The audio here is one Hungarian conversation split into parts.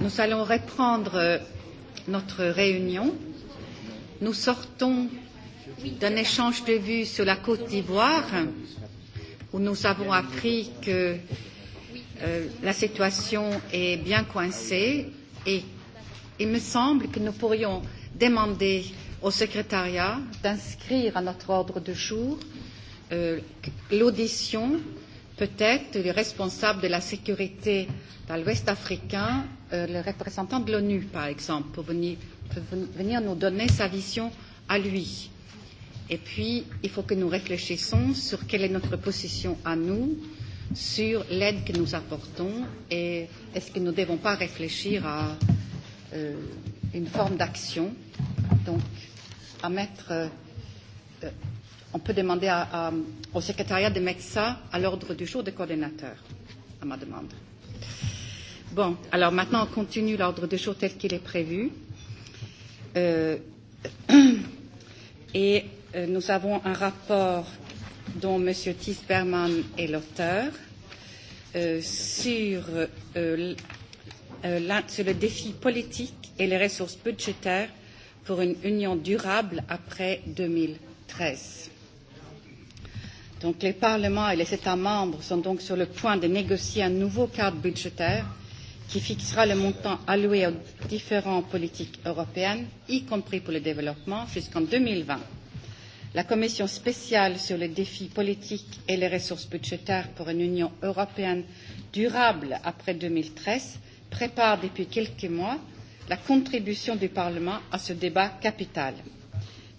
Nous allons reprendre euh, notre réunion. Nous sortons d'un échange de vues sur la Côte d'Ivoire où nous avons appris que euh, la situation est bien coincée et il me semble que nous pourrions demander au secrétariat d'inscrire à notre ordre du jour euh, l'audition euh, peut-être le responsable de la sécurité dans l'Ouest africain, euh, le représentant de l'ONU, par exemple, pour venir, pour venir nous donner sa vision à lui. Et puis, il faut que nous réfléchissions sur quelle est notre position à nous, sur l'aide que nous apportons, et est-ce que nous ne devons pas réfléchir à euh, une forme d'action, donc à mettre euh, on peut demander à, à, au secrétariat de mettre ça à l'ordre du jour des coordinateurs, à ma demande. Bon, alors maintenant, on continue l'ordre du jour tel qu'il est prévu. Euh, et euh, nous avons un rapport dont M. Tisberman est l'auteur euh, sur, euh, euh sur le défi politique et les ressources budgétaires pour une union durable après 2013. Donc les parlements et les États membres sont donc sur le point de négocier un nouveau cadre budgétaire qui fixera le montant alloué aux différentes politiques européennes, y compris pour le développement, jusqu'en 2020. La commission spéciale sur les défis politiques et les ressources budgétaires pour une Union européenne durable après 2013 prépare depuis quelques mois la contribution du Parlement à ce débat capital.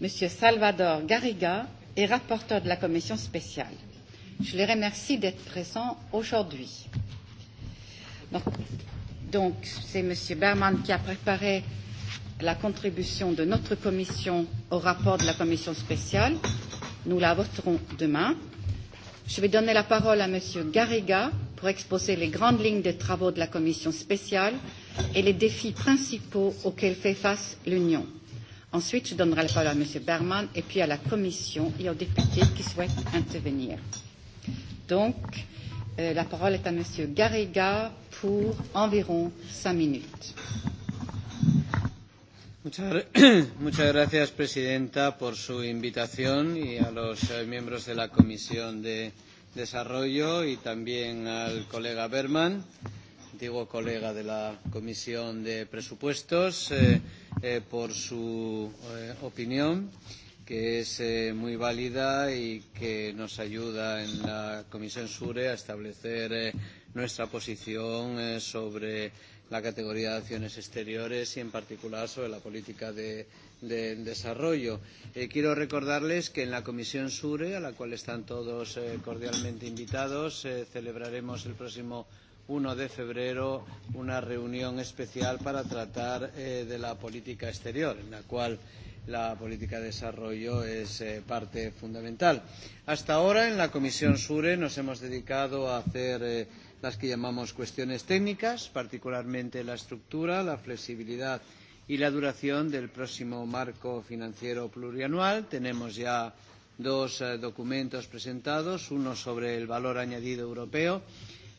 Monsieur Salvador Garriga et rapporteur de la commission spéciale. Je les remercie d'être présents aujourd'hui. Donc, donc c'est M. Berman qui a préparé la contribution de notre commission au rapport de la commission spéciale. Nous la voterons demain. Je vais donner la parole à M. Garriga pour exposer les grandes lignes des travaux de la commission spéciale et les défis principaux auxquels fait face l'Union. Ensuite, je donnerai la parole à M. Berman et puis à la Commission et aux députés qui souhaitent intervenir. Donc, euh, la parole est à M. Garriga pour environ cinq minutes. Muchas, gracias, Presidenta, por su invitación y a los eh, miembros de la Comisión de Desarrollo y también al colega Berman. Eh, antiguo colega de la Comisión de Presupuestos, eh, eh, por su eh, opinión, que es eh, muy válida y que nos ayuda en la Comisión Sure a establecer eh, nuestra posición eh, sobre la categoría de acciones exteriores y, en particular, sobre la política de, de desarrollo. Eh, quiero recordarles que en la Comisión SURE, a la cual están todos eh, cordialmente invitados, eh, celebraremos el próximo 1 de febrero una reunión especial para tratar eh, de la política exterior, en la cual la política de desarrollo es eh, parte fundamental. Hasta ahora, en la Comisión SURE, nos hemos dedicado a hacer eh, las que llamamos cuestiones técnicas, particularmente la estructura, la flexibilidad y la duración del próximo marco financiero plurianual. Tenemos ya dos eh, documentos presentados, uno sobre el valor añadido europeo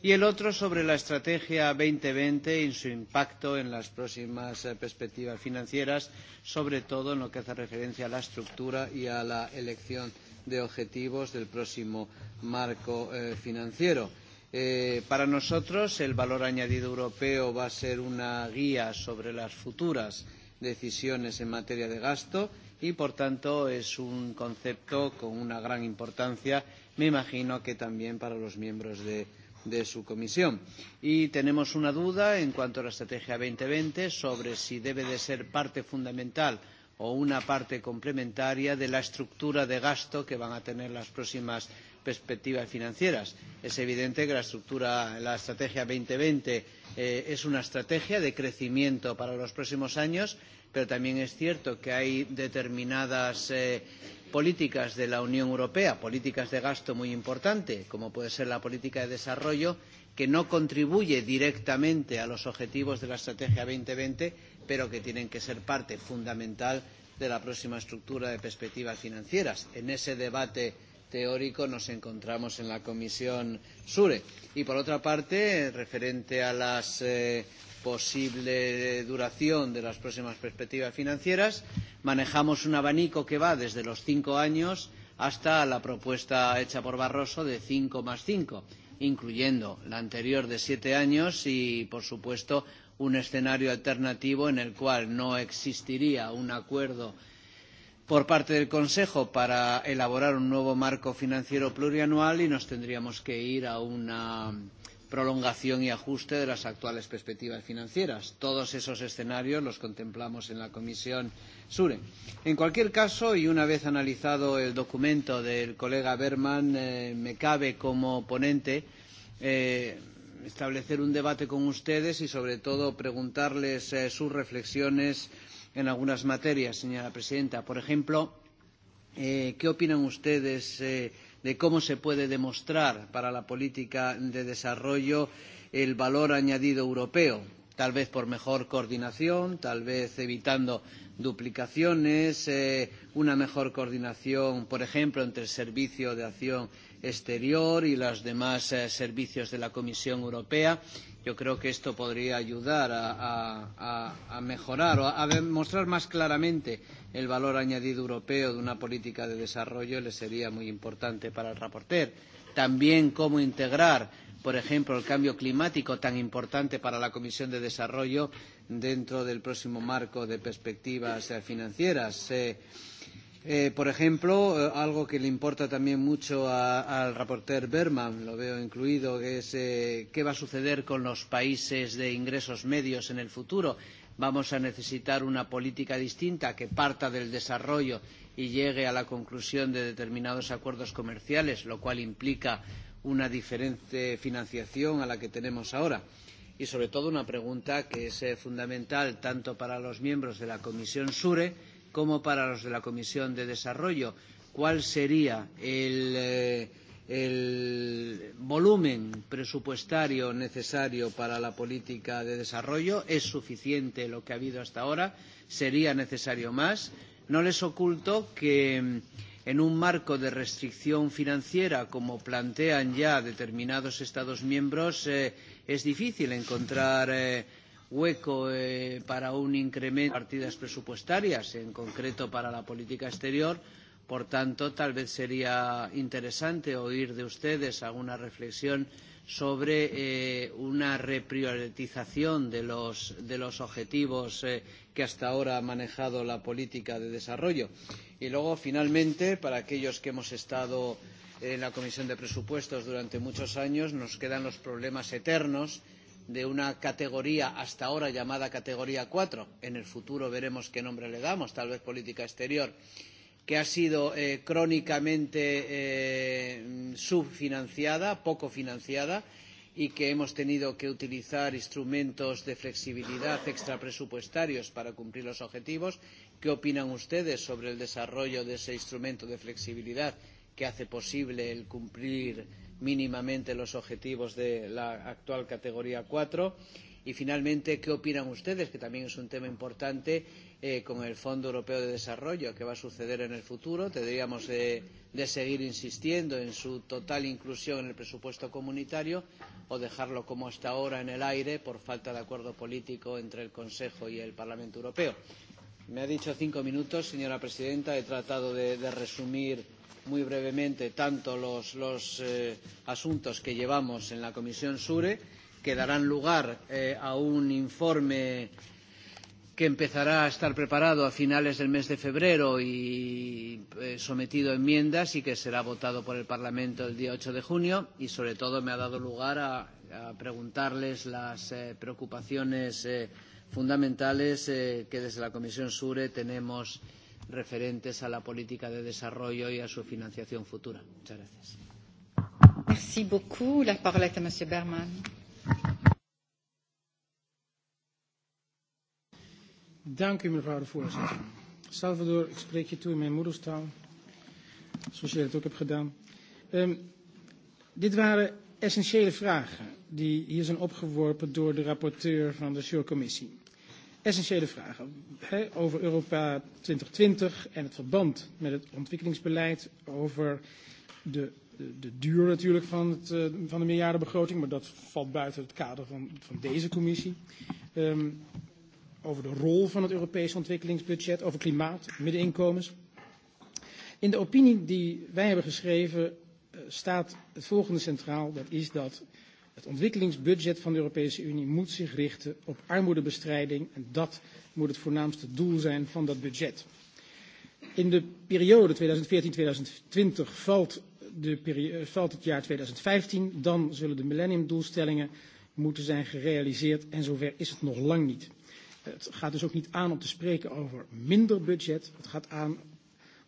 y el otro sobre la Estrategia 2020 y su impacto en las próximas eh, perspectivas financieras, sobre todo en lo que hace referencia a la estructura y a la elección de objetivos del próximo marco eh, financiero. Eh, para nosotros, el valor añadido europeo va a ser una guía sobre las futuras decisiones en materia de gasto y, por tanto, es un concepto con una gran importancia, me imagino que también para los miembros de de su comisión. Y tenemos una duda en cuanto a la Estrategia 2020 sobre si debe de ser parte fundamental o una parte complementaria de la estructura de gasto que van a tener las próximas perspectivas financieras. Es evidente que la estructura, la estrategia 2020 eh, es una estrategia de crecimiento para los próximos años pero también es cierto que hay determinadas eh, políticas de la Unión Europea, políticas de gasto muy importante, como puede ser la política de desarrollo, que no contribuye directamente a los objetivos de la Estrategia 2020, pero que tienen que ser parte fundamental de la próxima estructura de perspectivas financieras. En ese debate teórico nos encontramos en la Comisión SURE. Y por otra parte, referente a las eh, posible duración de las próximas perspectivas financieras, manejamos un abanico que va desde los cinco años hasta la propuesta hecha por Barroso de cinco más cinco, incluyendo la anterior de siete años y, por supuesto, un escenario alternativo en el cual no existiría un acuerdo por parte del Consejo para elaborar un nuevo marco financiero plurianual y nos tendríamos que ir a una prolongación y ajuste de las actuales perspectivas financieras. Todos esos escenarios los contemplamos en la Comisión SURE. En cualquier caso, y una vez analizado el documento del colega Berman, eh, me cabe como ponente eh, establecer un debate con ustedes y, sobre todo, preguntarles eh, sus reflexiones en algunas materias, señora presidenta. Por ejemplo, eh, ¿qué opinan ustedes? Eh, de cómo se puede demostrar para la política de desarrollo el valor añadido europeo, tal vez por mejor coordinación, tal vez evitando duplicaciones, eh, una mejor coordinación, por ejemplo, entre el Servicio de Acción Exterior y los demás eh, servicios de la Comisión Europea. Yo creo que esto podría ayudar a, a, a mejorar o a demostrar más claramente el valor añadido europeo de una política de desarrollo. Le sería muy importante para el reporter. También cómo integrar por ejemplo, el cambio climático tan importante para la Comisión de Desarrollo dentro del próximo marco de perspectivas eh, financieras. Eh, Eh, por ejemplo, eh, algo que le importa también mucho a, al reporter Berman, lo veo incluido, que es eh, qué va a suceder con los países de ingresos medios en el futuro. Vamos a necesitar una política distinta que parta del desarrollo y llegue a la conclusión de determinados acuerdos comerciales, lo cual implica una diferente financiación a la que tenemos ahora. Y sobre todo una pregunta que es eh, fundamental tanto para los miembros de la Comisión SURE, como para los de la Comisión de Desarrollo, cuál sería el, eh, el volumen presupuestario necesario para la política de desarrollo. Es suficiente lo que ha habido hasta ahora, sería necesario más. No les oculto que mm, en un marco de restricción financiera, como plantean ya determinados Estados miembros, eh, es difícil encontrar eh, hueco eh, para un incremento de partidas presupuestarias, en concreto para la política exterior. Por tanto, tal vez sería interesante oír de ustedes alguna reflexión sobre eh, una reprioritización de los, de los objetivos eh, que hasta ahora ha manejado la política de desarrollo. Y luego, finalmente, para aquellos que hemos estado en la Comisión de Presupuestos durante muchos años, nos quedan los problemas eternos de una categoría hasta ahora llamada categoría 4, en el futuro veremos qué nombre le damos, tal vez política exterior, que ha sido eh, crónicamente eh, subfinanciada, poco financiada, y que hemos tenido que utilizar instrumentos de flexibilidad extrapresupuestarios para cumplir los objetivos. ¿Qué opinan ustedes sobre el desarrollo de ese instrumento de flexibilidad que hace posible el cumplir mínimamente los objetivos de la actual categoría 4. Y finalmente, ¿qué opinan ustedes? Que también es un tema importante eh, con el Fondo Europeo de Desarrollo. ¿Qué va a suceder en el futuro? Deberíamos eh, de seguir insistiendo en su total inclusión en el presupuesto comunitario o dejarlo como hasta ahora en el aire por falta de acuerdo político entre el Consejo y el Parlamento Europeo. Me ha dicho cinco minutos, señora presidenta. He tratado de, de resumir muy brevemente tanto los, los eh, asuntos que llevamos en la Comisión SURE, que darán lugar eh, a un informe que empezará a estar preparado a finales del mes de febrero y eh, sometido a enmiendas y que será votado por el Parlamento el día 8 de junio. Y sobre todo me ha dado lugar a, a preguntarles las eh, preocupaciones eh, fundamentales eh, que desde la Comisión SURE tenemos referentes a la política de desarrollo y a su financiación futura. Muchas gracias. Merci beaucoup. La parole est à Monsieur Berman. Dank u, mevrouw de voorzitter. Salvador, ik spreek je toe in mijn moederstaal, zoals je dat ook hebt gedaan. Um, dit waren essentiële vragen die hier zijn opgeworpen door de rapporteur van de Sure-commissie essentiële vragen hè, over Europa 2020 en het verband met het ontwikkelingsbeleid, over de, de, de duur natuurlijk van, het, uh, van de miljardenbegroting, maar dat valt buiten het kader van, van deze commissie. Um, over de rol van het Europese ontwikkelingsbudget, over klimaat, middeninkomens. In de opinie die wij hebben geschreven uh, staat het volgende centraal, dat is dat Het ontwikkelingsbudget van de Europese Unie moet zich richten op armoedebestrijding en dat moet het voornaamste doel zijn van dat budget. In de periode 2014-2020 valt, de eh, valt het jaar 2015, dan zullen de millenniumdoelstellingen moeten zijn gerealiseerd en zover is het nog lang niet. Het gaat dus ook niet aan om te spreken over minder budget, het gaat aan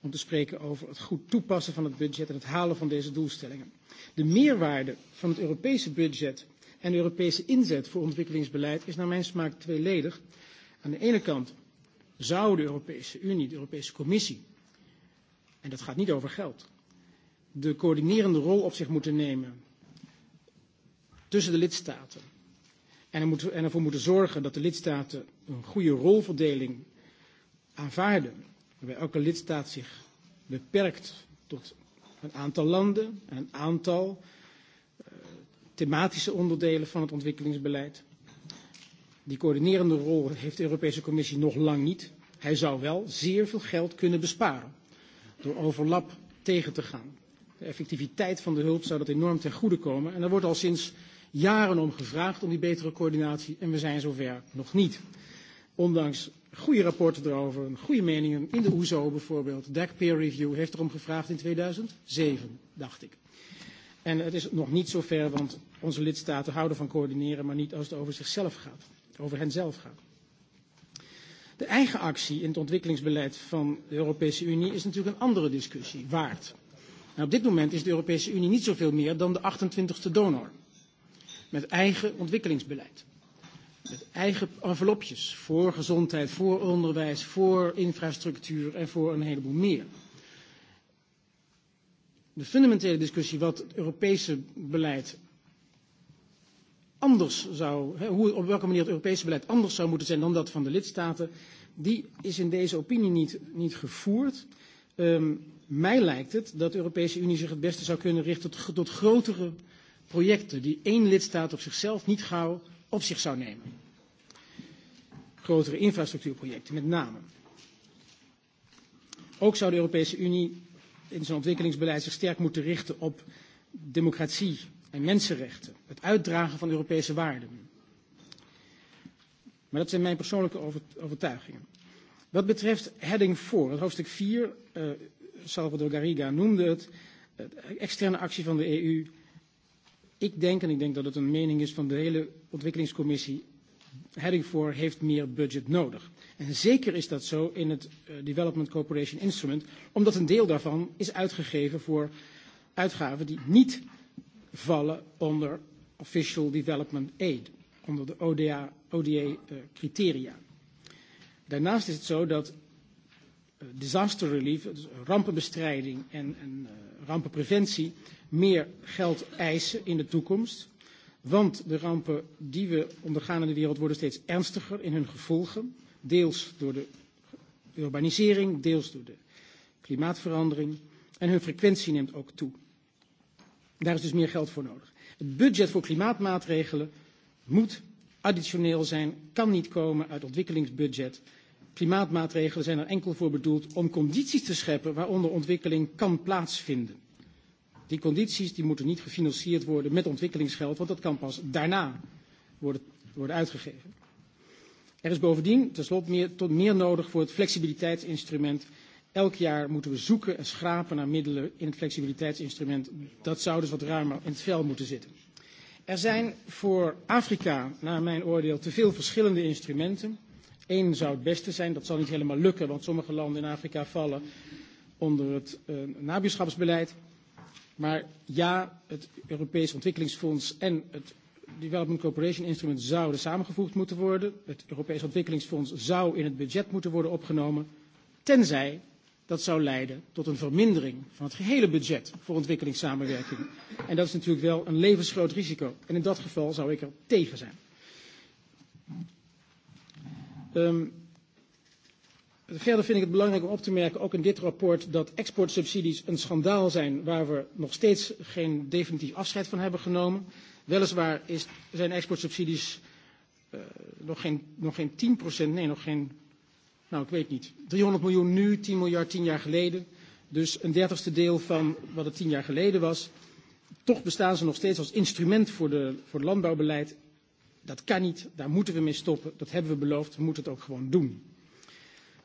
om te spreken over het goed toepassen van het budget en het halen van deze doelstellingen. De meerwaarde van het Europese budget en de Europese inzet voor ontwikkelingsbeleid is naar mijn smaak tweeledig. Aan de ene kant zou de Europese Unie, de Europese Commissie, en dat gaat niet over geld, de coördinerende rol op zich moeten nemen tussen de lidstaten. En, er moet, en ervoor moeten zorgen dat de lidstaten een goede rolverdeling aanvaarden waarbij elke lidstaat zich beperkt tot een aantal landen en een aantal eh, thematische onderdelen van het ontwikkelingsbeleid. Die coördinerende rol heeft de Europese Commissie nog lang niet. Hij zou wel zeer veel geld kunnen besparen door overlap tegen te gaan. De effectiviteit van de hulp zou dat enorm ten goede komen. En er wordt al sinds jaren om gevraagd om die betere coördinatie en we zijn zover nog niet. Ondanks Goede rapporten erover, goede meningen. In de OESO bijvoorbeeld, DAC Peer Review heeft erom gevraagd in 2007, dacht ik. En het is nog niet zo ver, want onze lidstaten houden van coördineren, maar niet als het over zichzelf gaat, over henzelf gaat. De eigen actie in het ontwikkelingsbeleid van de Europese Unie is natuurlijk een andere discussie waard. En op dit moment is de Europese Unie niet zoveel meer dan de 28e donor met eigen ontwikkelingsbeleid met eigen envelopjes voor gezondheid, voor onderwijs, voor infrastructuur en voor een heleboel meer. De fundamentele discussie wat het Europese beleid anders zou, hoe, op welke manier het Europese beleid anders zou moeten zijn dan dat van de lidstaten, die is in deze opinie niet, niet gevoerd. Um, mij lijkt het dat de Europese Unie zich het beste zou kunnen richten tot, tot grotere projecten die één lidstaat op zichzelf niet gauw op zich zou nemen. Grotere infrastructuurprojecten met name. Ook zou de Europese Unie in zijn ontwikkelingsbeleid zich sterk moeten richten op democratie en mensenrechten, het uitdragen van Europese waarden. Maar dat zijn mijn persoonlijke overtuigingen. Wat betreft heading 4, het hoofdstuk 4, uh, eh, Salvador Garriga noemde het, uh, externe actie van de EU Ik denk, en ik denk dat het een mening is van de hele ontwikkelingscommissie, heading 4 heeft meer budget nodig. En zeker is dat zo in het eh, Development Cooperation Instrument, omdat een deel daarvan is uitgegeven voor uitgaven die niet vallen onder Official Development Aid, onder de ODA, eh, criteria ODA-criteria. Daarnaast is het zo dat eh, disaster relief, dus rampenbestrijding en, en uh, rampenpreventie meer geld eisen in de toekomst. Want de rampen die we ondergaan in de wereld worden steeds ernstiger in hun gevolgen. Deels door de urbanisering, deels door de klimaatverandering. En hun frequentie neemt ook toe. Daar is dus meer geld voor nodig. Het budget voor klimaatmaatregelen moet additioneel zijn, kan niet komen uit ontwikkelingsbudget, klimaatmaatregelen zijn er enkel voor bedoeld om condities te scheppen waaronder ontwikkeling kan plaatsvinden. Die condities die moeten niet gefinancierd worden met ontwikkelingsgeld, want dat kan pas daarna worden, worden uitgegeven. Er is bovendien tenslotte meer, tot meer nodig voor het flexibiliteitsinstrument. Elk jaar moeten we zoeken en schrapen naar middelen in het flexibiliteitsinstrument. Dat zou dus wat ruimer in het vel moeten zitten. Er zijn voor Afrika, naar mijn oordeel, te veel verschillende instrumenten. Eén zou het beste zijn, dat zal niet helemaal lukken, want sommige landen in Afrika vallen onder het uh, nabuurschapsbeleid. Maar ja, het Europees Ontwikkelingsfonds en het Development Cooperation Instrument zouden samengevoegd moeten worden. Het Europees Ontwikkelingsfonds zou in het budget moeten worden opgenomen, tenzij dat zou leiden tot een vermindering van het gehele budget voor ontwikkelingssamenwerking. En dat is natuurlijk wel een levensgroot risico. En in dat geval zou ik er tegen zijn. Um, ehm, verder vind ik het belangrijk om op te merken, ook in dit rapport, dat exportsubsidies een schandaal zijn waar we nog steeds geen definitief afscheid van hebben genomen. Weliswaar is, zijn exportsubsidies uh, nog, geen, nog geen 10%, nee, nog geen, nou ik weet niet, 300 miljoen nu, 10 miljard 10 jaar geleden. Dus een dertigste deel van wat het 10 jaar geleden was. Toch bestaan ze nog steeds als instrument voor, de, voor het landbouwbeleid Dat kan niet, daar moeten we mee stoppen. Dat hebben we beloofd, we moeten het ook gewoon doen.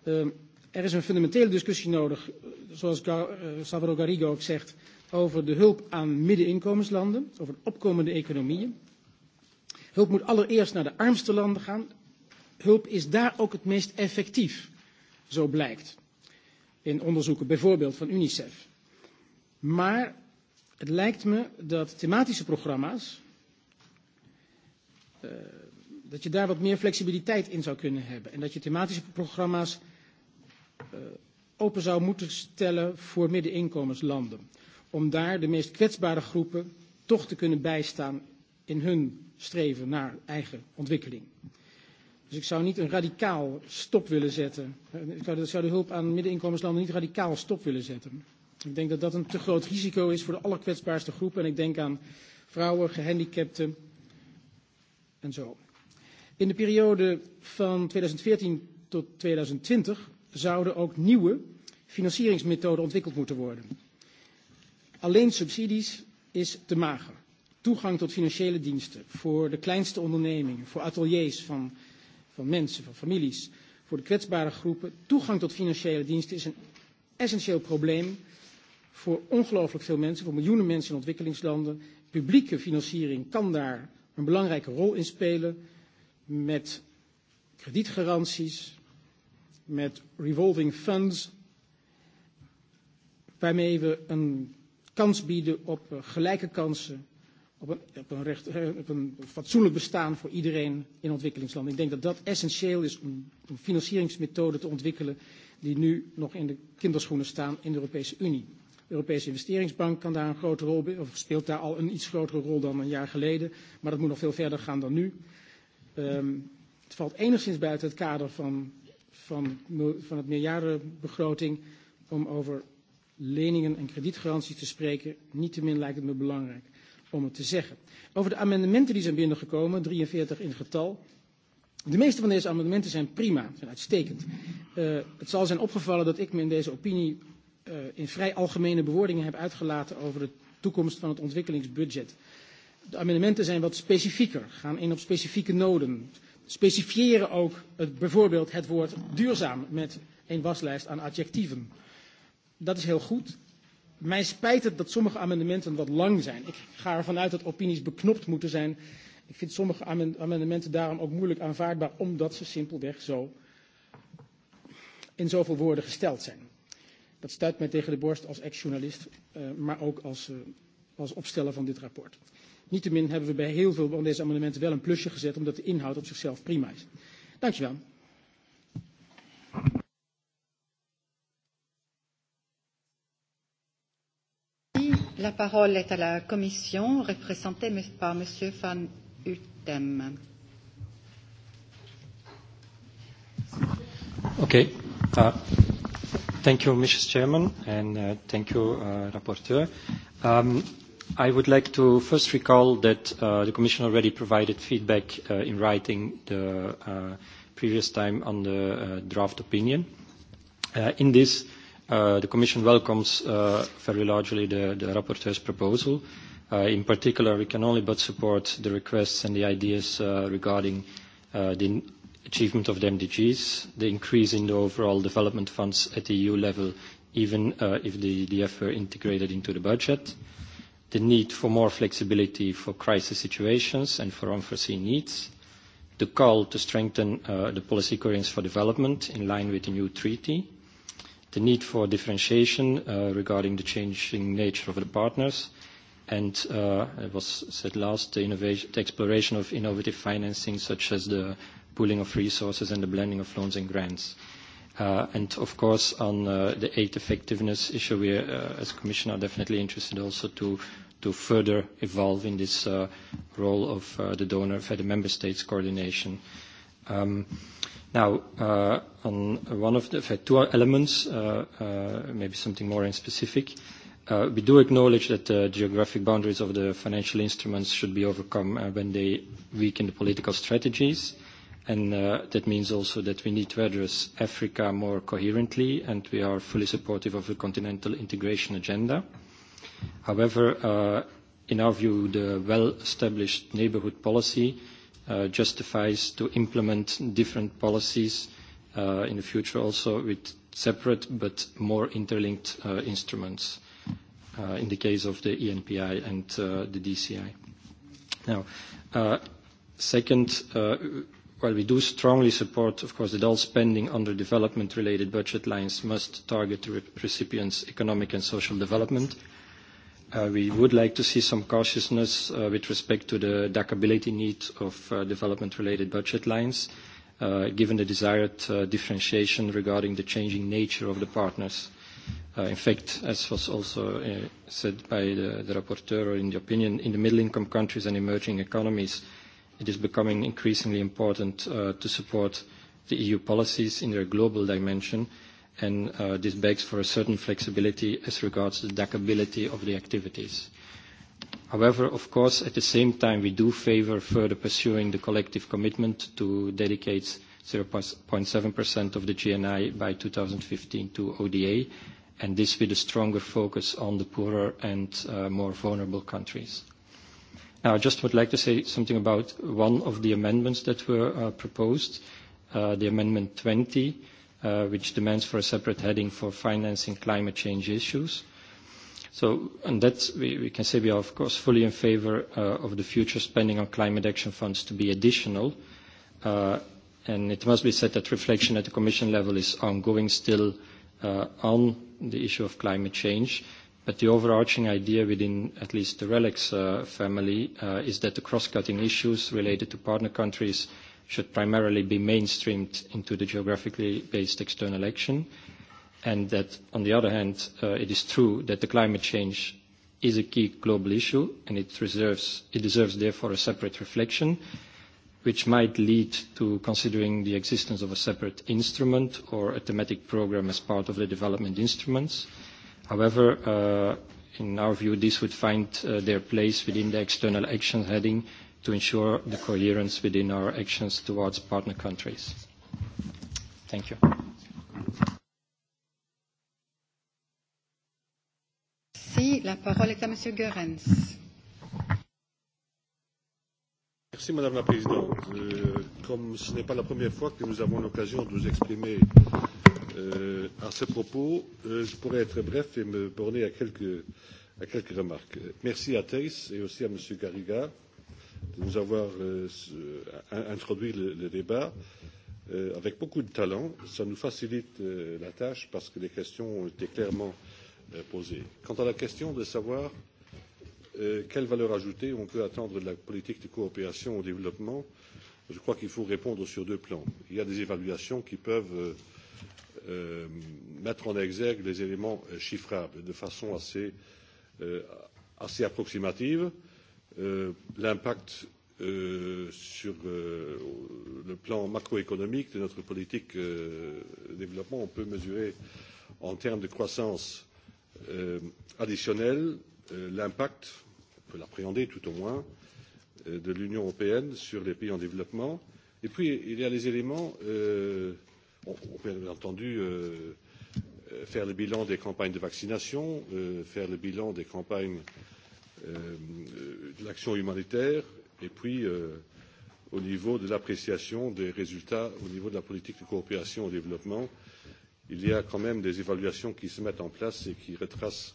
Uh, er is een fundamentele discussie nodig, eh, zoals Gar, uh, eh, Salvador Garrigo ook zegt, over de hulp aan middeninkomenslanden, over opkomende economieën. Hulp moet allereerst naar de armste landen gaan. Hulp is daar ook het meest effectief, zo blijkt. In onderzoeken bijvoorbeeld van UNICEF. Maar het lijkt me dat thematische programma's, uh, dat je daar wat meer flexibiliteit in zou kunnen hebben. En dat je thematische programma's uh, open zou moeten stellen voor middeninkomenslanden. Om daar de meest kwetsbare groepen toch te kunnen bijstaan in hun streven naar eigen ontwikkeling. Dus ik zou niet een radicaal stop willen zetten. Eh, ik zou, zou de hulp aan middeninkomenslanden niet radicaal stop willen zetten. Ik denk dat dat een te groot risico is voor de allerkwetsbaarste groepen. En ik denk aan vrouwen, gehandicapten, en zo. In de periode van 2014 tot 2020 zouden ook nieuwe financieringsmethoden ontwikkeld moeten worden. Alleen subsidies is te mager. Toegang tot financiële diensten voor de kleinste ondernemingen, voor ateliers van, van mensen, van families, voor de kwetsbare groepen. Toegang tot financiële diensten is een essentieel probleem voor ongelooflijk veel mensen, voor miljoenen mensen in ontwikkelingslanden. Publieke financiering kan daar een belangrijke rol in spelen met kredietgaranties, met revolving funds, waarmee we een kans bieden op eh, gelijke kansen, op een, op een, recht, eh, op een fatsoenlijk bestaan voor iedereen in ontwikkelingslanden. Ik denk dat dat essentieel is om een financieringsmethode te ontwikkelen die nu nog in de kinderschoenen staan in de Europese Unie. Europese investeringsbank kan daar een grote rol, of speelt daar al een iets grotere rol dan een jaar geleden. Maar dat moet nog veel verder gaan dan nu. Um, het valt enigszins buiten het kader van, van, van het meerjarenbegroting om over leningen en kredietgaranties te spreken. Niettemin lijkt het me belangrijk om het te zeggen. Over de amendementen die zijn binnengekomen, 43 in getal. De meeste van deze amendementen zijn prima, zijn uitstekend. Uh, het zal zijn opgevallen dat ik me in deze opinie uh, in vrij algemene bewoordingen heb uitgelaten over de toekomst van het ontwikkelingsbudget. De amendementen zijn wat specifieker, gaan in op specifieke noden. Specifiëren ook het, bijvoorbeeld het woord duurzaam met een waslijst aan adjectieven. Dat is heel goed. Mij spijt het dat sommige amendementen wat lang zijn. Ik ga ervan uit dat opinies beknopt moeten zijn. Ik vind sommige amendementen daarom ook moeilijk aanvaardbaar, omdat ze simpelweg zo in zoveel woorden gesteld zijn. Dat stuit mij tegen de borst als ex-journalist, uh, maar ook als, uh, als opsteller van dit rapport. Niettemin hebben we bij heel veel van deze amendementen wel een plusje gezet, omdat de inhoud op zichzelf prima is. Dankjewel. La parole est à la Commission, représentée par M. Van Uttem. Okay. Uh, Thank you, Mrs. Chairman, and uh, thank you, uh, Rapporteur. Um, I would like to first recall that uh, the Commission already provided feedback uh, in writing the uh, previous time on the uh, draft opinion. Uh, in this, uh, the Commission welcomes uh, very largely the, the Rapporteur's proposal. Uh, in particular, we can only but support the requests and the ideas uh, regarding uh, the achievement of the MDGs, the increase in the overall development funds at the EU level, even uh, if the EDF were integrated into the budget, the need for more flexibility for crisis situations and for unforeseen needs, the call to strengthen uh, the policy coherence for development in line with the new treaty, the need for differentiation uh, regarding the changing nature of the partners, and uh, it was said last, the, innovation, the exploration of innovative financing such as the pooling of resources and the blending of loans and grants. Uh, and of course, on uh, the aid effectiveness issue, we, uh, as Commission, are definitely interested also to to further evolve in this uh, role of uh, the donor for the member states coordination. Um, now, uh, on one of the for two elements, uh, uh, maybe something more in specific. Uh, we do acknowledge that the geographic boundaries of the financial instruments should be overcome uh, when they weaken the political strategies. Uh, And uh, that means also that we need to address Africa more coherently, and we are fully supportive of the continental integration agenda. However, uh, in our view, the well-established neighborhood policy uh, justifies to implement different policies in the future also with separate but more interlinked instruments in the case of the ENPI and the DCI. Now, second, While we do strongly support, of course, that all spending under development-related budget lines must target the recipients' economic and social development. Uh, we would like to see some cautiousness uh, with respect to the DAC-ability need of uh, development-related budget lines, given the desired differentiation regarding the changing nature of the partners. in fact, as was also said by the, the rapporteur in the opinion, in the middle-income countries and emerging economies, it is becoming increasingly important uh, to support the EU policies in their global dimension, and uh, this begs for a certain flexibility as regards the deckability of the activities. However, of course, at the same time, we do favor further pursuing the collective commitment to dedicate 0.7% of the GNI by 2015 to ODA, and this with a stronger focus on the poorer and uh, more vulnerable countries. Now, I just would like to say something about one of the amendments that were uh, proposed, uh, the Amendment 20, uh, which demands for a separate heading for financing climate change issues. So, and that we, can say we are, of course, fully in favor of the future spending on climate action funds to be additional. and it must be said that reflection at the Commission level is ongoing still uh, on the issue of climate change. But the overarching idea within at least the RELEX uh, family uh, is that the cross-cutting issues related to partner countries should primarily be mainstreamed into the geographically based external action. And that, on the other hand, uh, it is true that the climate change is a key global issue and it, reserves, it deserves therefore a separate reflection, which might lead to considering the existence of a separate instrument or a thematic program as part of the development instruments. Uh, However, uh, in our view, this would find uh, their place within the external action heading to ensure the coherence within our actions towards partner countries. Thank you. Merci. La parole est à Monsieur Goerens. Merci Madame la Présidente. Euh, comme ce n'est pas la première fois que nous avons l'occasion de nous exprimer Euh, à ce propos, euh, je pourrais être bref et me borner à quelques, à quelques remarques. Merci à Thais et aussi à M. Garriga de nous avoir euh, introduit le, le débat euh, avec beaucoup de talent. Ça nous facilite euh, la tâche parce que les questions ont été clairement euh, posées. Quant à la question de savoir euh, quelle valeur ajoutée on peut attendre de la politique de coopération au développement, je crois qu'il faut répondre sur deux plans. Il y a des évaluations qui peuvent euh, Euh, mettre en exergue les éléments euh, chiffrables de façon assez, euh, assez approximative. Euh, L'impact euh, sur euh, le plan macroéconomique de notre politique euh, développement, on peut mesurer en termes de croissance euh, additionnelle euh, l'impact, on peut l'appréhender tout au moins, euh, de l'Union européenne sur les pays en développement. Et puis, il y a les éléments euh, on, peut bien entendu euh, euh, faire le bilan des campagnes de vaccination, euh, faire le bilan des campagnes euh, de l'action humanitaire et puis au niveau de l'appréciation des résultats au niveau de la politique de coopération au développement, il y a quand même des évaluations qui se mettent en place et qui retracent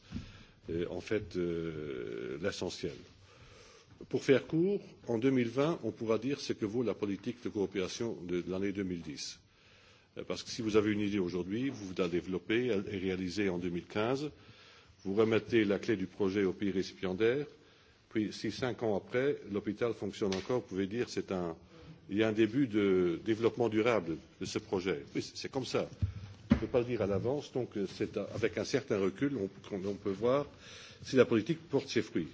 en fait l'essentiel. Pour faire court, en 2020, on pourra dire ce que vaut la politique de coopération de, de l'année 2010 Euh, parce que si vous avez une idée aujourd'hui, vous la développez et réalisez en 2015, vous remettez la clé du projet au pays récipiendaire, puis si cinq ans après, l'hôpital fonctionne encore, vous pouvez dire c'est un, il y a un début de développement durable de ce projet. Oui, c'est comme ça. On ne peut pas le dire à l'avance, donc euh, c'est avec un certain recul qu'on peut voir si la politique porte ses fruits.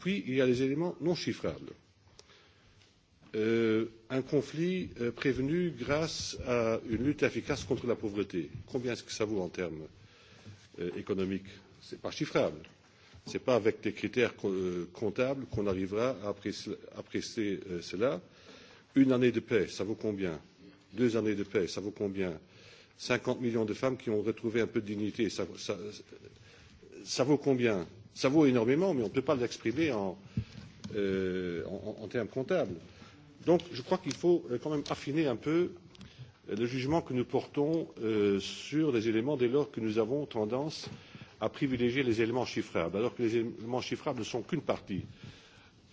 Puis il y a les éléments non chiffrables. Euh, un conflit euh, prévenu grâce à une lutte efficace contre la pauvreté. Combien est-ce que cela vaut en termes euh, économiques Ce n'est pas chiffrable. Ce n'est pas avec des critères comptables qu'on arrivera à apprécier, cela. Une année de paix, cela vaut combien Deux années de paix, cela vaut combien cinquante millions de femmes qui ont retrouvé un peu de dignité, ça, ça, ça vaut combien cela vaut énormément, mais on ne peut pas l'exprimer en, euh, en, en termes comptables. Donc je crois qu'il faut euh, quand même affiner un peu euh, le jugement que nous portons euh, sur les éléments dès lors que nous avons tendance à privilégier les éléments chiffrables, alors que les éléments chiffrables ne sont qu'une partie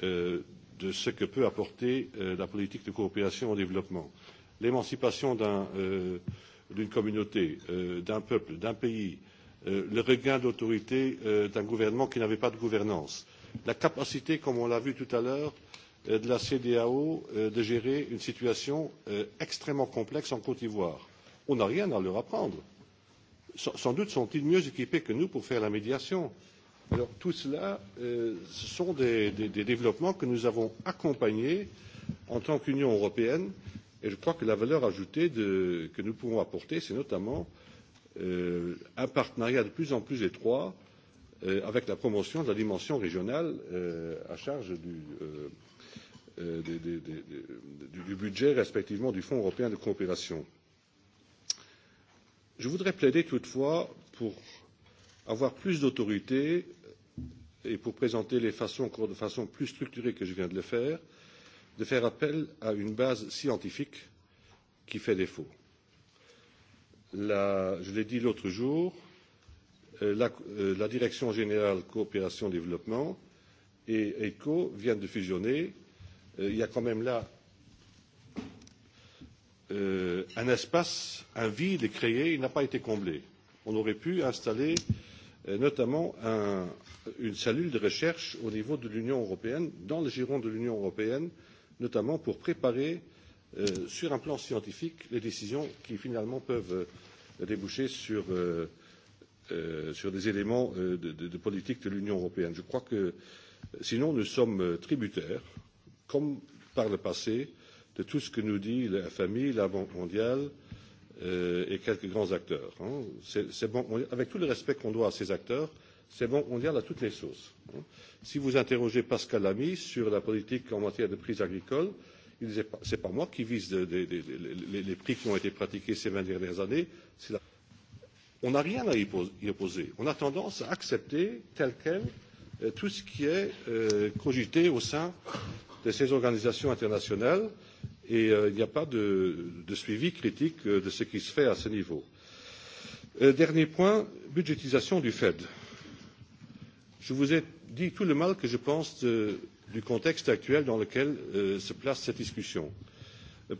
de ce que peut apporter la politique de coopération au développement. L'émancipation d'un, d'une communauté, d'un peuple, d'un pays, le regain d'autorité d'un gouvernement qui n'avait pas de gouvernance, la capacité, comme on l'a vu tout à l'heure, Euh, de la cedeao euh, de gérer une situation euh, extrêmement complexe en côte d'ivoire. on n'a rien à leur apprendre. sans doute sont ils mieux équipés que nous pour faire la médiation. Alors, tout cela ce sont des, des, des développements que nous avons accompagnés en tant qu'union européenne et je crois que la valeur ajoutée de, que nous pouvons apporter c'est notamment euh, un partenariat de plus en plus étroit euh, avec la promotion de la dimension régionale euh, à charge du, euh, Euh, des, des, des, du, du budget, respectivement du Fonds européen de coopération. Je voudrais plaider toutefois pour avoir plus d'autorité et pour présenter les façons, de façon plus structurée que je viens de le faire, de faire appel à une base scientifique qui fait défaut. La, je l'ai dit l'autre jour, euh, la, euh, la Direction générale coopération développement et ECO viennent de fusionner Euh, il y a quand même là euh, un espace, un vide créé, il n'a pas été comblé. On aurait pu installer euh, notamment un, une cellule de recherche au niveau de l'Union européenne, dans le giron de l'Union européenne, notamment pour préparer euh, sur un plan scientifique les décisions qui finalement peuvent euh, déboucher sur, euh, euh, sur des éléments euh, de, de, de politique de l'Union européenne. Je crois que sinon nous sommes euh, tributaires comme par le passé, de tout ce que nous disent le FMI, la Banque mondiale euh, et quelques grands acteurs. Ces, banques mondiales, avec tout le respect qu'on doit à ces acteurs, ces banques mondiales à toutes les sauces. Si vous interrogez Pascal Lamy sur la politique en matière de prix agricoles, ce n'est pas, pas moi qui vise de, de, de, de, les, les prix qui ont été pratiqués ces vingt dernières années. La... On n'a rien à y, opposer. On a tendance à accepter tel quel euh, tout ce qui est euh, cogité au sein de ces organisations internationales et euh, il n'y a pas de, suivi critique euh, de ce qui se fait à ce niveau. Euh, dernier point, budgétisation du Fed. Je vous ai dit tout le mal que je pense de, du contexte actuel dans lequel se place cette discussion.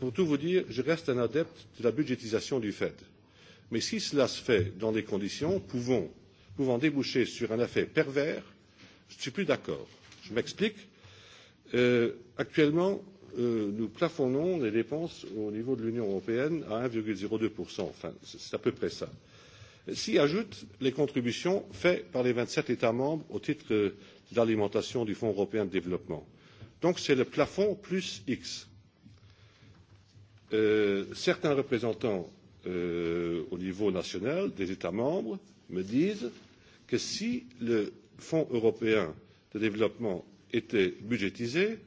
pour tout vous dire, je reste un adepte de la budgétisation du Fed. Mais si cela se fait dans des conditions pouvant, pouvant déboucher sur un effet pervers, je ne suis plus d'accord. Je m'explique Euh, actuellement, euh, nous plafonnons les dépenses au niveau de l'Union européenne à 1,02%. Enfin, c'est à peu près ça. S'y ajoutent les contributions faites par les 27 États membres au titre euh, de l'alimentation du Fonds européen de développement. Donc c'est le plafond plus X. Euh, certains représentants euh, au niveau national des États membres me disent que si le Fonds européen de développement étaient budgétisés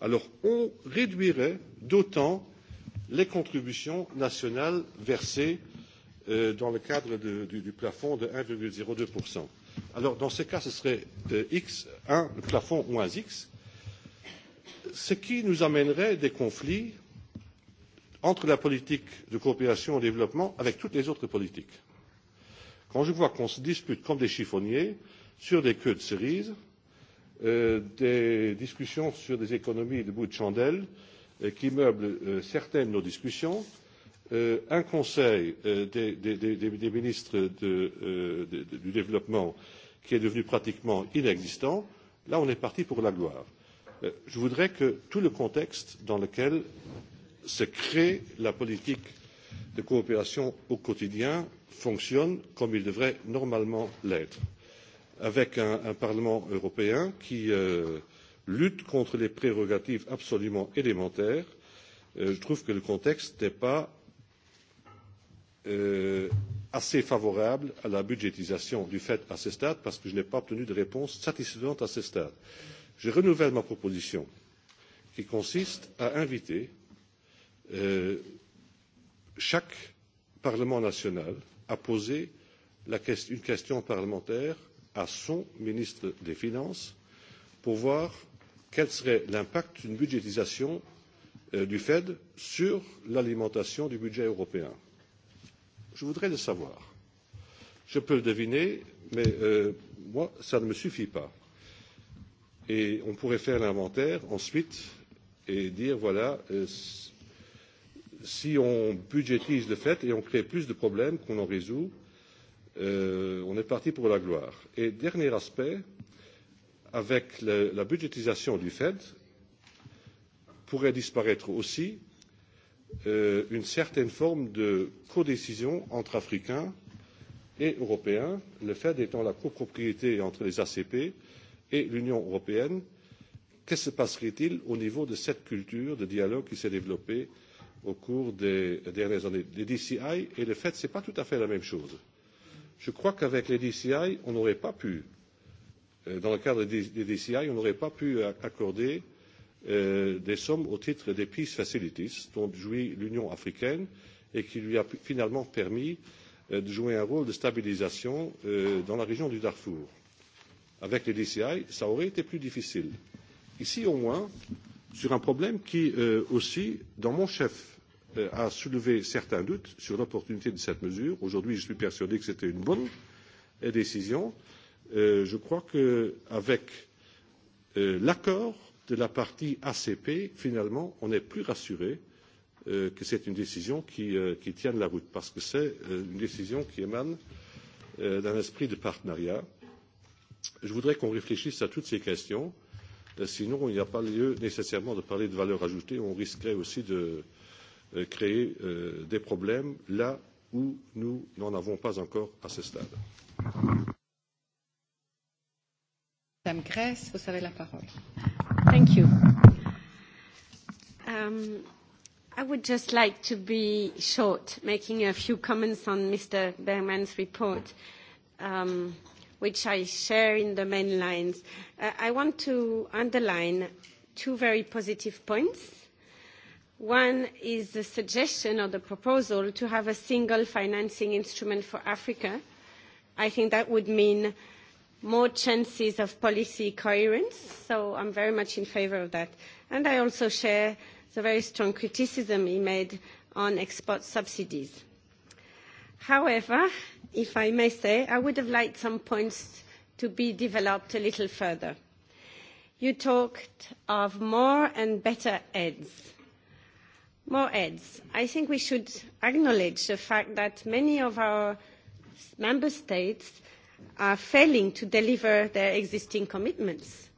alors on réduirait d'autant les contributions nationales versées euh, dans le cadre de, du, du plafond de 1,02%. Alors dans ce cas, ce serait euh, X, 1, le plafond moins X, ce qui nous amènerait des conflits entre la politique de coopération au développement avec toutes les autres politiques. Quand je vois qu'on se dispute comme des chiffonniers sur des queues de cerises, Euh, des discussions sur des économies de bouts de chandelle euh, qui meublent euh, certaines de nos discussions un conseil des, ministres du développement qui est devenu pratiquement inexistant là on est parti pour la gloire. je voudrais que tout le contexte dans lequel se crée la politique de coopération au quotidien fonctionne comme il devrait normalement l'être avec un, Parlement européen qui euh, lutte contre les prérogatives absolument élémentaires. Euh, je trouve que le contexte n'est pas euh, assez favorable à la budgétisation du fed à ce stade parce que je n'ai pas obtenu de réponse satisfaisante à ce stade. Je renouvelle ma proposition qui consiste à inviter chaque Parlement national à poser une question parlementaire à son ministre des Finances pour voir quel serait l'impact d'une budgétisation euh, du Fed sur l'alimentation du budget européen. Je voudrais le savoir. Je peux le deviner, mais euh, moi, ça ne me suffit pas. Et on pourrait faire l'inventaire ensuite et dire voilà, euh, si on budgétise le fed et on crée plus de problèmes qu'on en résout, euh, on est parti pour la gloire. Et dernier aspect, avec le, la budgétisation du Fed, pourrait disparaître aussi euh, une certaine forme de codécision entre Africains et Européens, le Fed étant la copropriété entre les ACP et l'Union européenne. Que se passerait-il au niveau de cette culture de dialogue qui s'est développée au cours des dernières années Les DCI et le Fed, ce n'est pas tout à fait la même chose je crois qu'avec les dci on n'aurait pas pu euh, dans le cadre des dci on n'aurait pas pu euh, accorder euh, des sommes au titre des peace facilities dont jouit l'union africaine et qui lui a finalement permis de jouer un rôle de stabilisation dans la région du darfour. avec les dci cela aurait été plus difficile. ici au moins sur un problème qui aussi dans mon chef Euh, a soulevé certains doutes sur l'opportunité de cette mesure. Aujourd'hui, je suis persuadé que c'était une bonne euh, décision. Euh, je crois qu'avec l'accord de la partie ACP, finalement, on est plus rassuré que c'est une décision qui, qui tienne la route, parce que c'est une décision qui émane d'un esprit de partenariat. Je voudrais qu'on réfléchisse à toutes ces questions, sinon il n'y a pas lieu nécessairement de parler de valeur ajoutée, on risquerait aussi de, Euh, créer euh, des problèmes là où nous n'en avons pas encore à ce stade. Madame Grèce, vous avez la parole. Thank you. Um, I would just like to be short, making a few comments on Mr. Berman's report, um, which I share in the main lines. Uh, I want to underline two very positive points One is the suggestion or the proposal to have a single financing instrument for Africa. I think that would mean more chances of policy coherence, so I'm very much in favour of that. And I also share the very strong criticism he made on export subsidies. However, if I may say, I would have liked some points to be developed a little further. You talked of more and better aids more heads. I think we should acknowledge the fact that many of our member states are failing to deliver their existing commitments.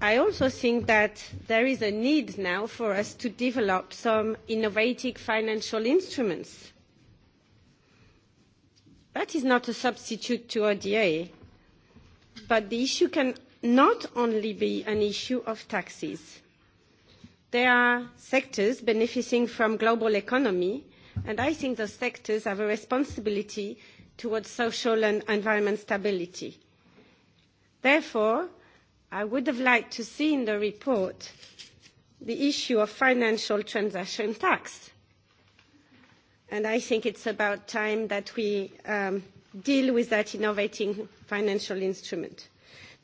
I also think that there is a need now for us to develop some innovative financial instruments. That is not a substitute to ODA, but the issue can not only be an issue of taxes. There are sectors benefiting from global economy, and I think those sectors have a responsibility towards social and environment stability. Therefore, I would have liked to see in the report the issue of financial transaction tax. And I think it's about time that we um, deal with that innovating financial instrument.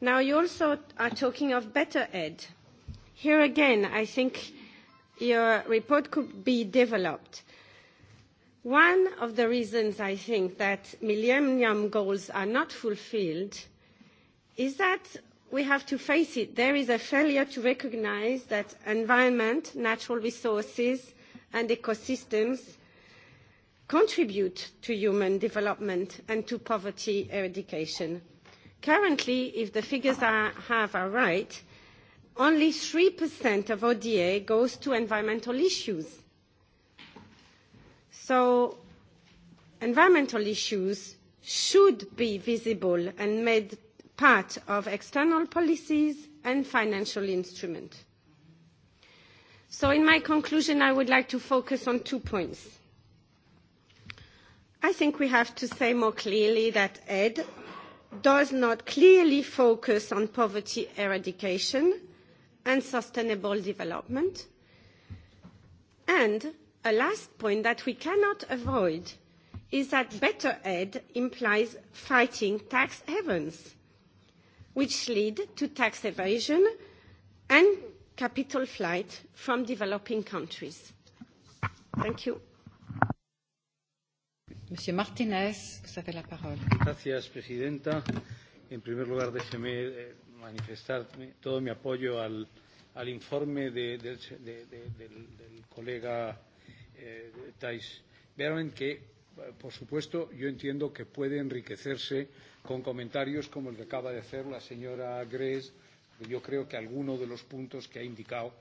Now, you also are talking of better aid. Here again, I think your report could be developed. One of the reasons I think that Millennium Goals are not fulfilled is that we have to face it. There is a failure to recognize that environment, natural resources, and ecosystems contribute to human development and to poverty eradication. Currently, if the figures I have are right, only 3% of ODA goes to environmental issues. So environmental issues should be visible and made part of external policies and financial instruments. So in my conclusion, I would like to focus on two points. I think we have to say more clearly that aid does not clearly focus on poverty eradication, and sustainable development. And a last point that we cannot avoid is that better aid implies fighting tax havens, which lead to tax evasion and capital flight from developing countries. Thank you. Monsieur Martinez, vous avez la parole. Gracias, Presidenta. En primer lugar, déjeme eh, manifestar todo mi apoyo al, al informe de, de, de, de, del, del colega eh, Tais Berman, que, por supuesto, yo entiendo que puede enriquecerse con comentarios como el que acaba de hacer la señora Gres. Yo creo que algunos de los puntos que ha indicado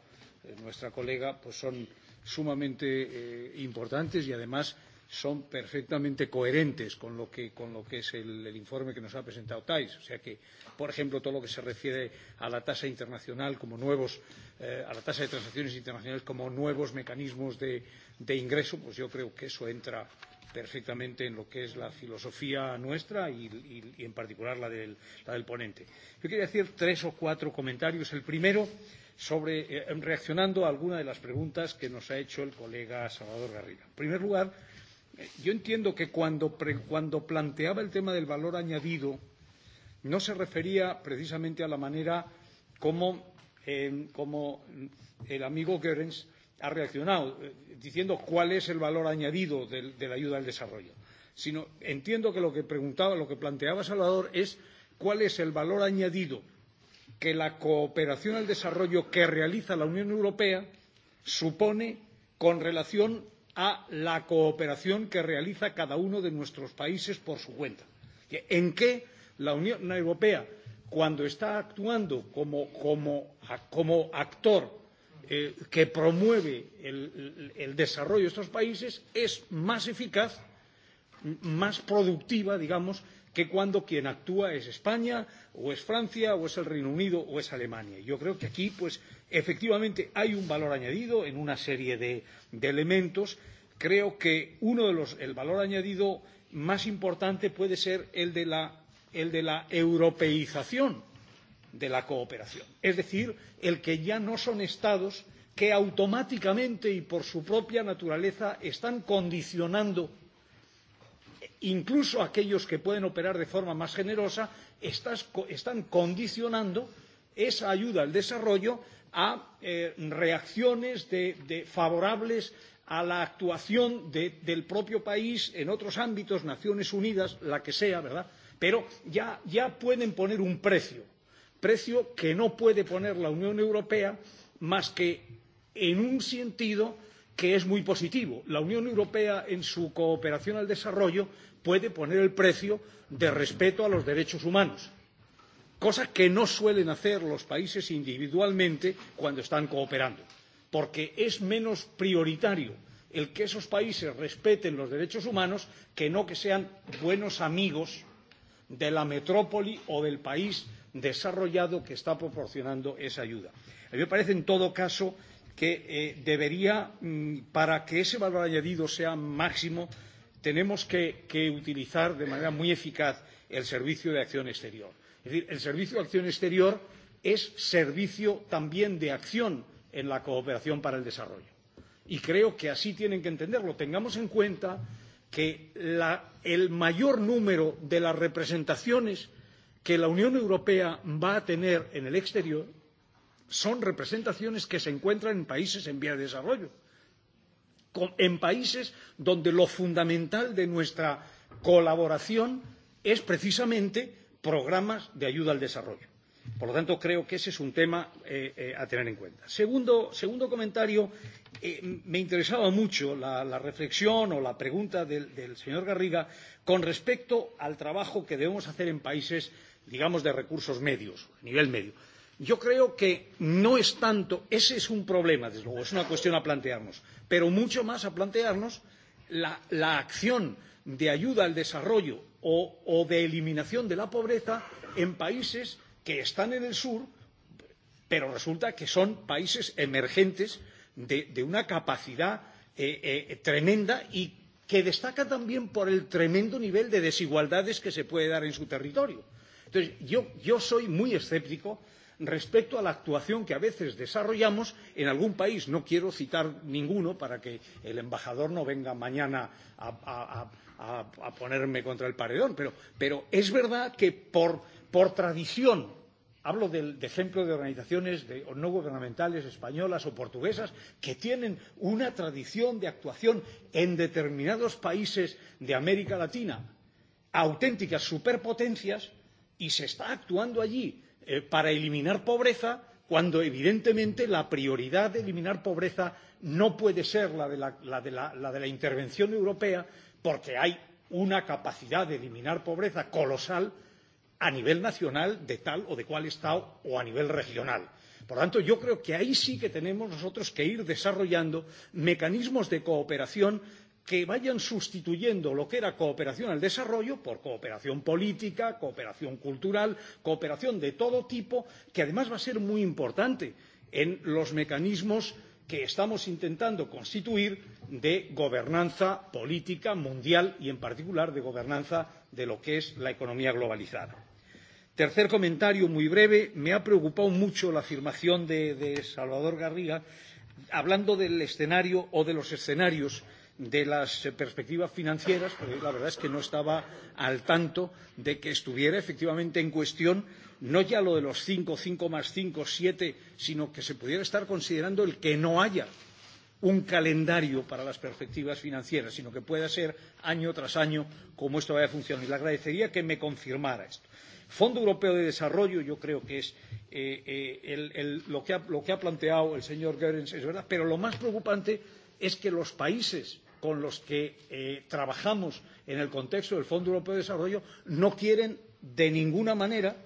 eh, nuestra colega pues son sumamente eh, importantes y, además, son perfectamente coherentes con lo que, con lo que es el, el informe que nos ha presentado TAIS. O sea que, por ejemplo, todo lo que se refiere a la tasa internacional como nuevos, eh, a la tasa de transacciones internacionales como nuevos mecanismos de, de ingreso, pues yo creo que eso entra perfectamente en lo que es la filosofía nuestra y, y, y en particular la del, la del ponente. Yo quería decir tres o cuatro comentarios. El primero, sobre, eh, reaccionando a alguna de las preguntas que nos ha hecho el colega Salvador Garriga. En primer lugar, Yo entiendo que cuando, pre, cuando planteaba el tema del valor añadido, no se refería precisamente a la manera como, eh, como el amigo Goerens ha reaccionado, eh, diciendo cuál es el valor añadido de, de la ayuda al desarrollo. Sino entiendo que lo que preguntaba, lo que planteaba Salvador es cuál es el valor añadido que la cooperación al desarrollo que realiza la Unión Europea supone con relación a la cooperación que realiza cada uno de nuestros países por su cuenta. ¿En qué la Unión Europea, cuando está actuando como, como, como actor eh, que promueve el, el desarrollo de estos países, es más eficaz, más productiva, digamos, que cuando quien actúa es España o es Francia o es el Reino Unido o es Alemania. Yo creo que aquí pues eh, Efectivamente, hay un valor añadido en una serie de, de elementos. Creo que uno de los, el valor añadido más importante puede ser el de la, el de la europeización de la cooperación. Es decir, el que ya no son Estados que automáticamente y por su propia naturaleza están condicionando incluso aquellos que pueden operar de forma más generosa estás, están condicionando esa ayuda al desarrollo a eh, reacciones de, de favorables a la actuación de, del propio país en otros ámbitos, Naciones Unidas, la que sea, ¿verdad? Pero ya, ya pueden poner un precio, precio que no puede poner la Unión Europea más que en un sentido que es muy positivo. La Unión Europea, en su cooperación al desarrollo, puede poner el precio de respeto a los derechos humanos cosa que no suelen hacer los países individualmente cuando están cooperando, porque es menos prioritario el que esos países respeten los derechos humanos que no que sean buenos amigos de la metrópoli o del país desarrollado que está proporcionando esa ayuda. A mí me parece, en todo caso, que eh, debería, mm, para que ese valor añadido sea máximo, tenemos que, que utilizar de manera muy eficaz el Servicio de Acción Exterior Es decir, el Servicio de Acción Exterior es servicio también de acción en la cooperación para el desarrollo. Y creo que así tienen que entenderlo. Tengamos en cuenta que la, el mayor número de las representaciones que la Unión Europea va a tener en el exterior son representaciones que se encuentran en países en vía de desarrollo, en países donde lo fundamental de nuestra colaboración es precisamente programas de ayuda al desarrollo. Por lo tanto, creo que ese es un tema eh, eh, a tener en cuenta. Segundo, segundo comentario, eh, me interesaba mucho la, la reflexión o la pregunta del, del señor Garriga con respecto al trabajo que debemos hacer en países, digamos, de recursos medios, nivel medio. Yo creo que no es tanto, ese es un problema, desde luego, es una cuestión a plantearnos, pero mucho más a plantearnos la, la acción de ayuda al desarrollo o, o de eliminación de la pobreza en países que están en el sur, pero resulta que son países emergentes de, de una capacidad eh, eh, tremenda y que destaca también por el tremendo nivel de desigualdades que se puede dar en su territorio. Entonces, yo, yo soy muy escéptico respecto a la actuación que a veces desarrollamos en algún país. No quiero citar ninguno para que el embajador no venga mañana a, a, a, a ponerme contra el paredón, pero, pero es verdad que por, por tradición, hablo del de ejemplo de organizaciones de, no gubernamentales españolas o portuguesas que tienen una tradición de actuación en determinados países de América Latina, auténticas superpotencias, y se está actuando allí eh, para eliminar pobreza cuando evidentemente la prioridad de eliminar pobreza no puede ser la de la, la, de la, la, de la intervención europea, porque hay una capacidad de eliminar pobreza colosal a nivel nacional de tal o de cual Estado o a nivel regional. Por lo tanto, yo creo que ahí sí que tenemos nosotros que ir desarrollando mecanismos de cooperación que vayan sustituyendo lo que era cooperación al desarrollo por cooperación política, cooperación cultural, cooperación de todo tipo, que además va a ser muy importante en los mecanismos que estamos intentando constituir de gobernanza política mundial y, en particular, de gobernanza de lo que es la economía globalizada. Tercer comentario muy breve. Me ha preocupado mucho la afirmación de, de Salvador Garriga hablando del escenario o de los escenarios de las eh, perspectivas financieras, porque la verdad es que no estaba al tanto de que estuviera efectivamente en cuestión no ya lo de los 5, 5 más 5, 7, sino que se pudiera estar considerando el que no haya un calendario para las perspectivas financieras, sino que pueda ser año tras año como esto vaya a funcionar. Y le agradecería que me confirmara esto. Fondo Europeo de Desarrollo, yo creo que es eh, eh, el, el, lo, que ha, lo que ha planteado el señor Goerens, es verdad, pero lo más preocupante es que los países con los que eh, trabajamos en el contexto del Fondo Europeo de Desarrollo no quieren de ninguna manera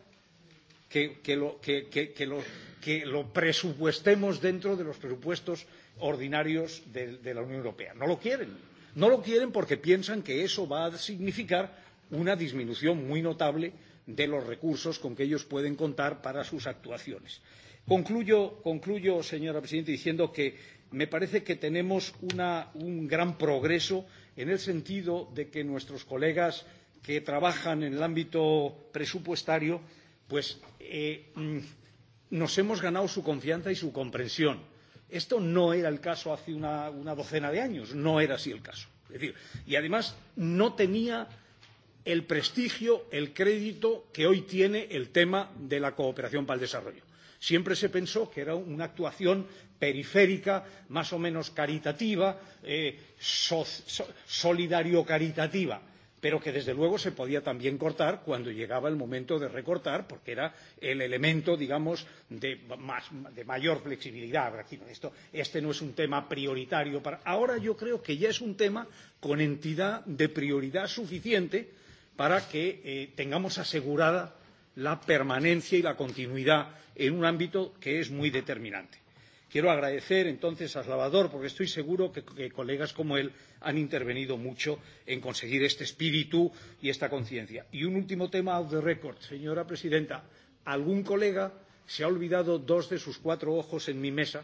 que, que, lo, que, que, que, lo, que lo presupuestemos dentro de los presupuestos ordinarios de, de la Unión Europea. No lo quieren. No lo quieren porque piensan que eso va a significar una disminución muy notable de los recursos con que ellos pueden contar para sus actuaciones. Concluyo, concluyo señora presidenta, diciendo que me parece que tenemos una, un gran progreso en el sentido de que nuestros colegas que trabajan en el ámbito presupuestario pues eh, mm, nos hemos ganado su confianza y su comprensión. Esto no era el caso hace una, una docena de años, no era así el caso. Es decir, y además no tenía el prestigio, el crédito que hoy tiene el tema de la cooperación para el desarrollo. Siempre se pensó que era una actuación periférica, más o menos caritativa, eh, so, so, solidario-caritativa. Eh, pero que desde luego se podía también cortar cuando llegaba el momento de recortar, porque era el elemento, digamos, de, más, de mayor flexibilidad. Aquí, esto, este no es un tema prioritario para. Ahora yo creo que ya es un tema con entidad de prioridad suficiente para que eh, tengamos asegurada la permanencia y la continuidad en un ámbito que es muy determinante. Quiero agradecer entonces a Salvador, porque estoy seguro que, que colegas como él han intervenido mucho en conseguir este espíritu y esta conciencia. Y un último tema out the record, señora presidenta. Algún colega se ha olvidado dos de sus cuatro ojos en mi mesa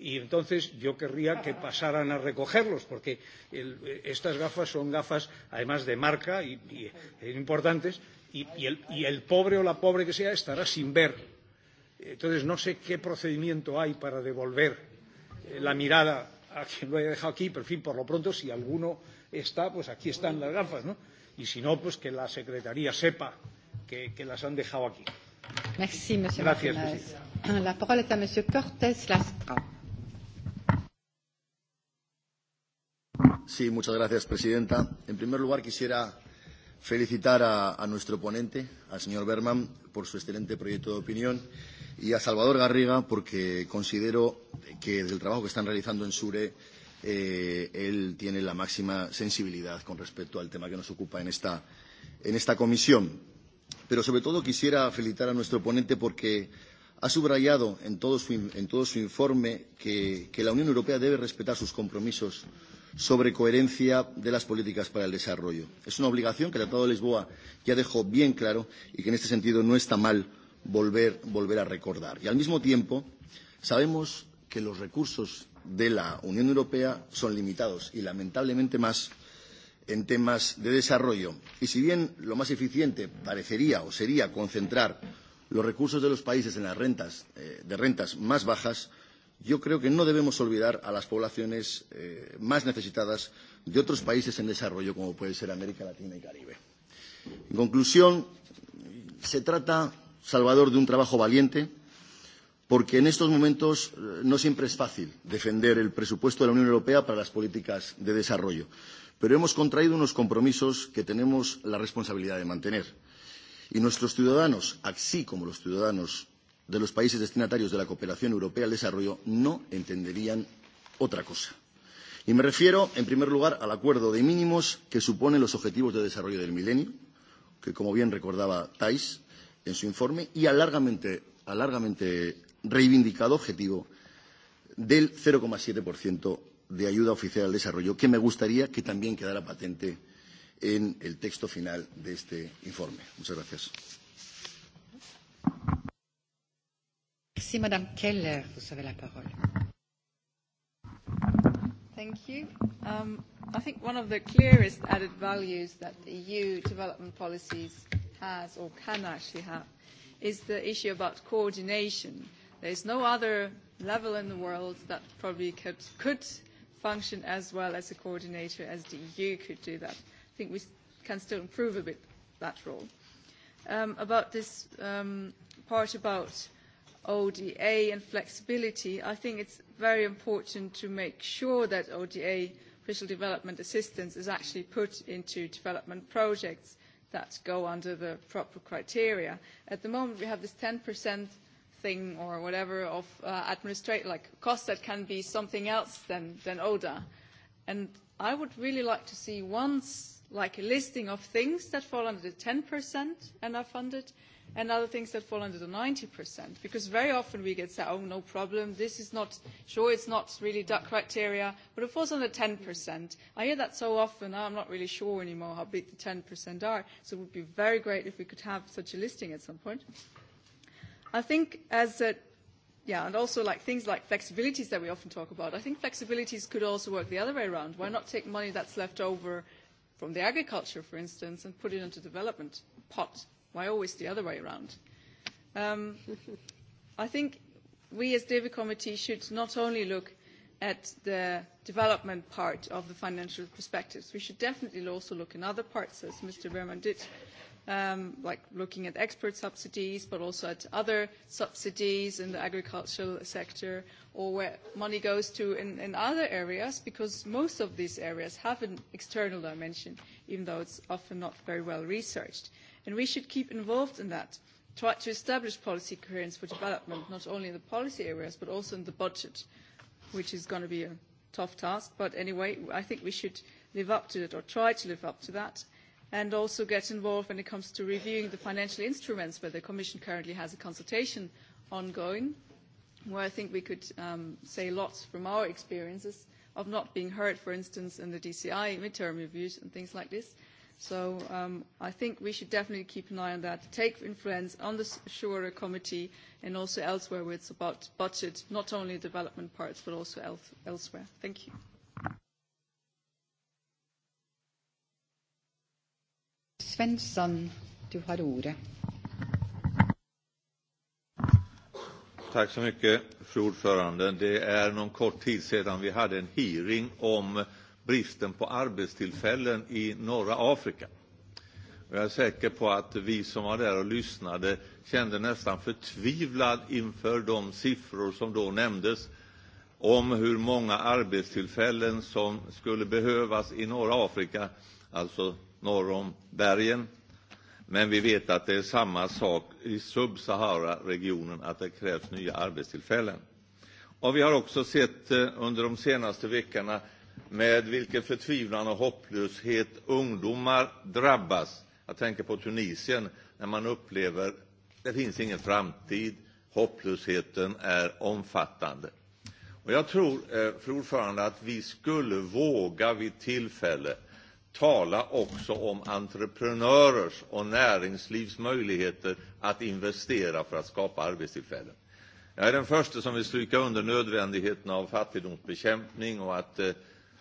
y entonces yo querría que pasaran a recogerlos porque el, estas gafas son gafas además de marca y, y, y eh, importantes y, y, el, y el pobre o la pobre que sea estará sin ver Entonces, no sé qué procedimiento hay para devolver eh, la mirada a quien lo haya dejado aquí, pero en fin, por lo pronto, si alguno está, pues aquí están las gafas, ¿no? Y si no, pues que la Secretaría sepa que, que las han dejado aquí. Merci, Monsieur Gracias, La parole est à Monsieur Cortés Lastra. Sí, muchas gracias, Presidenta. En primer lugar, quisiera felicitar a, a nuestro ponente, al señor Berman, por su excelente proyecto de opinión y a Salvador Garriga porque considero que del trabajo que están realizando en SURE eh, él tiene la máxima sensibilidad con respecto al tema que nos ocupa en esta, en esta comisión. Pero sobre todo quisiera felicitar a nuestro ponente porque ha subrayado en todo su, en todo su informe que, que la Unión Europea debe respetar sus compromisos sobre coherencia de las políticas para el desarrollo. Es una obligación que el Tratado de Lisboa ya dejó bien claro y que en este sentido no está mal volver, volver a recordar. Y al mismo tiempo sabemos que los recursos de la Unión Europea son limitados y lamentablemente más en temas de desarrollo. Y si bien lo más eficiente parecería o sería concentrar los recursos de los países en las rentas, eh, de rentas más bajas, yo creo que no debemos olvidar a las poblaciones eh, más necesitadas de otros países en desarrollo, como puede ser América Latina y Caribe. En conclusión, se trata, Salvador, de un trabajo valiente, porque en estos momentos eh, no siempre es fácil defender el presupuesto de la Unión Europea para las políticas de desarrollo, pero hemos contraído unos compromisos que tenemos la responsabilidad de mantener. Y nuestros ciudadanos, así como los ciudadanos de los países destinatarios de la cooperación europea al desarrollo no entenderían otra cosa. Y me refiero, en primer lugar, al acuerdo de mínimos que suponen los objetivos de desarrollo del milenio, que, como bien recordaba Thais en su informe, y al largamente, al largamente reivindicado objetivo del 0,7% de ayuda oficial al desarrollo, que me gustaría que también quedara patente en el texto final de este informe. Muchas gracias. Merci, Madame Keller. Vous avez la parole. Thank you. Um, I think one of the clearest added values that EU e development policies has or can actually have is the issue about coordination. There is no other level in the world that probably could, could function as well as a coordinator as the EU could do that. I think we can still improve a bit that role. Um, about this um, part about ODA and flexibility, I think it's very important to make sure that ODA, official development assistance, is actually put into development projects that go under the proper criteria. At the moment, we have this 10% thing or whatever of uh, administrative, like cost that can be something else than, than ODA. And I would really like to see once like a listing of things that fall under the 10% and are funded, and other things that fall under the 90%. Because very often we get said, oh, no problem, this is not, sure, it's not really that criteria, but it falls under 10%. I hear that so often, oh, I'm not really sure anymore how big the 10% are. So it would be very great if we could have such a listing at some point. I think as a Yeah, and also like things like flexibilities that we often talk about. I think flexibilities could also work the other way around. Why not take money that's left over from the agriculture, for instance, and put it into development pot? Why always the other way around? Um, I think we as David committee should not only look at the development part of the financial perspectives, we should definitely also look in other parts, as Mr. Berman did, um, like looking at expert subsidies, but also at other subsidies in the agricultural sector, or where money goes to in, in other areas, because most of these areas have an external dimension, even though it's often not very well researched and we should keep involved in that try to establish policy coherence for development not only in the policy areas but also in the budget which is going to be a tough task but anyway i think we should live up to it or try to live up to that and also get involved when it comes to reviewing the financial instruments where the commission currently has a consultation ongoing where i think we could um, say lots from our experiences of not being heard for instance in the dci midterm reviews and things like this So um, I think we should definitely keep an eye on that, take influence on the Shura committee and also elsewhere where it's about budget, not only development parts, but also el elsewhere. Thank you. Svensson, du har ordet. Tack så mycket, fru ordförande. Det är någon kort tid sedan vi hade en hearing om bristen på arbetstillfällen i norra Afrika. Och jag är säker på att vi som var där och lyssnade kände nästan förtvivlad inför de siffror som då nämndes om hur många arbetstillfällen som skulle behövas i norra Afrika, alltså norr om bergen. Men vi vet att det är samma sak i Sub-Sahara-regionen, att det krävs nya arbetstillfällen. Och vi har också sett eh, under de senaste veckorna med vilken förtvivlan och hopplöshet ungdomar drabbas. Jag tänker på Tunisien, när man upplever att det finns ingen framtid, hopplösheten är omfattande. Och jag tror, eh, fru ordförande, att vi skulle våga vid tillfälle tala också om entreprenörers och näringslivs möjligheter att investera för att skapa arbetstillfällen. Jag är den första som vill stryka under nödvändigheten av fattigdomsbekämpning och att eh,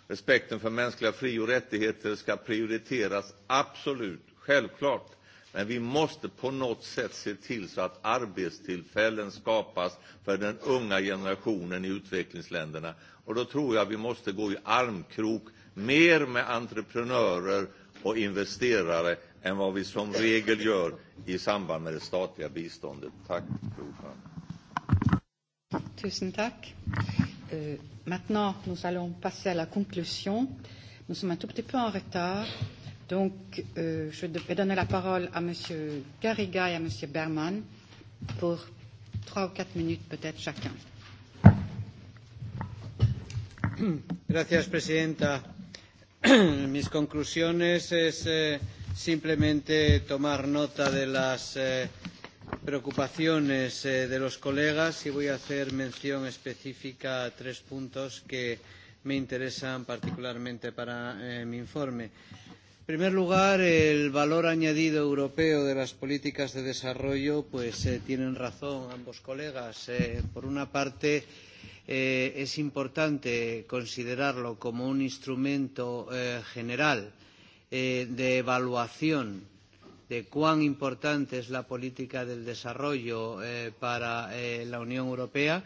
Respekten för mänskliga fri och rättigheter ska prioriteras, absolut, självklart. Men vi måste på något sätt se till så att arbetstillfällen skapas för den unga generationen i utvecklingsländerna. Och då tror jag vi måste gå i armkrok mer med entreprenörer och investerare än vad vi som regel gör i samband med det statliga biståndet. Tack, fru ordförande. Tusen tack. Euh, maintenant, nous allons passer à la conclusion. Nous sommes un tout petit peu en retard. Donc, euh, je vais donner la parole à M. Garriga et à M. Berman pour trois ou quatre minutes peut-être chacun. Gracias, Presidenta. Mis conclusiones es eh, simplemente tomar nota de las eh, preocupaciones eh, de los colegas y voy a hacer mención específica a tres puntos que me interesan particularmente para eh, mi informe. En primer lugar, el valor añadido europeo de las políticas de desarrollo, pues eh, tienen razón ambos colegas. Eh, por una parte, eh, es importante considerarlo como un instrumento eh, general eh, de evaluación de cuán importante es la política del desarrollo eh, para eh, la Unión Europea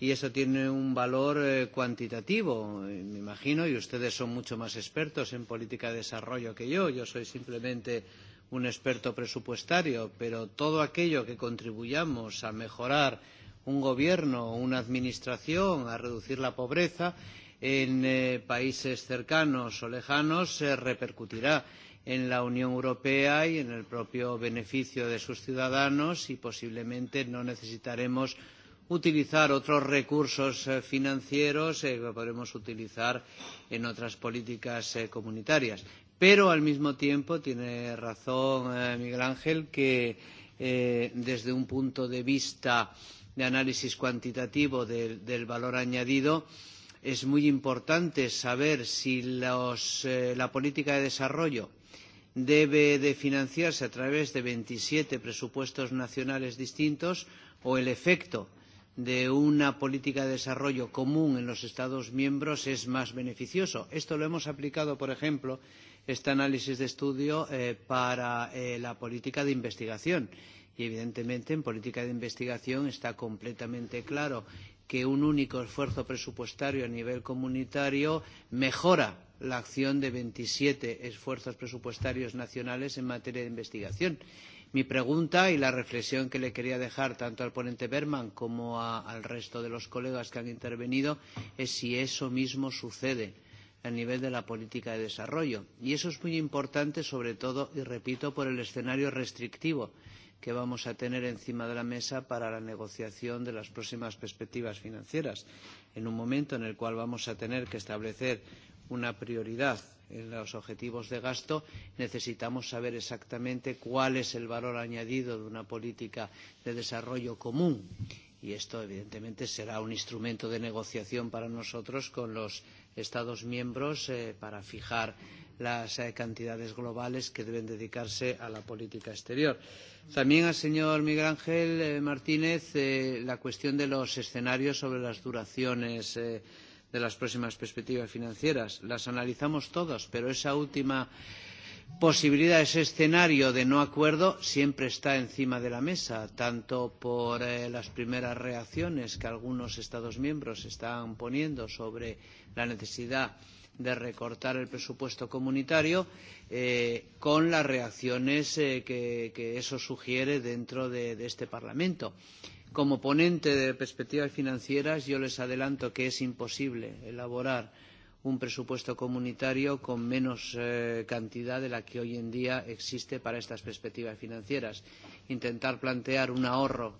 y eso tiene un valor eh, cuantitativo, eh, me imagino, y ustedes son mucho más expertos en política de desarrollo que yo. Yo soy simplemente un experto presupuestario, pero todo aquello que contribuyamos a mejorar un gobierno o una administración, a reducir la pobreza en eh, países cercanos o lejanos, se eh, repercutirá en la Unión Europea y en el propio beneficio de sus ciudadanos y posiblemente no necesitaremos utilizar otros recursos eh, financieros eh, que podremos utilizar en otras políticas eh, comunitarias. Pero al mismo tiempo tiene razón eh, Miguel Ángel que eh, desde un punto de vista de análisis cuantitativo de, del valor añadido es muy importante saber si los, eh, la política de desarrollo debe de financiarse a través de 27 presupuestos nacionales distintos o el efecto de una política de desarrollo común en los Estados miembros es más beneficioso. Esto lo hemos aplicado, por ejemplo, este análisis de estudio eh, para eh, la política de investigación. Y, evidentemente, en política de investigación está completamente claro que un único esfuerzo presupuestario a nivel comunitario mejora la acción de 27 esfuerzos presupuestarios nacionales en materia de investigación. Mi pregunta y la reflexión que le quería dejar tanto al ponente Berman como a, al resto de los colegas que han intervenido es si eso mismo sucede a nivel de la política de desarrollo. Y eso es muy importante, sobre todo, y repito, por el escenario restrictivo que vamos a tener encima de la mesa para la negociación de las próximas perspectivas financieras, en un momento en el cual vamos a tener que establecer una prioridad en los objetivos de gasto, necesitamos saber exactamente cuál es el valor añadido de una política de desarrollo común. Y esto, evidentemente, será un instrumento de negociación para nosotros con los Estados miembros eh, para fijar las eh, cantidades globales que deben dedicarse a la política exterior. También al señor Miguel Ángel eh, Martínez eh, la cuestión de los escenarios sobre las duraciones de las próximas perspectivas financieras. Las analizamos todos, pero esa última posibilidad, ese escenario de no acuerdo siempre está encima de la mesa, tanto por eh, las primeras reacciones que algunos Estados miembros están poniendo sobre la necesidad de de recortar el presupuesto comunitario eh, con las reacciones eh, que, que eso sugiere dentro de, de este Parlamento. Como ponente de perspectivas financieras, yo les adelanto que es imposible elaborar un presupuesto comunitario con menos eh, cantidad de la que hoy en día existe para estas perspectivas financieras. Intentar plantear un ahorro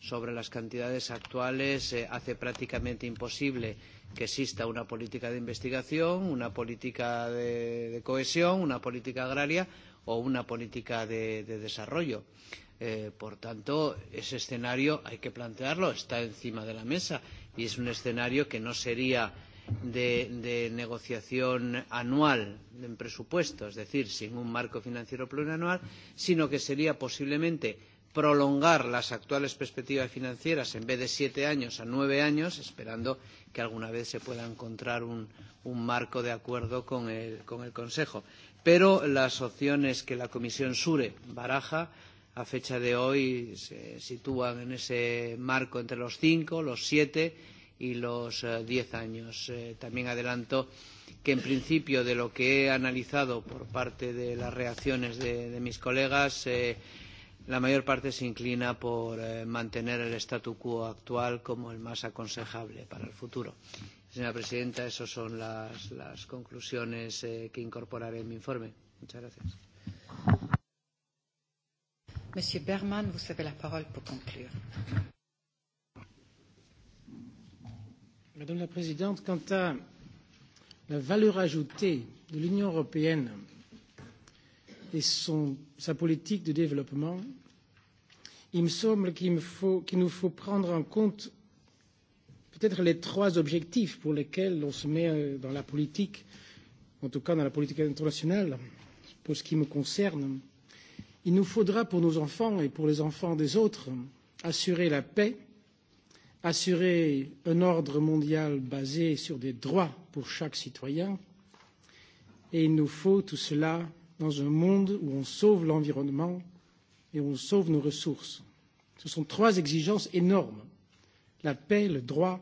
sobre las cantidades actuales eh, hace prácticamente imposible que exista una política de investigación, una política de, de cohesión, una política agraria o una política de, de desarrollo. Eh, por tanto, ese escenario hay que plantearlo, está encima de la mesa y es un escenario que no sería de, de negociación anual en presupuesto, es decir, sin un marco financiero plurianual, sino que sería posiblemente prolongar las actuales perspectivas financieras en vez de siete años a nueve años, esperando que alguna vez se pueda encontrar un, un marco de acuerdo con el, con el Consejo. Pero las opciones que la Comisión Sure baraja a fecha de hoy se sitúan en ese marco entre los cinco, los siete y los eh, diez años. Eh, también adelanto que, en principio, de lo que he analizado por parte de las reacciones de, de mis colegas, eh, la mayor parte se inclina por eh, mantener el statu quo actual como el más aconsejable para el futuro. Señora presidenta, esas son las, las conclusiones eh, que incorporaré en mi informe. Muchas gracias. Monsieur Berman, vous avez la parole pour conclure. Madame la Présidente, quant à la valeur ajoutée de l'Union européenne et son, sa politique de développement, il me semble qu'il qu nous faut prendre en compte peut-être les trois objectifs pour lesquels on se met euh, dans la politique, en tout cas dans la politique internationale, pour ce qui me concerne. Il nous faudra pour nos enfants et pour les enfants des autres assurer la paix, assurer un ordre mondial basé sur des droits pour chaque citoyen, et il nous faut tout cela dans un monde où on sauve l'environnement et où on sauve nos ressources. Ce sont trois exigences énormes la paix, le droit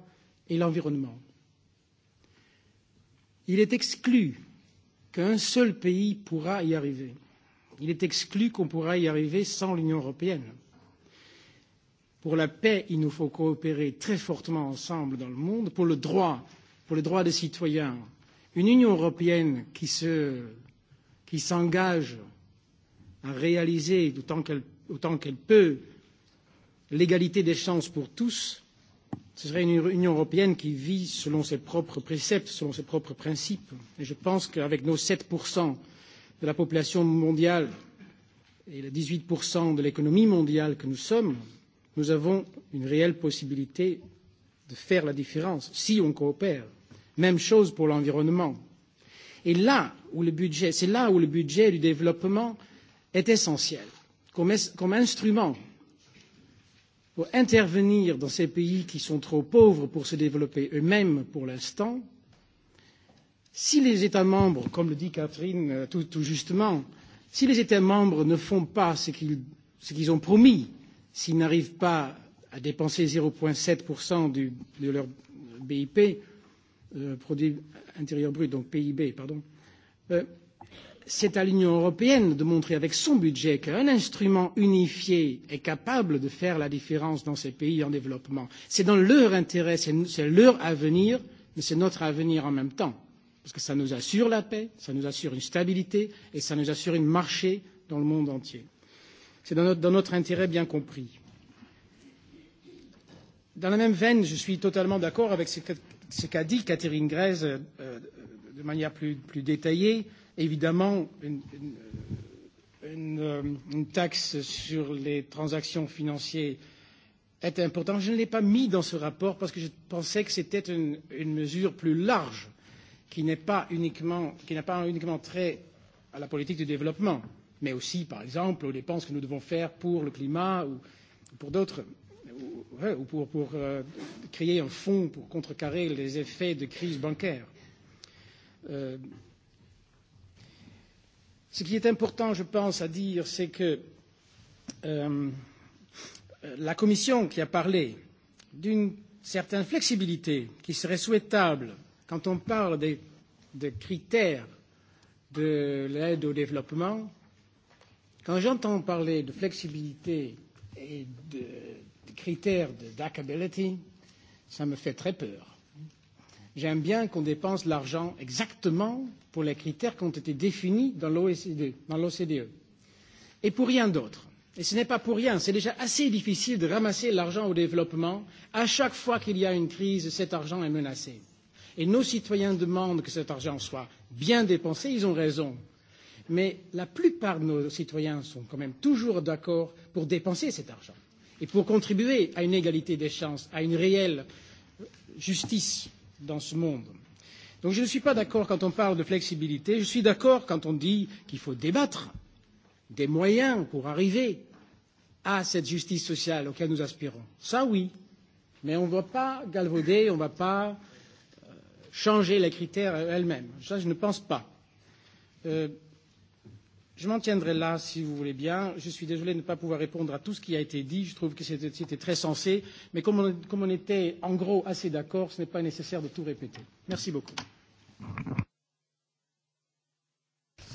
et l'environnement. Il est exclu qu'un seul pays pourra y arriver. Il est exclu qu'on pourra y arriver sans l'Union européenne. Pour la paix, il nous faut coopérer très fortement ensemble dans le monde. Pour le droit, pour les droits des citoyens, une Union européenne qui se qui s'engage à réaliser, autant qu'elle, qu peut, l'égalité des chances pour tous, ce serait une Union européenne qui vit selon ses propres préceptes, selon ses propres principes. Et je pense qu'avec nos 7% de la population mondiale et les 18% de l'économie mondiale que nous sommes, nous avons une réelle possibilité de faire la différence si on coopère. Même chose pour l'environnement. Et là où le budget, c'est là où le budget du développement est essentiel, comme, est, comme instrument pour intervenir dans ces pays qui sont trop pauvres pour se développer eux-mêmes pour l'instant. Si les États membres, comme le dit Catherine euh, tout, tout justement, si les États membres ne font pas ce qu'ils qu ont promis, s'ils n'arrivent pas à dépenser 0,7% de leur BIP, euh, produit intérieur brut, donc PIB, pardon. Euh, c'est à l'Union européenne de montrer avec son budget qu'un instrument unifié est capable de faire la différence dans ces pays en développement. C'est dans leur intérêt, c'est leur avenir, mais c'est notre avenir en même temps, parce que ça nous assure la paix, ça nous assure une stabilité et ça nous assure un marché dans le monde entier. C'est dans dans notre intérêt bien compris. Dans la même veine, je suis totalement d'accord avec ce ce qu'a dit Catherine Grez euh, de manière plus, plus détaillée. Évidemment, une, une, une, euh, une taxe sur les transactions financières est importante. Je ne l'ai pas mis dans ce rapport parce que je pensais que c'était une, une mesure plus large qui n'est pas uniquement, qui n'a pas uniquement trait à la politique de développement, mais aussi, par exemple, aux dépenses que nous devons faire pour le climat ou pour d'autres ouais, ou pour, pour euh, créer un fonds pour contrecarrer les effets de crise bancaire. Euh, ce qui est important, je pense, à dire, c'est que euh, la Commission qui a parlé d'une certaine flexibilité qui serait souhaitable quand on parle des, des critères de l'aide au développement, quand j'entends parler de flexibilité et de critères de DACability, ça me fait très peur. J'aime bien qu'on dépense l'argent exactement pour les critères qui ont été définis dans l'OCDE, dans l'OCDE e. et pour rien d'autre. Et ce n'est pas pour rien, c'est déjà assez difficile de ramasser l'argent au développement. À chaque fois qu'il y a une crise, cet argent est menacé. Et nos citoyens demandent que cet argent soit bien dépensé, ils ont raison. Mais la plupart de nos citoyens sont quand même toujours d'accord pour dépenser cet argent. Et pour contribuer à une égalité des chances, à une réelle justice dans ce monde. Donc je ne suis pas d'accord quand on parle de flexibilité, je suis d'accord quand on dit qu'il faut débattre des moyens pour arriver à cette justice sociale auquel nous aspirons. Ça oui, mais on ne va pas galvauder, on ne va pas euh, changer les critères elles-mêmes. Ça, je ne pense pas. Euh, Je m'en tiendrai là, si vous voulez bien. Je suis désolé de ne pas pouvoir répondre à tout ce qui a été dit. Je trouve que c'était très sensé. Mais comme on, comme on était en gros assez d'accord, ce n'est pas nécessaire de tout répéter. Merci beaucoup.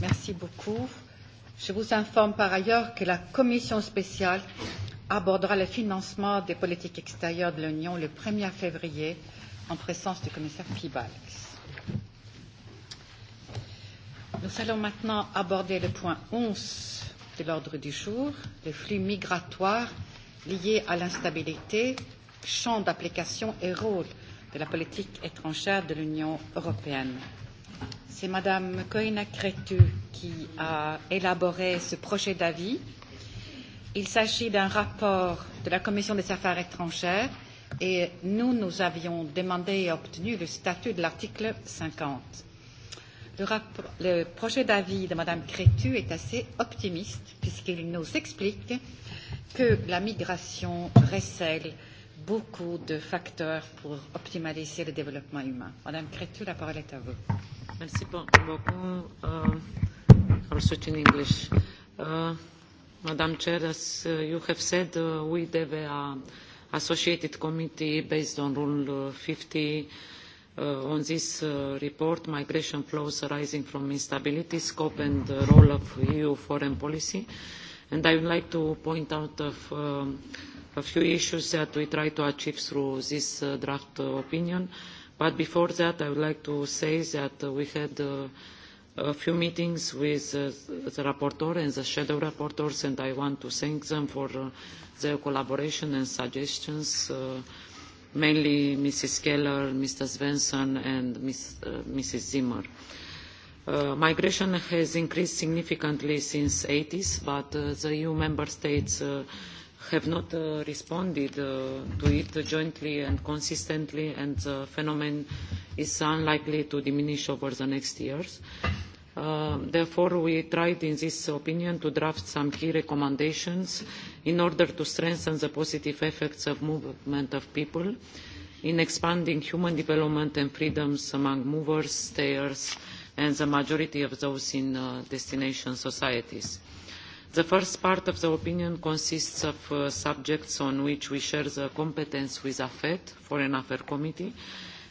Merci beaucoup. Je vous informe par ailleurs que la commission spéciale abordera le financement des politiques extérieures de l'Union le 1er février en présence du commissaire Pibalx. Nous allons maintenant aborder le point 11 de l'ordre du jour, les flux migratoires liés à l'instabilité, champ d'application et rôle de la politique étrangère de l'Union européenne. C'est Madame Koina Kretu qui a élaboré ce projet d'avis. Il s'agit d'un rapport de la Commission des affaires étrangères et nous, nous avions demandé et obtenu le statut de l'article 50. Le, le projet d'avis de Mme Crétu est assez optimiste puisqu'il nous explique que la migration recèle beaucoup de facteurs pour optimaliser le développement humain. Madame Crétu, la parole est à vous. Merci beaucoup. Uh, also in English. Uh, Madam Chair, as uh, you have said, uh, we, have an Associated Committee, based on Rule 50, Uh, on this uh, report, Migration Flows Arising from Instability, Scope and Role of EU Foreign Policy. And I would like to point out of, um, a few issues that we try to achieve through this uh, draft opinion. But before that, I would like to say that we had a few meetings with uh, the rapporteur and the shadow rapporteurs, and I want to thank them for uh, their collaboration and suggestions uh, mainly Mrs. Keller, Mr. Svensson, and Ms., uh, Mrs. Zimmer. Uh, migration has increased significantly since the 80s, but uh, the EU member states uh, have not uh, responded uh, to it jointly and consistently, and the phenomenon is unlikely to diminish over the next years. Uh, therefore, we tried in this opinion to draft some key recommendations in order to strengthen the positive effects of movement of people in expanding human development and freedoms among movers, stayers, and the majority of those in uh, destination societies. The first part of the opinion consists of uh, subjects on which we share the competence with AFET, Foreign Affairs Committee,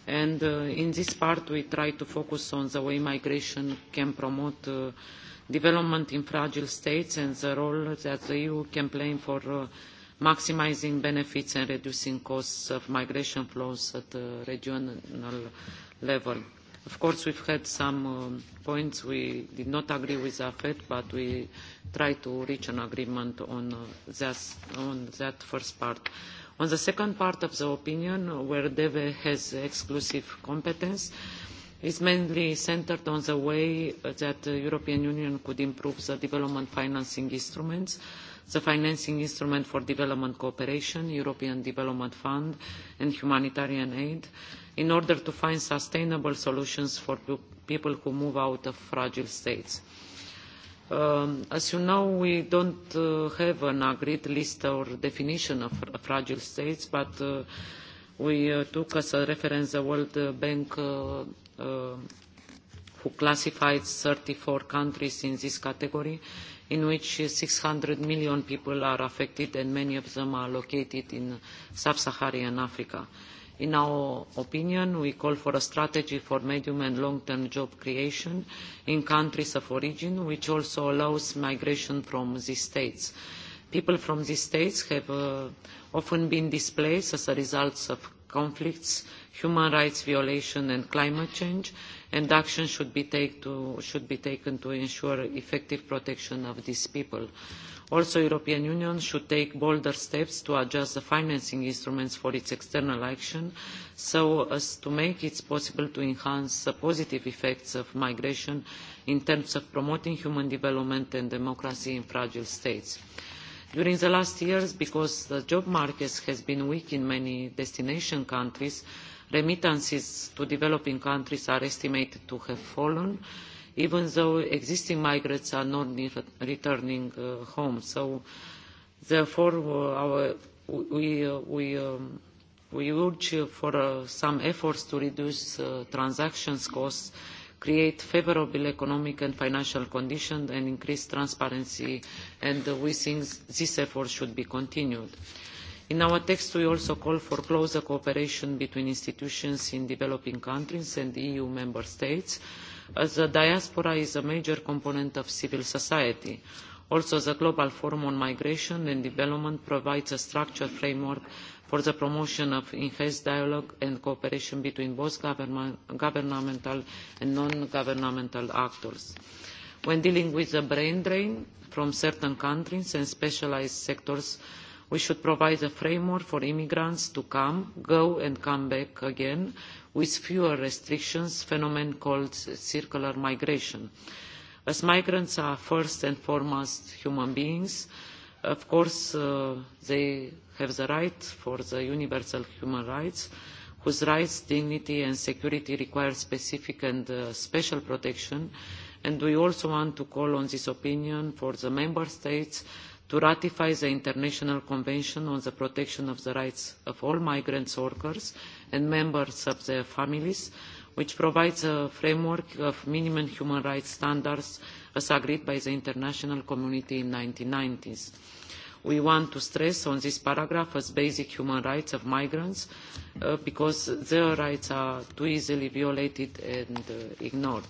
and uh, in this part we try to focus on the way migration can promote uh, development in fragile states and the role that the EU can play for uh, maximising benefits and reducing costs of migration flows at the regional level. Of course, we've had some um, points we did not agree with AFET, but we tried to reach an agreement on, uh, that, on that first part. On the second part of the opinion, where DEVE has exclusive competence, uh, is mainly centered on the way that the European Union could improve the development financing instruments, the financing instrument for development cooperation, European Development Fund, and humanitarian aid, in order to find sustainable solutions for people who move out of fragile states. Um, as you know, we don't uh, have an agreed list or definition of fragile states, but uh, we uh, took as a reference the World Bank uh, uh, who classified 34 countries in this category in which 600 million people are affected and many of them are located in sub-Saharan Africa. In our opinion, we call for a strategy for medium and long-term job creation in countries of origin, which also allows migration from these states. People from these states have uh, often been displaced as a result of conflicts, human rights violation and climate change, and action should be, take to, should be taken to ensure effective protection of these people. Also, European Union should take bolder steps to adjust the financing instruments for its external action so as to make it possible to enhance the positive effects of migration in terms of promoting human development and democracy in fragile states. During the last years, because the job market has been weak in many destination countries, remittances to developing countries are estimated to have fallen, even though existing migrants are not returning uh, home. So, therefore, uh, our, we, uh, we, um, we urge for uh, some efforts to reduce uh, transactions costs create favourable economic and financial conditions and increase transparency and we think this effort should be continued. In our text, we also call for closer cooperation between institutions in developing countries and EU member states, as the diaspora is a major component of civil society. Also, the Global Forum on Migration and Development provides a structured framework for the promotion of enhanced dialogue and cooperation between both government, governmental and non-governmental actors. When dealing with the brain drain from certain countries and specialised sectors, we should provide a framework for immigrants to come, go and come back again with fewer restrictions, phenomenon called circular migration. As migrants are first and foremost human beings, Of course, uh, they have the right for the universal human rights, whose rights, dignity and security require specific and uh, special protection. And we also want to call on this opinion for the member states to ratify the International Convention on the Protection of the Rights of All Migrant Workers and Members of Their Families, which provides a framework of minimum human rights standards as agreed by the international community in 1990s. We want to stress on this paragraph as basic human rights of migrants uh, because their rights are too easily violated and uh, ignored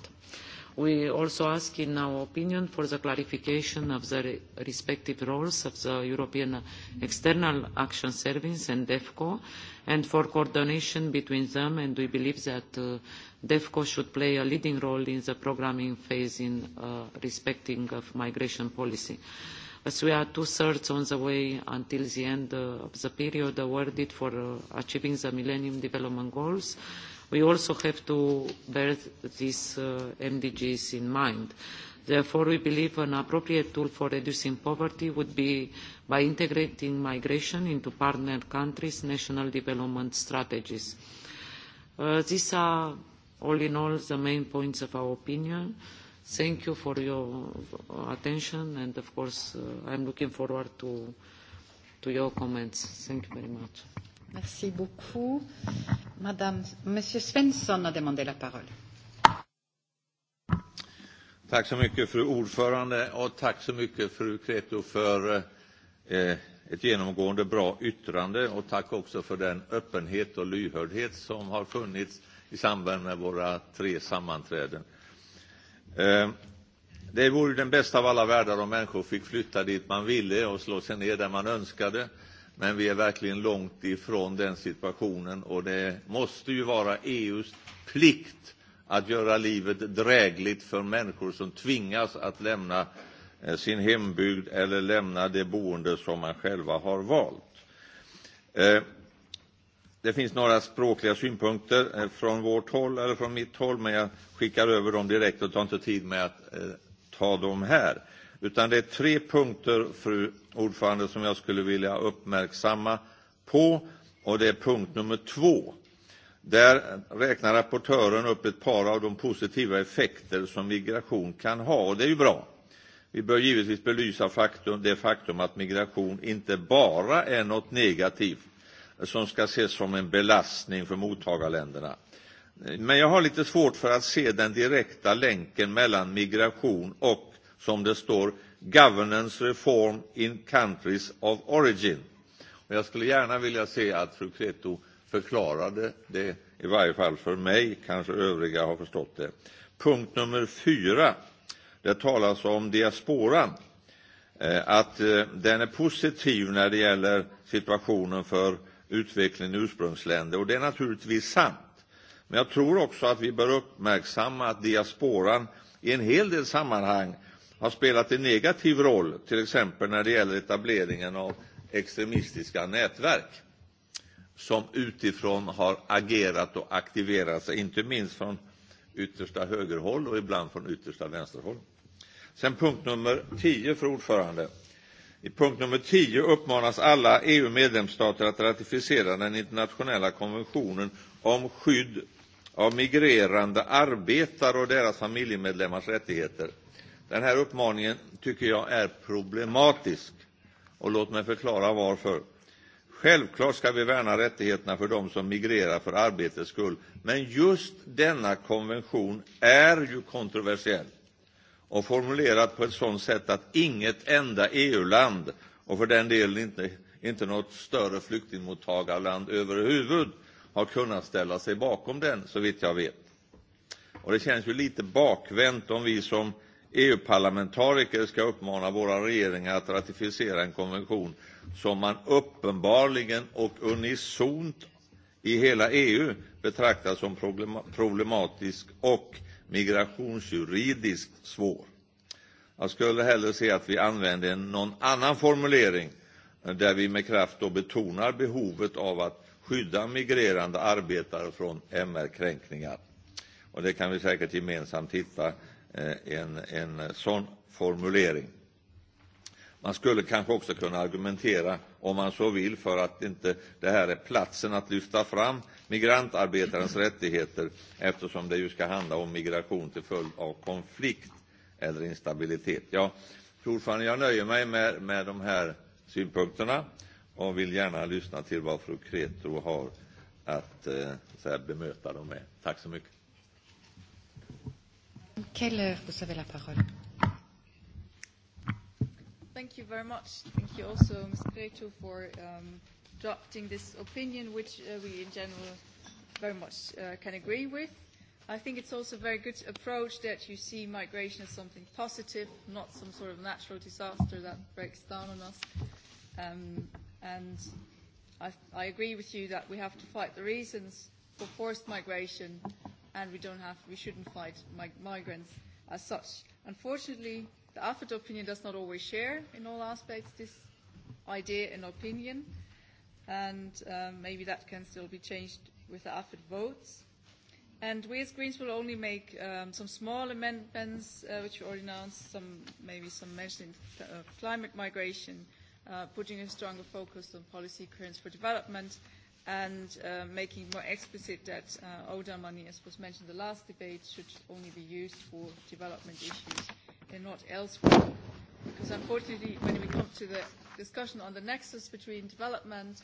We also ask, in our opinion, for the clarification of the respective roles of the European External Action Service and DEFCO, and for coordination between them, and we believe that uh, DEFCO should play a leading role in the programming phase in uh, respecting of migration policy. As we are two-thirds on the way until the end uh, of the period awarded for uh, achieving the Millennium Development Goals, We also have to bear these uh, MDGs in mind. Therefore, we believe an appropriate tool for reducing poverty would be by integrating migration into partner countries' national development strategies. Uh, these are, all in all, the main points of our opinion. Thank you for your attention, and of course, uh, I'm looking forward to, to your comments. Thank you very much. Merci beaucoup. Madame, Monsieur Svensson a demandé la parole. Tack så mycket, fru ordförande, och tack så mycket, fru Kreto, för eh, ett genomgående bra yttrande och tack också för den öppenhet och lyhördhet som har funnits i samband med våra tre sammanträden. Eh, det vore den bästa av alla världar om människor fick flytta dit man ville och slå sig ner där man önskade. Men vi är verkligen långt ifrån den situationen och det måste ju vara EUs plikt att göra livet drägligt för människor som tvingas att lämna eh, sin hembygd eller lämna det boende som man själva har valt. Eh, det finns några språkliga synpunkter eh, från vårt håll eller från mitt håll, men jag skickar över dem direkt och tar inte tid med att ta dem här. Utan det är tre punkter, fru ordförande, som jag skulle vilja uppmärksamma på och det är punkt nummer två. Där räknar rapportören upp ett par av de positiva effekter som migration kan ha och det är ju bra. Vi bör givetvis belysa faktum, det faktum att migration inte bara är något negativt som ska ses som en belastning för mottagarländerna. Men jag har lite svårt för att se den direkta länken mellan migration och, som det står, governance reform in countries of origin. Och jag skulle gärna vilja se att fru Kreto förklarade det, i varje fall för mig, kanske övriga har förstått det. Punkt nummer fyra, det talas om diasporan, eh, att eh, den är positiv när det gäller situationen för utvecklingen i ursprungsländer, och det är naturligtvis sant. Men jag tror också att vi bör uppmärksamma att diasporan i en hel del sammanhang har spelat en negativ roll, till exempel när det gäller etableringen av extremistiska nätverk som utifrån har agerat och aktiverat sig, inte minst från yttersta högerhåll och ibland från yttersta vänsterhåll. Sen punkt nummer 10, för ordförande. I punkt nummer 10 uppmanas alla EU-medlemsstater att ratificera den internationella konventionen om skydd av migrerande arbetare och deras familjemedlemmars rättigheter Den här uppmaningen tycker jag är problematisk. Och låt mig förklara varför. Självklart ska vi värna rättigheterna för de som migrerar för arbetets skull. Men just denna konvention är ju kontroversiell och formulerad på ett sådant sätt att inget enda EU-land och för den delen inte, inte något större flyktingmottagarland överhuvud har kunnat ställa sig bakom den, så vitt jag vet. Och det känns ju lite bakvänt om vi som EU-parlamentariker ska uppmana våra regeringar att ratificera en konvention som man uppenbarligen och unisont i hela EU betraktar som problematisk och migrationsjuridiskt svår. Jag skulle hellre se att vi använde någon annan formulering där vi med kraft då betonar behovet av att skydda migrerande arbetare från MR-kränkningar. det kan vi säkert gemensamt hitta Eh, en, en sån formulering. Man skulle kanske också kunna argumentera, om man så vill, för att inte det här är platsen att lyfta fram migrantarbetarens rättigheter, eftersom det ju ska handla om migration till följd av konflikt eller instabilitet. Ja, fru jag nöjer mig med, med de här synpunkterna och vill gärna lyssna till vad fru Kretro har att eh, så här, bemöta dem med. Tack så mycket. Keller, vous avez la parole. Thank you very much. Thank you also, Ms. Creto, for um, drafting this opinion, which uh, we in general very much uh, can agree with. I think it's also a very good approach that you see migration as something positive, not some sort of natural disaster that breaks down on us. Um, and I, I agree with you that we have to fight the reasons for forced migration and we don't have, we shouldn't fight mig- migrants as such. Unfortunately, the AFED opinion does not always share in all aspects this idea and opinion, and um, maybe that can still be changed with the AFED votes. And we as Greens will only make um, some small amendments, uh, which we already announced, some, maybe some mention uh, climate migration, uh, putting a stronger focus on policy currents for development, and uh, making more explicit that uh, ODA money, as was mentioned in the last debate, should only be used for development issues and not elsewhere. Because unfortunately, when we come to the discussion on the nexus between development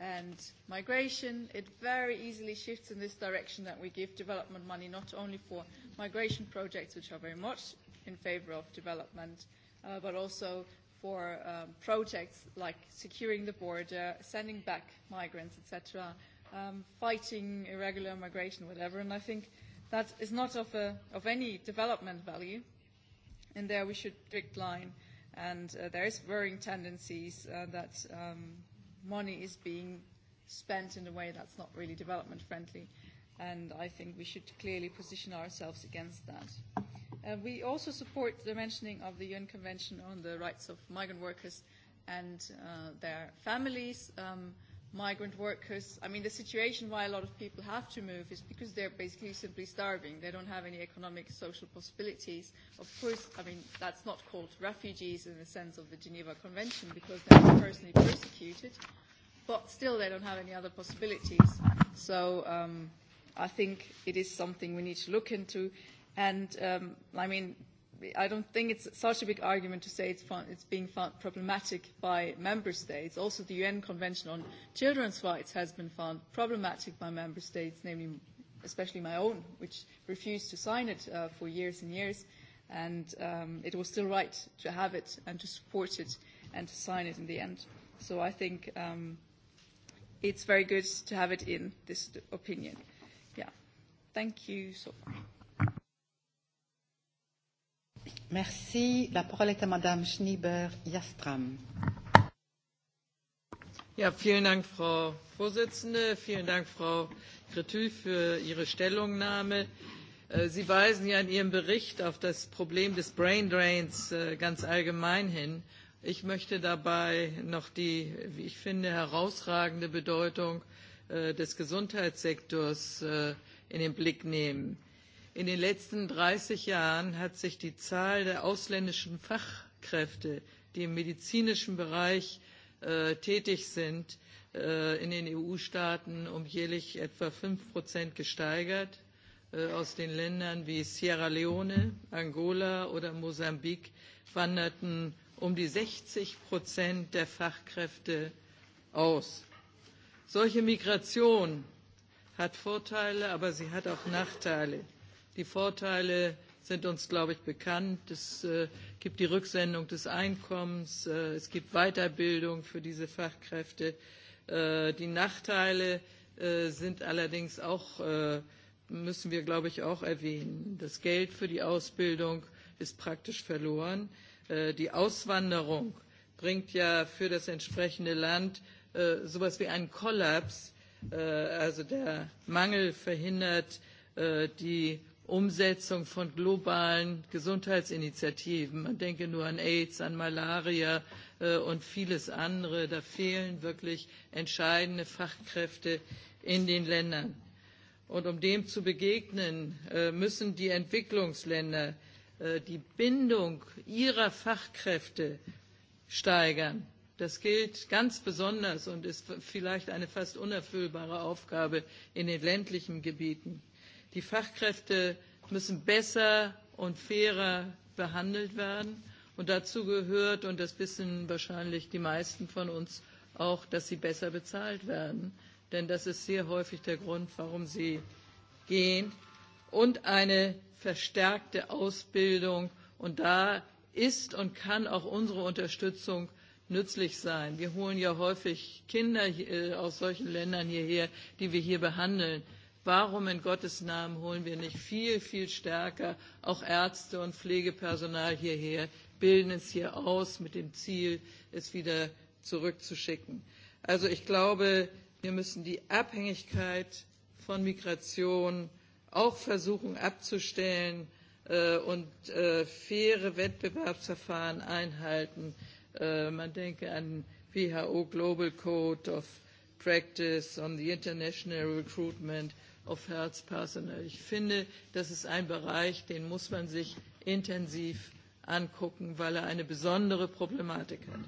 and migration, it very easily shifts in this direction that we give development money not only for migration projects, which are very much in favour of development, uh, but also for um, projects like securing the border, sending back migrants, etc., um, fighting irregular migration, whatever. And I think that is not of, a, of any development value. And there we should strict line. And uh, there is worrying tendencies uh, that um, money is being spent in a way that's not really development friendly. And I think we should clearly position ourselves against that. Uh, we also support the mentioning of the UN Convention on the Rights of Migrant Workers and uh, their families. Um, migrant workers, I mean, the situation why a lot of people have to move is because they're basically simply starving. They don't have any economic, social possibilities. Of course, I mean, that's not called refugees in the sense of the Geneva Convention because they're personally persecuted, but still they don't have any other possibilities. So um, I think it is something we need to look into. And um, I mean, I don't think it's such a big argument to say it's, found, it's being found problematic by member states. Also, the UN Convention on Children's Rights has been found problematic by member states, namely especially my own, which refused to sign it uh, for years and years. And um, it was still right to have it and to support it and to sign it in the end. So I think um, it's very good to have it in this opinion. Yeah. Thank you so much. Merci. La parole est à Madame Schnieber-Jastram. Ja, vielen Dank, Frau Vorsitzende. Vielen Dank, Frau Kretü, für Ihre Stellungnahme. Äh, Sie weisen ja in Ihrem Bericht auf das Problem des Brain Drains äh, ganz allgemein hin. Ich möchte dabei noch die, wie ich finde, herausragende Bedeutung äh, des Gesundheitssektors in den Blick nehmen. In den letzten 30 Jahren hat sich die Zahl der ausländischen Fachkräfte, die im medizinischen Bereich äh, tätig sind, äh, in den EU-Staaten um jährlich etwa 5 Prozent gesteigert. Äh, aus den Ländern wie Sierra Leone, Angola oder Mosambik wanderten um die 60 Prozent der Fachkräfte aus. Solche Migration hat Vorteile, aber sie hat auch Nachteile. Die Vorteile sind uns, glaube ich, bekannt. Es äh, gibt die Rücksendung des Einkommens, äh, es gibt Weiterbildung für diese Fachkräfte. Äh, die Nachteile äh, sind allerdings auch, äh, müssen wir, glaube ich, auch erwähnen. Das Geld für die Ausbildung ist praktisch verloren. Äh, die Auswanderung bringt ja für das entsprechende Land äh, etwas wie einen Kollaps. Äh, also der Mangel verhindert äh, die Umsetzung von globalen Gesundheitsinitiativen. Man denke nur an AIDS, an Malaria äh, und vieles andere. Da fehlen wirklich entscheidende Fachkräfte in den Ländern. Und um dem zu begegnen, äh, müssen die Entwicklungsländer äh, die Bindung ihrer Fachkräfte steigern. Das gilt ganz besonders und ist vielleicht eine fast unerfüllbare Aufgabe in den ländlichen Gebieten. Die Fachkräfte müssen besser und fairer behandelt werden. Und dazu gehört, und das wissen wahrscheinlich die meisten von uns auch, dass sie besser bezahlt werden. Denn das ist sehr häufig der Grund, warum sie gehen. Und eine verstärkte Ausbildung. Und da ist und kann auch unsere Unterstützung nützlich sein. Wir holen ja häufig Kinder äh, aus solchen Ländern hierher, die wir hier behandeln. Warum in Gottes Namen holen wir nicht viel, viel stärker auch Ärzte und Pflegepersonal hierher, bilden es hier aus mit dem Ziel, es wieder zurückzuschicken? Also ich glaube, wir müssen die Abhängigkeit von Migration auch versuchen abzustellen äh, und äh, faire Wettbewerbsverfahren einhalten. Äh, man denke an WHO Global Code of Practice on the International Recruitment auf Health Personnel. Ich finde, das ist ein Bereich, den muss man sich intensiv angucken, weil er eine besondere Problematik hat.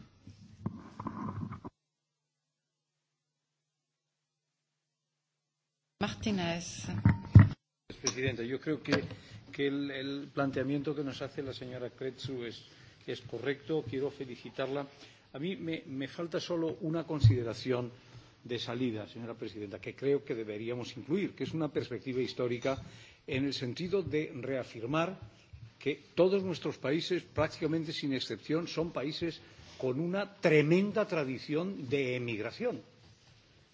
Martínez. Presidenta, yo creo que, que el, el planteamiento que nos hace la señora Cretzu es, es correcto. Quiero felicitarla. A mí me, me falta solo una consideración de salida, señora presidenta, que creo que deberíamos incluir, que es una perspectiva histórica en el sentido de reafirmar que todos nuestros países, prácticamente sin excepción, son países con una tremenda tradición de emigración.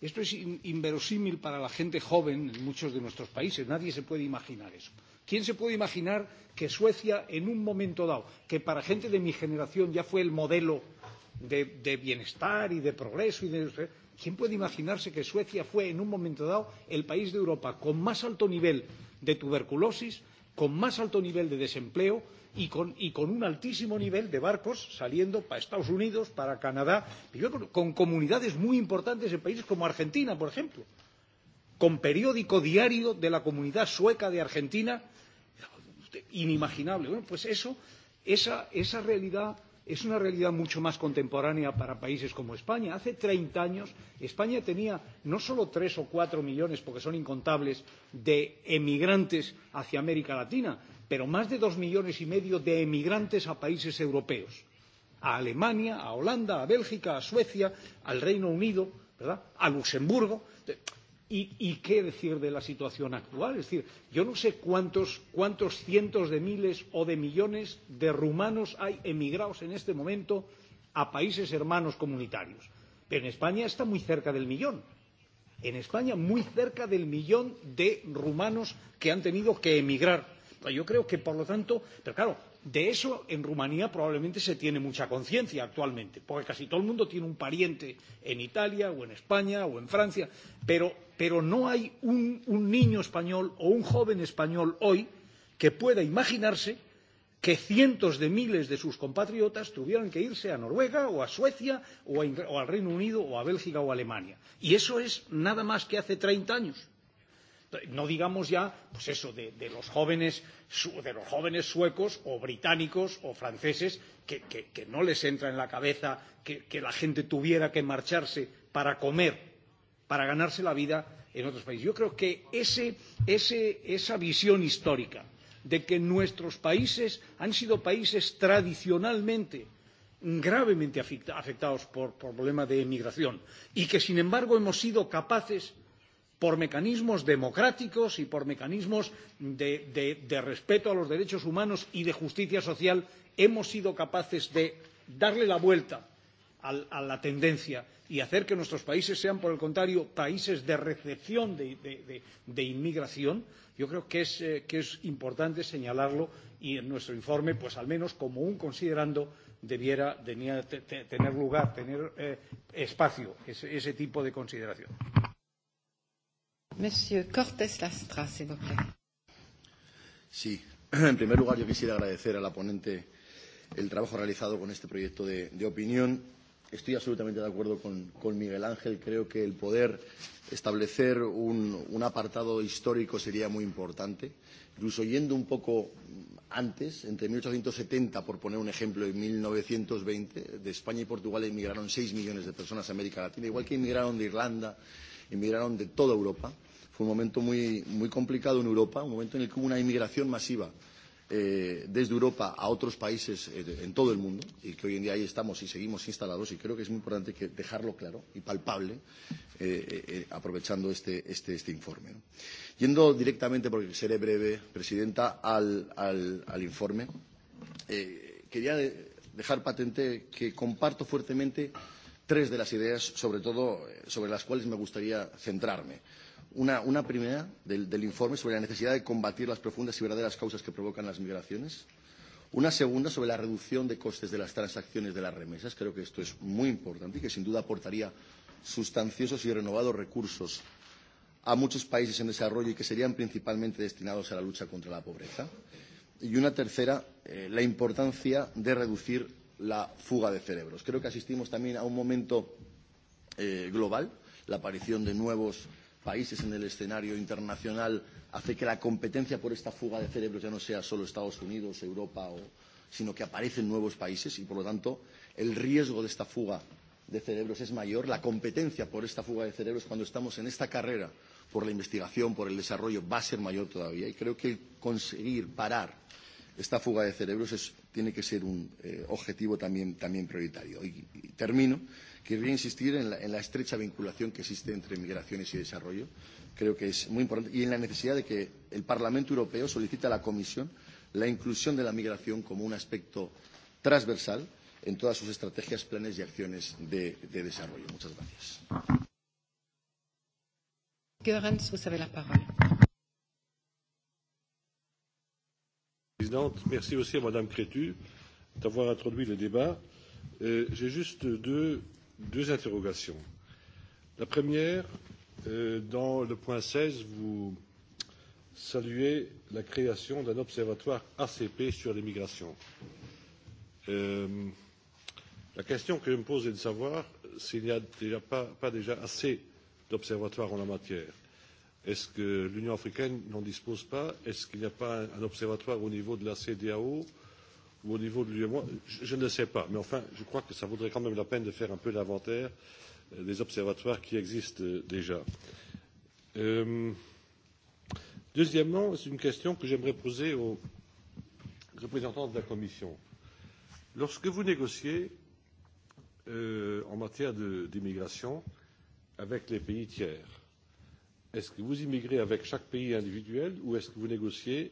Esto es inverosímil para la gente joven en muchos de nuestros países. Nadie se puede imaginar eso. ¿Quién se puede imaginar que Suecia, en un momento dado, que para gente de mi generación ya fue el modelo de, de bienestar y de progreso, y de, ¿Quién puede imaginarse que Suecia fue en un momento dado el país de Europa con más alto nivel de tuberculosis, con más alto nivel de desempleo y con, y con un altísimo nivel de barcos saliendo para Estados Unidos, para Canadá, con comunidades muy importantes en países como Argentina, por ejemplo, con periódico diario de la comunidad sueca de Argentina, inimaginable. Bueno, pues eso, esa, esa realidad es una realidad mucho más contemporánea para países como España. Hace 30 años España tenía no solo tres o cuatro millones, porque son incontables, de emigrantes hacia América Latina, pero más de dos millones y medio de emigrantes a países europeos, a Alemania, a Holanda, a Bélgica, a Suecia, al Reino Unido, ¿verdad? a Luxemburgo. Y, y qué decir de la situación actual? Es decir, yo no sé cuántos, cuántos cientos de miles o de millones de rumanos hay emigrados en este momento a países hermanos comunitarios. Pero en España está muy cerca del millón. En España muy cerca del millón de rumanos que han tenido que emigrar. Yo creo que, por lo tanto, pero claro, de eso en Rumanía probablemente se tiene mucha conciencia actualmente, porque casi todo el mundo tiene un pariente en Italia o en España o en Francia, pero, pero no hay un, un niño español o un joven español hoy que pueda imaginarse que cientos de miles de sus compatriotas tuvieran que irse a Noruega o a Suecia o, a, o al Reino Unido o a Bélgica o a Alemania. Y eso es nada más que hace 30 años No digamos ya, pues eso, de, de los jóvenes, de los jóvenes suecos o británicos o franceses que, que, que no les entra en la cabeza que, que la gente tuviera que marcharse para comer, para ganarse la vida en otros países. Yo creo que ese, ese, esa visión histórica de que nuestros países han sido países tradicionalmente gravemente afectados por, por problemas de emigración y que, sin embargo, hemos sido capaces por mecanismos democráticos y por mecanismos de, de, de respeto a los derechos humanos y de justicia social hemos sido capaces de darle la vuelta a la tendencia y hacer que nuestros países sean, por el contrario, países de recepción de, de, de, de inmigración, yo creo que es, eh, que es importante señalarlo y en nuestro informe, pues al menos como un considerando, debiera, tener lugar, tener eh, espacio ese, ese tipo de consideración. Monsieur Cortés Lastra, s'il vous plaît. Sí, en primer lugar yo quisiera agradecer a la ponente el trabajo realizado con este proyecto de, de opinión. Estoy absolutamente de acuerdo con, con Miguel Ángel. Creo que el poder establecer un, un apartado histórico sería muy importante. Incluso yendo un poco antes, entre 1870, por poner un ejemplo, y 1920, de España y Portugal emigraron 6 millones de personas a América Latina, igual que emigraron de Irlanda, emigraron de toda Europa. Fue un momento muy, muy complicado en Europa, un momento en el que hubo una inmigración masiva eh, desde Europa a otros países eh, en todo el mundo y que hoy en día ahí estamos y seguimos instalados y creo que es muy importante que dejarlo claro y palpable eh, eh, eh aprovechando este, este, este informe. ¿no? Yendo directamente, porque seré breve, Presidenta, al, al, al informe, eh, quería dejar patente que comparto fuertemente tres de las ideas, sobre todo, eh, sobre las cuales me gustaría centrarme. Una, una primera del, del informe sobre la necesidad de combatir las profundas y verdaderas causas que provocan las migraciones. Una segunda sobre la reducción de costes de las transacciones de las remesas. Creo que esto es muy importante y que sin duda aportaría sustanciosos y renovados recursos a muchos países en desarrollo y que serían principalmente destinados a la lucha contra la pobreza. Y una tercera, eh, la importancia de reducir la fuga de cerebros. Creo que asistimos también a un momento eh, global. La aparición de nuevos países en el escenario internacional hace que la competencia por esta fuga de cerebros ya no sea solo Estados Unidos, Europa, o, sino que aparecen nuevos países y, por lo tanto, el riesgo de esta fuga de cerebros es mayor, la competencia por esta fuga de cerebros cuando estamos en esta carrera por la investigación, por el desarrollo, va a ser mayor todavía. Y creo que conseguir parar esta fuga de cerebros es tiene que ser un eh, objetivo también, también prioritario. Y, y termino. Querría insistir en la, en la estrecha vinculación que existe entre migraciones y desarrollo. Creo que es muy importante. Y en la necesidad de que el Parlamento Europeo solicite a la Comisión la inclusión de la migración como un aspecto transversal en todas sus estrategias, planes y acciones de, de desarrollo. Muchas gracias. Goerens, vous la parole. présidente. Merci aussi à Madame Crétu d'avoir introduit le débat. Euh, J'ai juste deux, deux interrogations. La première, euh, dans le point 16, vous saluez la création d'un observatoire ACP sur l'immigration. Euh, la question que je me pose est de savoir s'il n'y a déjà pas, pas déjà assez d'observatoires en la matière Est-ce que l'Union africaine n'en dispose pas Est-ce qu'il n'y a pas un, un observatoire au niveau de la CDAO ou au niveau de l'UMO je, je ne sais pas. Mais enfin, je crois que ça vaudrait quand même la peine de faire un peu l'inventaire euh, des observatoires qui existent euh, déjà. Euh, deuxièmement, c'est une question que j'aimerais poser aux représentants de la Commission. Lorsque vous négociez euh, en matière d'immigration avec les pays tiers, est ce que vous immigrez avec chaque pays individuel ou est ce que vous négociez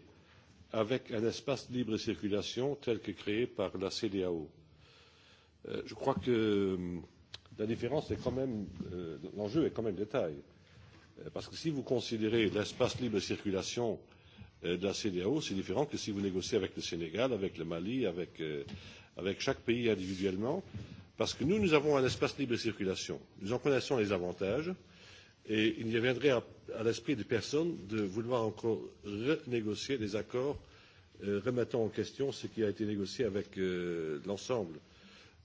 avec un espace de libre circulation tel que créé par la cedeao? Euh, je crois que euh, la différence est quand même euh, l'enjeu est quand même de taille parce que si vous considérez l'espace de libre circulation de la cedeao c'est différent que si vous négociez avec le sénégal avec le mali avec, avec chaque pays individuellement parce que nous nous avons un espace de libre circulation nous en connaissons les avantages Et il ne viendrait à, à l'esprit de personne de vouloir encore renégocier des accords euh, remettant en question ce qui a été négocié avec euh, l'ensemble,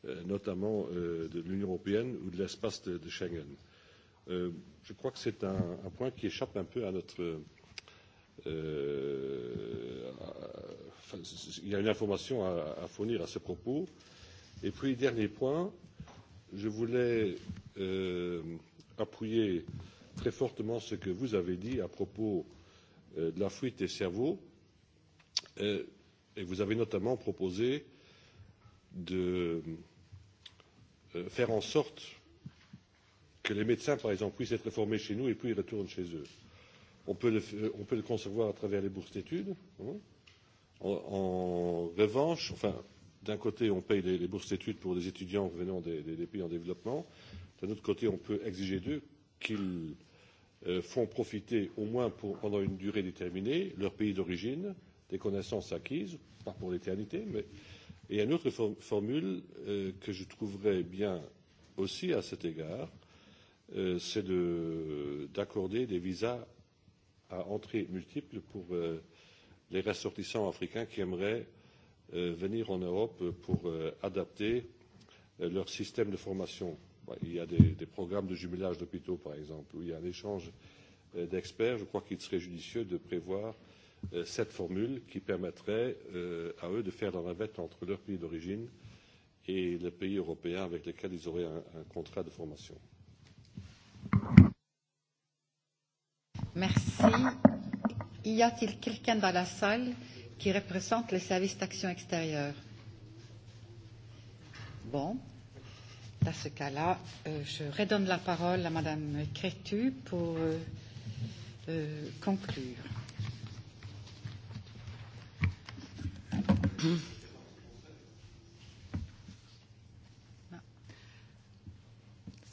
euh, notamment euh, de l'Union européenne ou de l'espace de, de Schengen. Euh, je crois que c'est un, un point qui échappe un peu à notre. Euh, à, à, il y a une information à, à fournir à ce propos. Et puis, dernier point, je voulais. Euh, appuyer très fortement ce que vous avez dit à propos euh, de la fuite des cerveaux. Euh, et vous avez notamment proposé de euh, faire en sorte que les médecins, par exemple, puissent être formés chez nous et puis ils retournent chez eux. On peut le, on peut le concevoir à travers les bourses d'études. Hein. En, en revanche, enfin, d'un côté, on paye les, les bourses d'études pour des étudiants venant des, des, des pays en développement, D'un autre côté, on peut exiger d'eux qu'ils euh, font profiter, au moins pour, pendant une durée déterminée, leur pays d'origine, des connaissances acquises, pas pour l'éternité, mais. Et une autre for formule euh, que je trouverais bien aussi à cet égard, euh, c'est d'accorder de, des visas à entrée multiple pour euh, les ressortissants africains qui aimeraient euh, venir en Europe pour euh, adapter euh, leur système de formation il y a des, des programmes de jumelage d'hôpitaux, par exemple, où il y a un échange euh, d'experts. Je crois qu'il serait judicieux de prévoir euh, cette formule qui permettrait euh, à eux de faire la navette entre leur pays d'origine et le pays européen avec lequel ils auraient un, un contrat de formation. Merci. Y a-t-il quelqu'un dans la salle qui représente le service d'action extérieure Bon, Dans ce cas-là, euh, je redonne la parole à Madame Crétu pour euh, euh, conclure.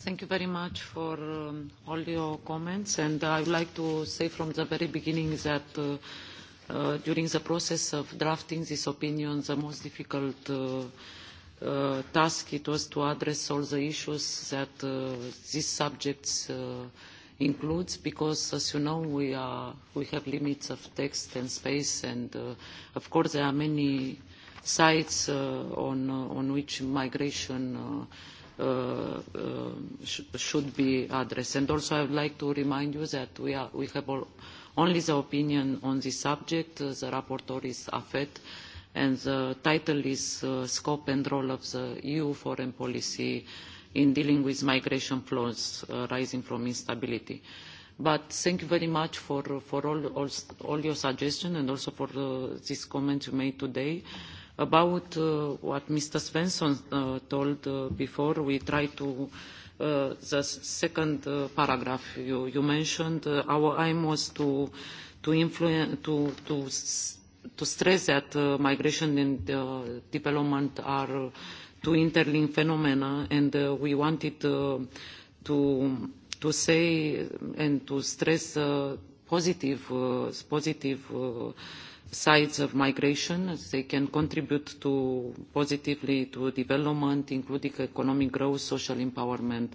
Thank you very much for um, all your comments. And I would like to say from the very beginning that uh, uh, during the process of drafting this opinion, the most difficult uh, Uh, task it was to address all the issues that uh, subject uh, includes because as you know we are we have limits of text and space and uh, of course there are many sites uh, on uh, on which migration uh, uh, uh sh should be addressed and also I would like to remind you that we are we have all, only the opinion on this subject uh, the rapporteur is AFET and the title is uh, Scope and Role of the EU Foreign Policy in Dealing with Migration Flows Arising uh, from Instability. But thank you very much for, for all, all, all your suggestions and also for the, uh, these comments you made today. About uh, what Mr. Svensson uh, told uh, before, we try to Uh, the second uh, paragraph you, you mentioned, uh, our aim was to, to, influence, to, to to stress that uh, migration and uh, development are two interlinked phenomena, and uh, we wanted uh, to to say and to stress uh, positive uh, positive uh, sides of migration. As they can contribute to positively to development, including economic growth, social empowerment,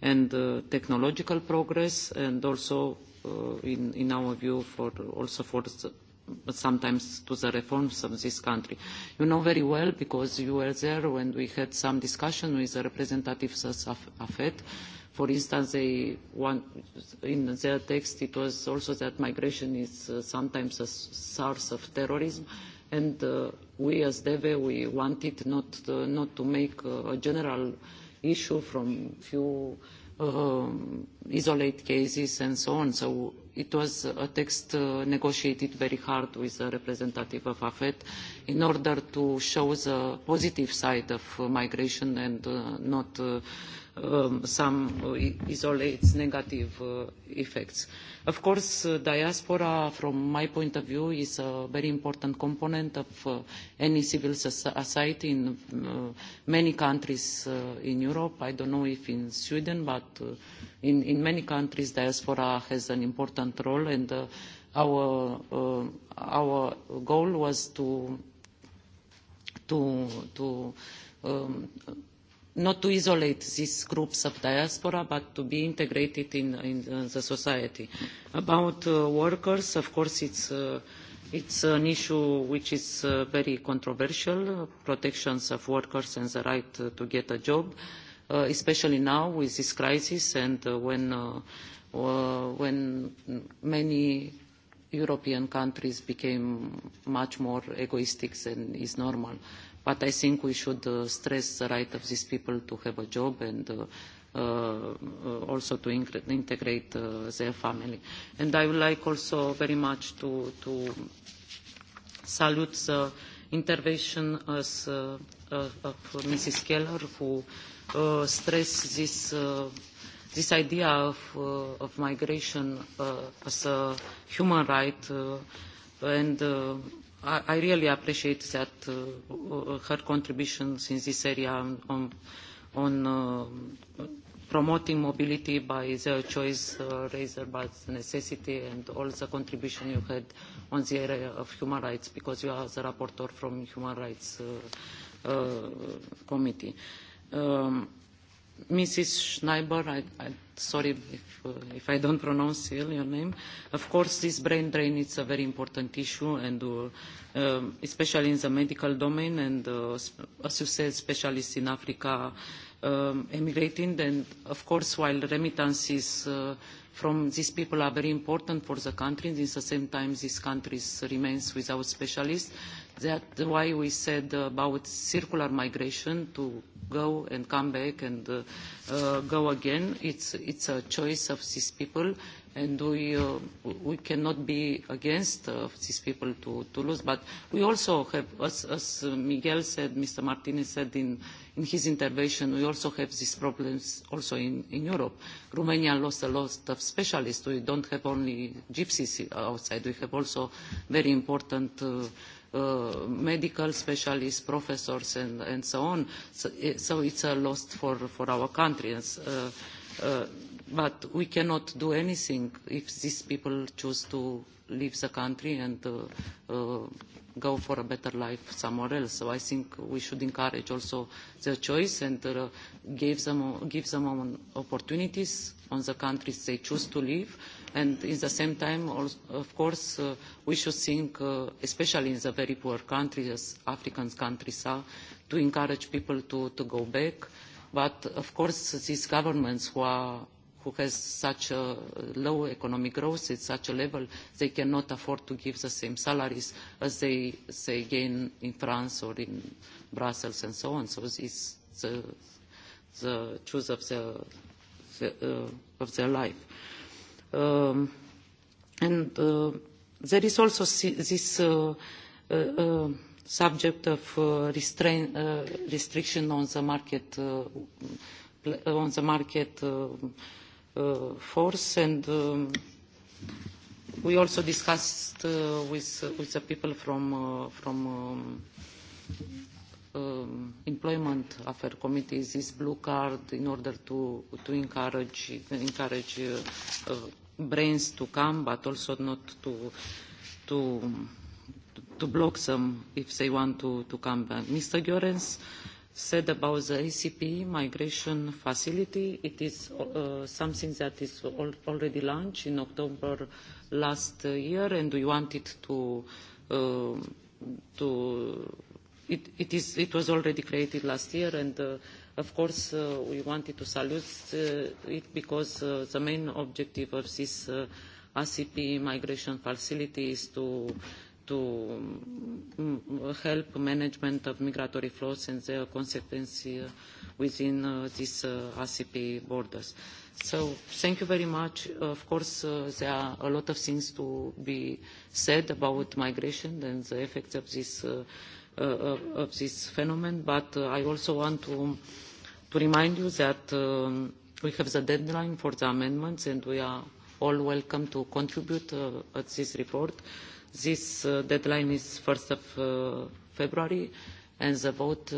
and uh, technological progress, and also, uh, in, in our view, for also for sometimes to the reforms of this country. You know very well, because you were there when we had some discussion with the representatives of AFET, for instance, they want, in their text it was also that migration is uh, sometimes a source of terrorism, and uh, we as DEVE, we wanted not, not to make uh, a general issue from few uh, uh, isolate cases and so on. So it was a text uh, negotiated very hard with the representative of AFET in order to show the positive side of uh, migration and uh, not uh, Um, some isolates negative uh, effects. Of course, uh, diaspora, from my point of view, is a very important component of uh, any civil society in many countries in Europe. I don't know if in Sweden, but in, many countries, diaspora has an important role, and our, our goal was to to to um, not to isolate these groups of diaspora, but to be integrated in, uh, the society. About uh, workers, of course, it's, uh, is an issue which is very controversial, protections of workers and the right to get a job, especially now with this crisis and when, when many European countries became much more egoistic than is normal But I think we should uh, stress the right of these people to have a job and uh, uh, uh also to integrate uh, their family. And I would like also very much to, to salute the intervention as, uh, uh, of Mrs. Keller, who uh, stressed this, uh, this idea of, uh, of migration uh, as a human right uh, and uh, I, really appreciate that uh, uh, her contributions in this area on, on uh, promoting mobility by the choice uh, raised by necessity and all the contribution you had on the area of human rights because you are the rapporteur from Human Rights uh, uh, Committee. Um, Mrs. Schneiber, I, I, sorry if, uh, if I don't pronounce ill your name. Of course, this brain drain is a very important issue, and uh, um, especially in the medical domain, and uh, as you said, specialists in Africa um, emigrating, and of course, while remittances uh, from these people are very important for the countries. At the same time, these countries remains without specialists. That's why we said about circular migration to go and come back and uh, uh, go again. It's, it's a choice of these people, and we, uh, we cannot be against uh, these people to, to lose. But we also have, as, as Miguel said, Mr. Martinez said in, in his intervention, we also have these problems also in, in Europe. Romania lost a lot of specialists. We don't have only gypsies outside. We have also very important uh, Uh, medical specialists, professors, and, and so on. So, so it's a loss for, for our country. Uh, uh, but we cannot do anything if these people choose to leave the country and uh, uh, go for a better life somewhere else. So I think we should encourage also their choice and uh, give them, give them opportunities on the countries they choose to live and in the same time, of course, uh, we should think, uh, especially in the very poor countries, as African countries are, to encourage people to, to go back. But of course, these governments who are who has such a low economic growth at such a level, they cannot afford to give the same salaries as they, say, gain in France or in Brussels and so on. So this the, the truth of, the, the, uh, of their life. Um, and uh, there is also this uh, uh, uh, subject of uh, restrain, uh, restriction on the market, on the market um, force, and um, we also discussed with, with the people from, from um, um, employment affair committees this blue card in order to, to encourage, encourage brains to come, but also not to, to, to block them if they want to, to come back. Mr. Görens said about the ACP migration facility. It is uh, something that is al already launched in October last year, and we wanted to, uh, to it, it, is, it was already created last year, and uh, Of course, uh, we wanted to salute uh, it because uh, the main objective of this uh, ACP migration facility is to to mm, mm, help management of migratory flows and their consequences uh, within uh, these uh, ACP borders. So thank you very much. Of course, uh, there are a lot of things to be said about migration and the effects of this uh, Uh, of this phenomenon, but uh, I also want to, remind you that um, we have the deadline for the amendments and we are all welcome to contribute uh, at this report. This deadline is 1st of February and the vote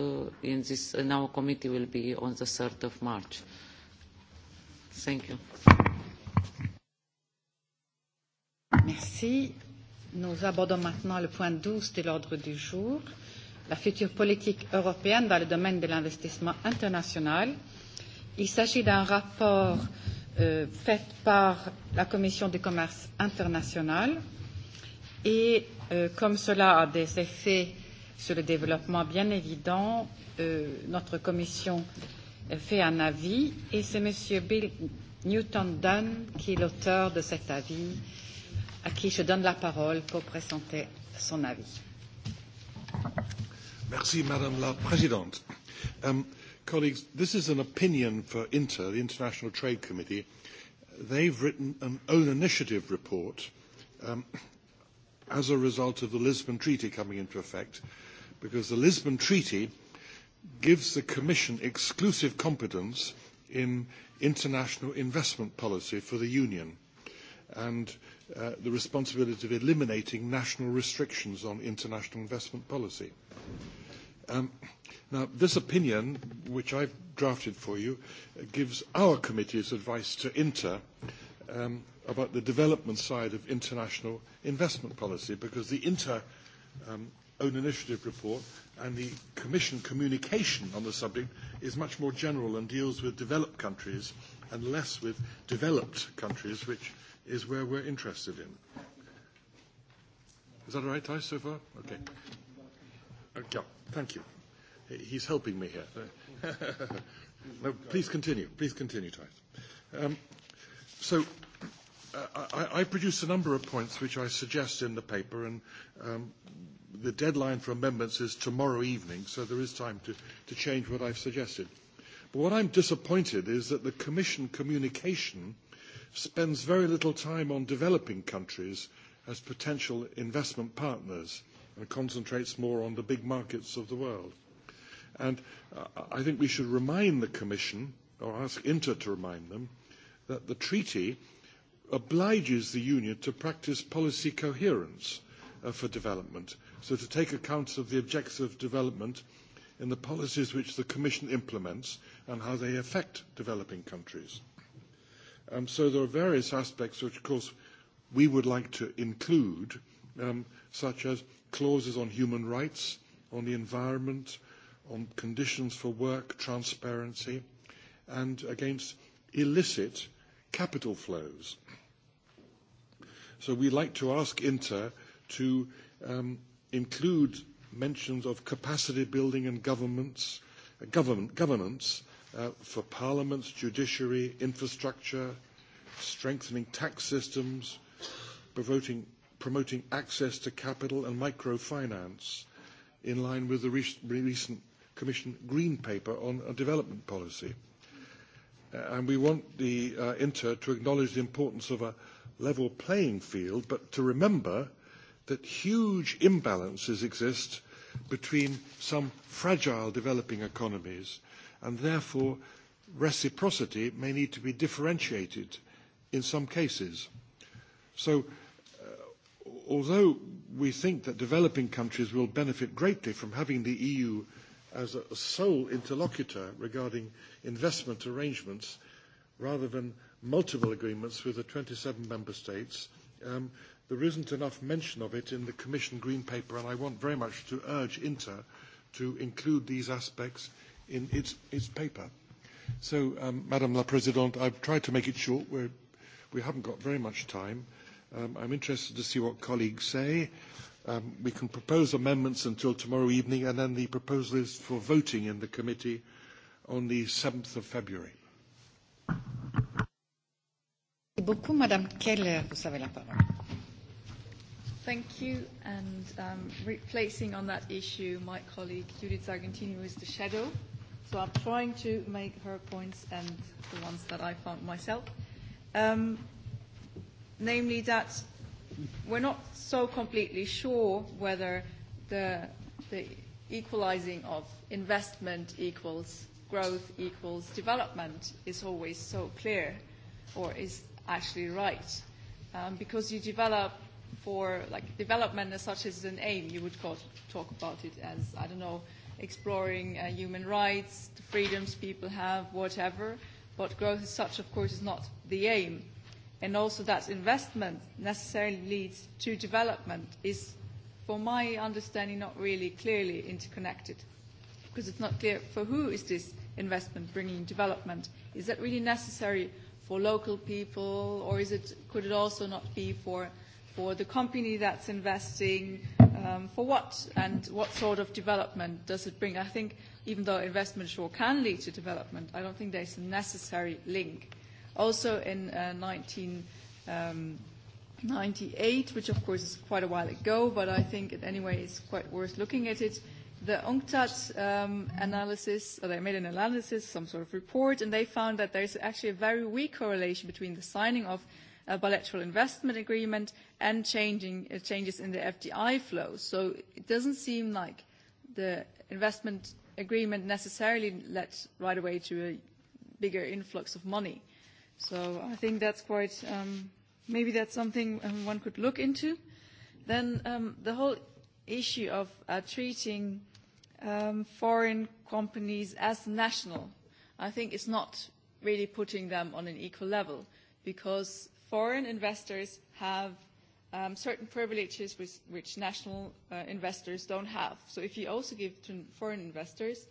in, this, in our committee will be on the 3rd of March. Thank you. Merci. Nous abordons maintenant le point 12 de l'ordre du jour la future politique européenne dans le domaine de l'investissement international. Il s'agit d'un rapport euh, fait par la Commission du commerce international et euh, comme cela a des effets sur le développement bien évident, euh, notre commission fait un avis et c'est M. Bill Newton Dunn qui est l'auteur de cet avis, à qui je donne la parole pour présenter son avis. Merci, Madame la Présidente. Um, colleagues, this is an opinion for INTER, the International Trade Committee. They've written an own initiative report um, as a result of the Lisbon Treaty coming into effect, because the Lisbon Treaty gives the Commission exclusive competence in international investment policy for the Union. And Uh, the responsibility of eliminating national restrictions on international investment policy. Um, now, this opinion, which I've drafted for you, gives our committee's advice to Inter um, about the development side of international investment policy, because the Inter um, own initiative report and the Commission communication on the subject is much more general and deals with developed countries and less with developed countries, which is where we're interested in. Is that all right, Ty, so far? Okay. Okay, uh, thank you. He's helping me here. no, please continue. Please continue, Ty. Um, so uh, I, I produced a number of points which I suggest in the paper, and um, the deadline for amendments is tomorrow evening, so there is time to, to change what I've suggested. But what I'm disappointed is that the Commission communication spends very little time on developing countries as potential investment partners and concentrates more on the big markets of the world. And uh, I think we should remind the Commission, or ask Inter to remind them, that the treaty obliges the Union to practice policy coherence uh, for development, so to take account of the objectives of development in the policies which the Commission implements and how they affect developing countries. Um, so there are various aspects which, of course, we would like to include, um, such as clauses on human rights, on the environment, on conditions for work, transparency, and against illicit capital flows. So we'd like to ask Inter to um, include mentions of capacity building and governments, uh, government, governance Uh, for parliaments, judiciary, infrastructure, strengthening tax systems, promoting, promoting access to capital and microfinance, in line with the re recent Commission Green Paper on development policy. Uh, and we want the uh, Inter to acknowledge the importance of a level playing field, but to remember that huge imbalances exist between some fragile developing economies and therefore reciprocity may need to be differentiated in some cases. So uh, although we think that developing countries will benefit greatly from having the EU as a sole interlocutor regarding investment arrangements rather than multiple agreements with the 27 member states, um, there isn't enough mention of it in the Commission Green Paper, and I want very much to urge Inter to include these aspects in its, its paper. So, um, Madam la Presidente, I've tried to make it short. We're, we haven't got very much time. Um, I'm interested to see what colleagues say. Um, we can propose amendments until tomorrow evening, and then the proposal is for voting in the committee on the 7th of February. Thank you. And um, replacing on that issue, my colleague Judith Sargentini, who is the shadow So I'm trying to make her points and the ones that I found myself. Um, namely that we're not so completely sure whether the, the equalizing of investment equals growth equals development is always so clear or is actually right. Um, because you develop for, like, development as such as an aim, you would call, talk about it as, I don't know, exploring uh, human rights, the freedoms people have, whatever. But growth as such, of course, is not the aim. And also that investment necessarily leads to development is, for my understanding, not really clearly interconnected. Because it's not clear for who is this investment bringing development. Is that really necessary for local people, or is it, could it also not be for, for the company that's investing, um, for what and what sort of development does it bring? I think even though investment sure can lead to development, I don't think there's a necessary link. Also in uh, 1998, um, which of course is quite a while ago, but I think anyway it's quite worth looking at it, the UNCTAD um, analysis, or they made an analysis, some sort of report, and they found that there's actually a very weak correlation between the signing of bilateral investment agreement and changing, uh, changes in the FDI flow. So it doesn't seem like the investment agreement necessarily led right away to a bigger influx of money. So I think that's quite, um, maybe that's something um, one could look into. Then um, the whole issue of uh, treating um, foreign companies as national, I think it's not really putting them on an equal level because foreign investors have um, certain privileges which, which national uh, investors don't have. So if you also give to foreign investors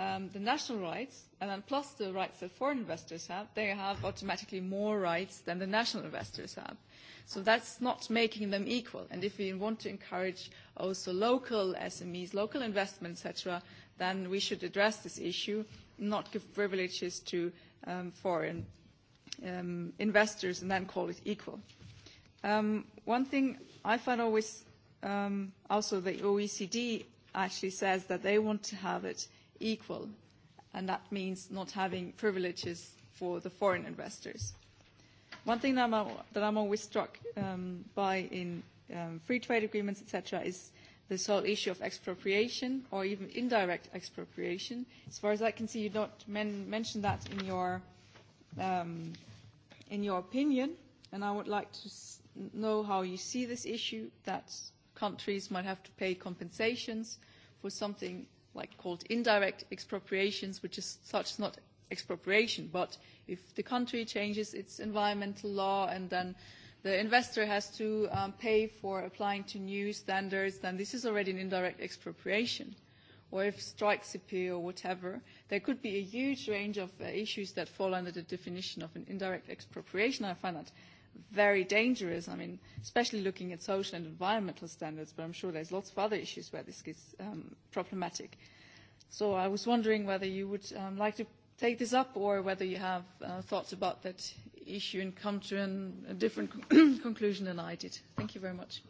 um, the national rights, and then plus the rights that foreign investors have, they have automatically more rights than the national investors have. So that's not making them equal. And if we want to encourage also local SMEs, local investment, etc., then we should address this issue, not give privileges to um, foreign um, investors and then call it equal. Um, one thing I find always um, also the OECD actually says that they want to have it equal, and that means not having privileges for the foreign investors. One thing that I'm, that I'm always struck um, by in um, free trade agreements, etc., is this whole issue of expropriation or even indirect expropriation. As far as I can see, you don't men- mention that in your um, in your opinion, and I would like to know how you see this issue that countries might have to pay compensations for something like called indirect expropriations, which is such not expropriation, but if the country changes its environmental law and then the investor has to um, pay for applying to new standards, then this is already an indirect expropriation or if strikes appear or whatever, there could be a huge range of uh, issues that fall under the definition of an indirect expropriation. I find that very dangerous. I mean, especially looking at social and environmental standards, but I'm sure there's lots of other issues where this gets um, problematic. So I was wondering whether you would um, like to take this up or whether you have uh, thoughts about that issue and come to an, a different conclusion than I did. Thank you very much.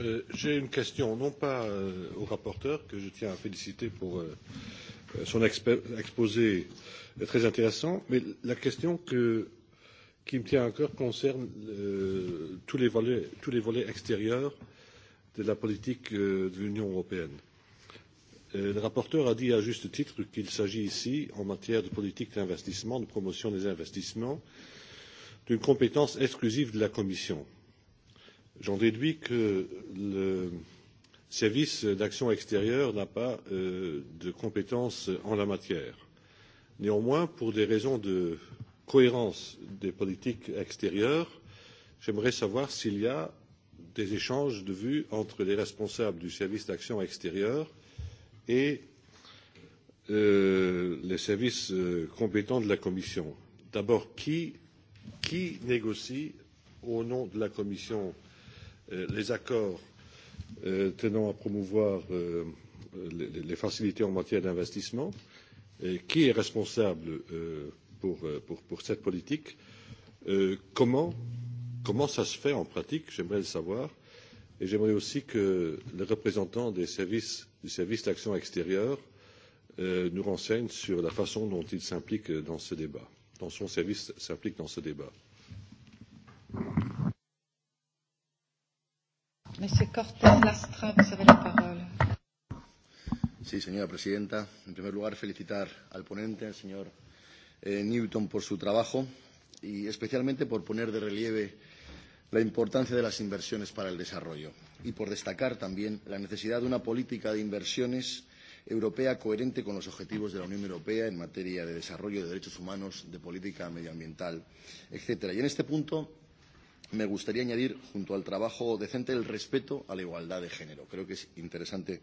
Euh, j'ai une question, non pas euh, au rapporteur, que je tiens à féliciter pour euh, son exposé très intéressant, mais la question que, qui me tient à cœur concerne euh, tous, les volets, tous les volets extérieurs de la politique de l'Union européenne. le rapporteur a dit à juste titre qu'il s'agit ici, en matière de politique d'investissement, de promotion des investissements, euh, d'une compétence exclusive de la Commission. J'en déduis que le service d'action extérieure n'a pas euh, de compétences en la matière. Néanmoins, pour des raisons de cohérence des politiques extérieures, j'aimerais savoir s'il y a des échanges de vues entre les responsables du service d'action extérieure et euh, les services euh, compétents de la Commission. D'abord, qui qui négocie au nom de la Commission euh, les accords euh, tenant à promouvoir euh, les, facilités en matière d'investissement et qui est responsable euh, pour, euh, pour, pour cette politique comment, comment ça se fait en pratique J'aimerais le savoir. Et j'aimerais aussi que le représentant des services, du service d'action extérieure euh, nous renseigne sur la façon dont il s'implique dans ce débat dont son service s'implique dans ce débat. Monsieur Cortés Lastra, vous avez la parole. Sí, señora presidenta. En primer lugar, felicitar al ponente, al señor eh, Newton, por su trabajo y especialmente por poner de relieve la importancia de las inversiones para el desarrollo y por destacar también la necesidad de una política de inversiones europea coherente con los objetivos de la Unión Europea en materia de desarrollo de derechos humanos, de política medioambiental, etc. Y en este punto me gustaría añadir, junto al trabajo decente, el respeto a la igualdad de género. Creo que es interesante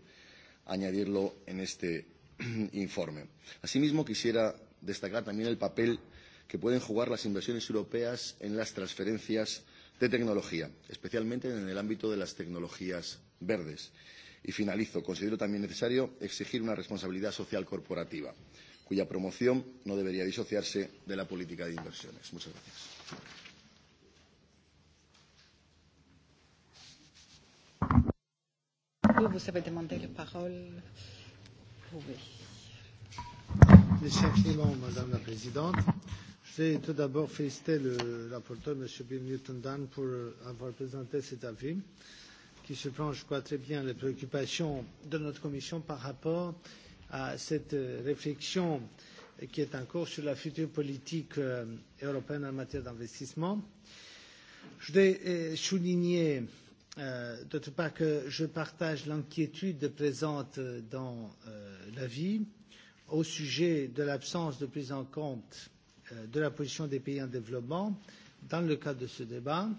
añadirlo en este informe. Asimismo, quisiera destacar también el papel que pueden jugar las inversiones europeas en las transferencias de tecnología, especialmente en el ámbito de las tecnologías verdes. Y finalizo. Considero también necesario exigir una responsabilidad social corporativa, cuya promoción no debería disociarse de la política de inversiones. Muchas gracias. Oui, vous avez demandé la parole. Oui. Monsieur Clément, Madame la Présidente, je vais tout d'abord féliciter le rapporteur, M. Bill Newton-Dan, pour avoir présenté cet avis. Euh, qui se plonge, je crois, très bien les préoccupations de notre Commission par rapport à cette euh, réflexion qui est en cours sur la future politique euh, européenne en matière d'investissement. Je voudrais euh, souligner, d'autre part, que je partage l'inquiétude présente dans l'avis au sujet de l'absence de prise en compte de la position des pays en développement dans le cadre de ce débat.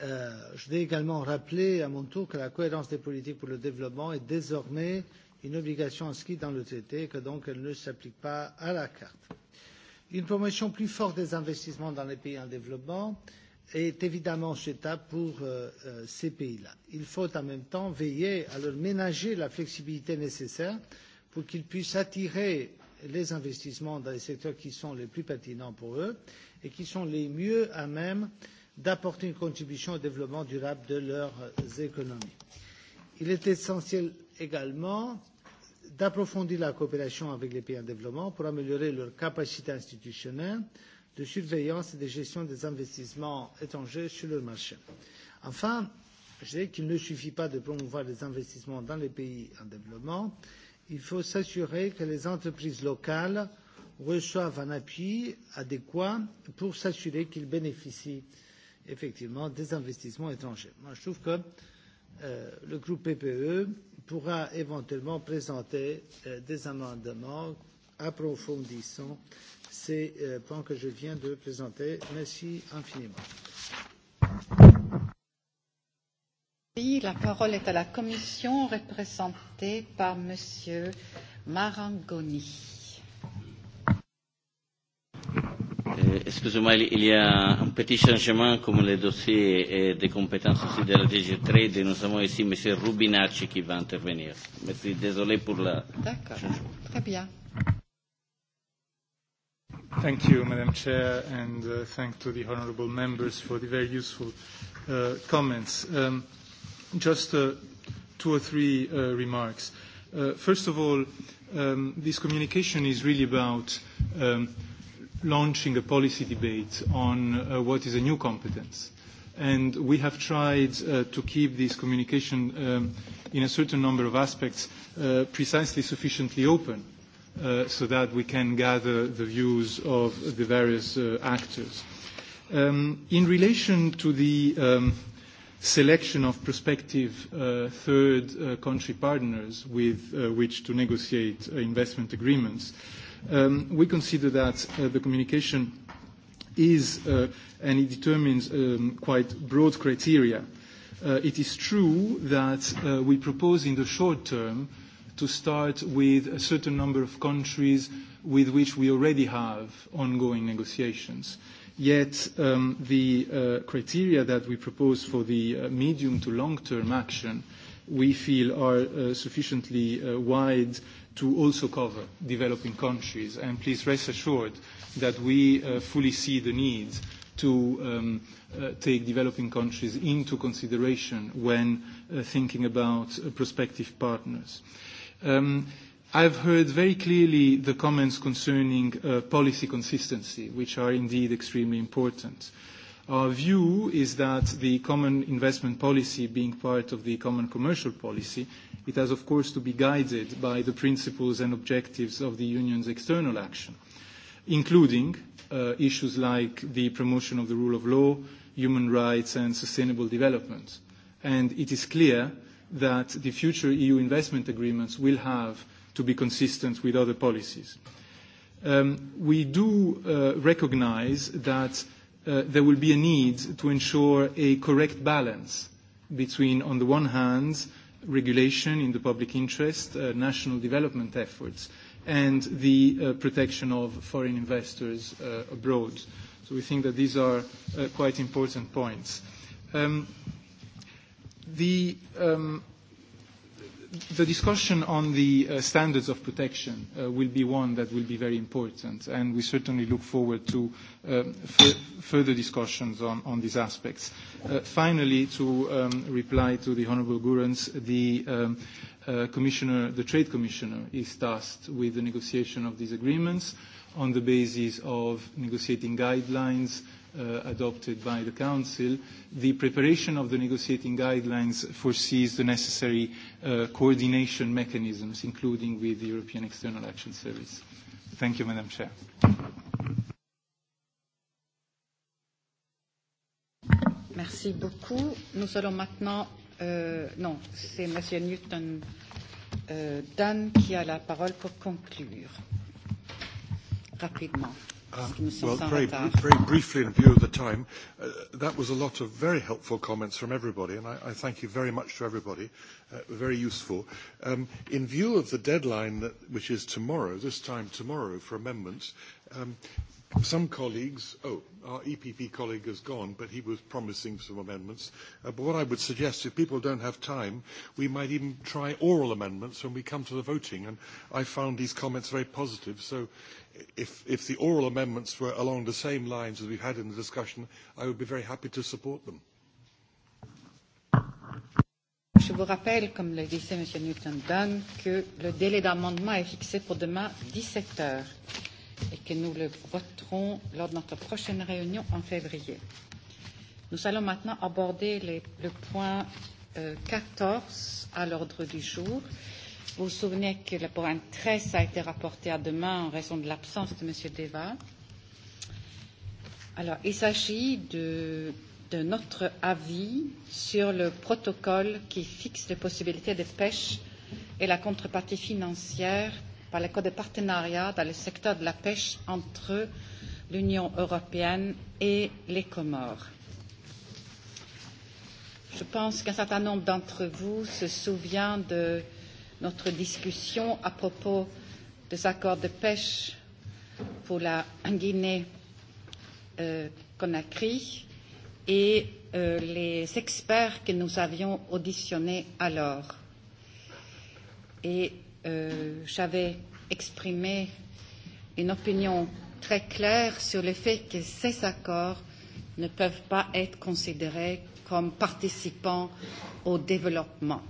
Euh, je voudrais également rappeler à mon tour que la cohérence des politiques pour le développement est désormais une obligation inscrite dans le traité et que donc elle ne s'applique pas à la carte. Une promotion plus forte des investissements dans les pays en développement est évidemment souhaitable pour euh, euh ces pays-là. Il faut en même temps veiller à leur ménager la flexibilité nécessaire pour qu'ils puissent attirer les investissements dans les secteurs qui sont les plus pertinents pour eux et qui sont les mieux à même euh, d'apporter une contribution au développement durable de leurs euh, économies. Il est essentiel également d'approfondir la coopération avec les pays en développement pour améliorer leur capacité institutionnelle de surveillance et de gestion des investissements étrangers sur le marché. Enfin, je dirais qu'il ne suffit pas de promouvoir les investissements dans les pays en développement. Il faut s'assurer que les entreprises locales reçoivent un appui adéquat pour s'assurer qu'ils bénéficient euh, effectivement des investissements étrangers. Moi, je trouve que euh, le groupe PPE pourra éventuellement présenter euh, des amendements approfondissant ces euh, points que je viens de présenter. Merci infiniment. La parole est à la Commission représentée par Monsieur Marangoni. Euh, Excusez-moi, il y a un petit changement comme le dossier eh, des compétences aussi de la DG Trade et nous avons ici M. Rubinacci qui va intervenir. Merci, désolé pour la... D'accord, très bien. Thank you, Madam Chair, and uh, thank to the honourable members for the very useful uh, comments. Um, just uh, two or three uh, remarks. Uh, first of all, um, this communication is really about um, launching a policy debate on uh, what is a new competence. And we have tried uh, to keep this communication um, in a certain number of aspects uh, precisely sufficiently open uh, so that we can gather the views of the various uh, actors. Um, in relation to the um, selection of prospective uh, third uh, country partners with uh, which to negotiate uh, investment agreements, uh, Um, we consider that uh, the communication is, uh, and it determines um, quite broad criteria. Uh, it is true that we propose in the short term to start with a certain number of countries with which we already have ongoing negotiations. Yet um, the criteria that we propose for the medium to long-term action we feel are sufficiently wide to also cover developing countries. And please rest assured that we uh, fully see the need to um, uh, take developing countries into consideration when uh, thinking about uh, prospective partners. Um, I've heard very clearly the comments concerning uh, policy consistency, which are indeed extremely important. Our view is that the common investment policy being part of the common commercial policy It has, of course, to be guided by the principles and objectives of the Union's external action, including uh, issues like the promotion of the rule of law, human rights, and sustainable development. And it is clear that the future EU investment agreements will have to be consistent with other policies. Um, we do uh, recognize that uh, there will be a need to ensure a correct balance between, on the one hand, regulation in the public interest, uh, national development efforts, and the uh, protection of foreign investors uh, abroad. So we think that these are uh, quite important points. Um, the um, the discussion on the uh, standards of protection uh, will be one that will be very important, and we certainly look forward to um, further discussions on, on these aspects. Uh, finally, to um, reply to the Honourable Gurans, the um, uh, commissioner, the trade commissioner, is tasked with the negotiation of these agreements on the basis of negotiating guidelines, uh, adopted by the Council, the preparation of the negotiating guidelines foresees the necessary uh, coordination mechanisms, including with the European External Action Service. Thank you, Madam Chair. Merci beaucoup. Nous allons maintenant. Euh, non, c'est Monsieur Newton euh, Dan qui a la parole pour conclure rapidement very, briefly, in view of the time, uh, that was a lot of very helpful comments from everybody, and I, thank you very much to everybody. Uh, very useful. Um, in view of the deadline, which is tomorrow, this time tomorrow for amendments, um, Some colleagues, oh, our EPP colleague has gone, but he was promising some amendments. Uh, but what I would suggest, if people don't have time, we might even try oral amendments when we come to the voting. And I found these comments very positive. So if, if the oral amendments were along the same lines as we've had in the discussion, I would be very happy to support them. Je vous rappelle, comme le disait M. Newton-Dunn, que le délai d'amendement est fixé pour demain 17 heures et que nous le voterons lors de notre prochaine réunion en février. Nous allons maintenant aborder les, le point euh, 14 à l'ordre du jour. Vous vous souvenez que le point 13 a été rapporté à demain en raison de l'absence de M. Deva. Alors, il s'agit de, de notre avis sur le protocole qui fixe les possibilités de pêche et la contrepartie financière par l'accord de partenariat dans le secteur de la pêche entre l'Union européenne et les Comores. Je pense qu'un certain nombre d'entre vous se souviennent de notre discussion à propos des accords de pêche pour la Guinée-Conakry euh, et euh, les experts que nous avions auditionnés alors. Et Euh, j'avais exprimé une opinion très claire sur le fait que ces accords ne peuvent pas être considérés comme participant au développement.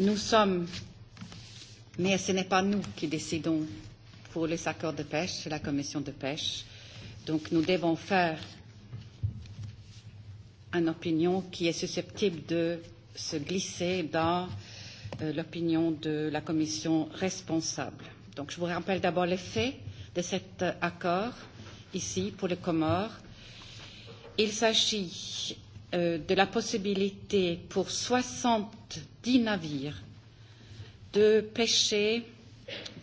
Nous sommes, mais ce n'est pas nous qui décidons pour les accords de pêche, c'est la commission de pêche. Donc nous devons faire une opinion qui est susceptible de se glisser dans euh, Euh, l'opinion de la commission responsable. Donc, je vous rappelle d'abord les faits de cet euh, accord ici pour les Comores. Il s'agit euh, de la possibilité pour 70 navires de pêcher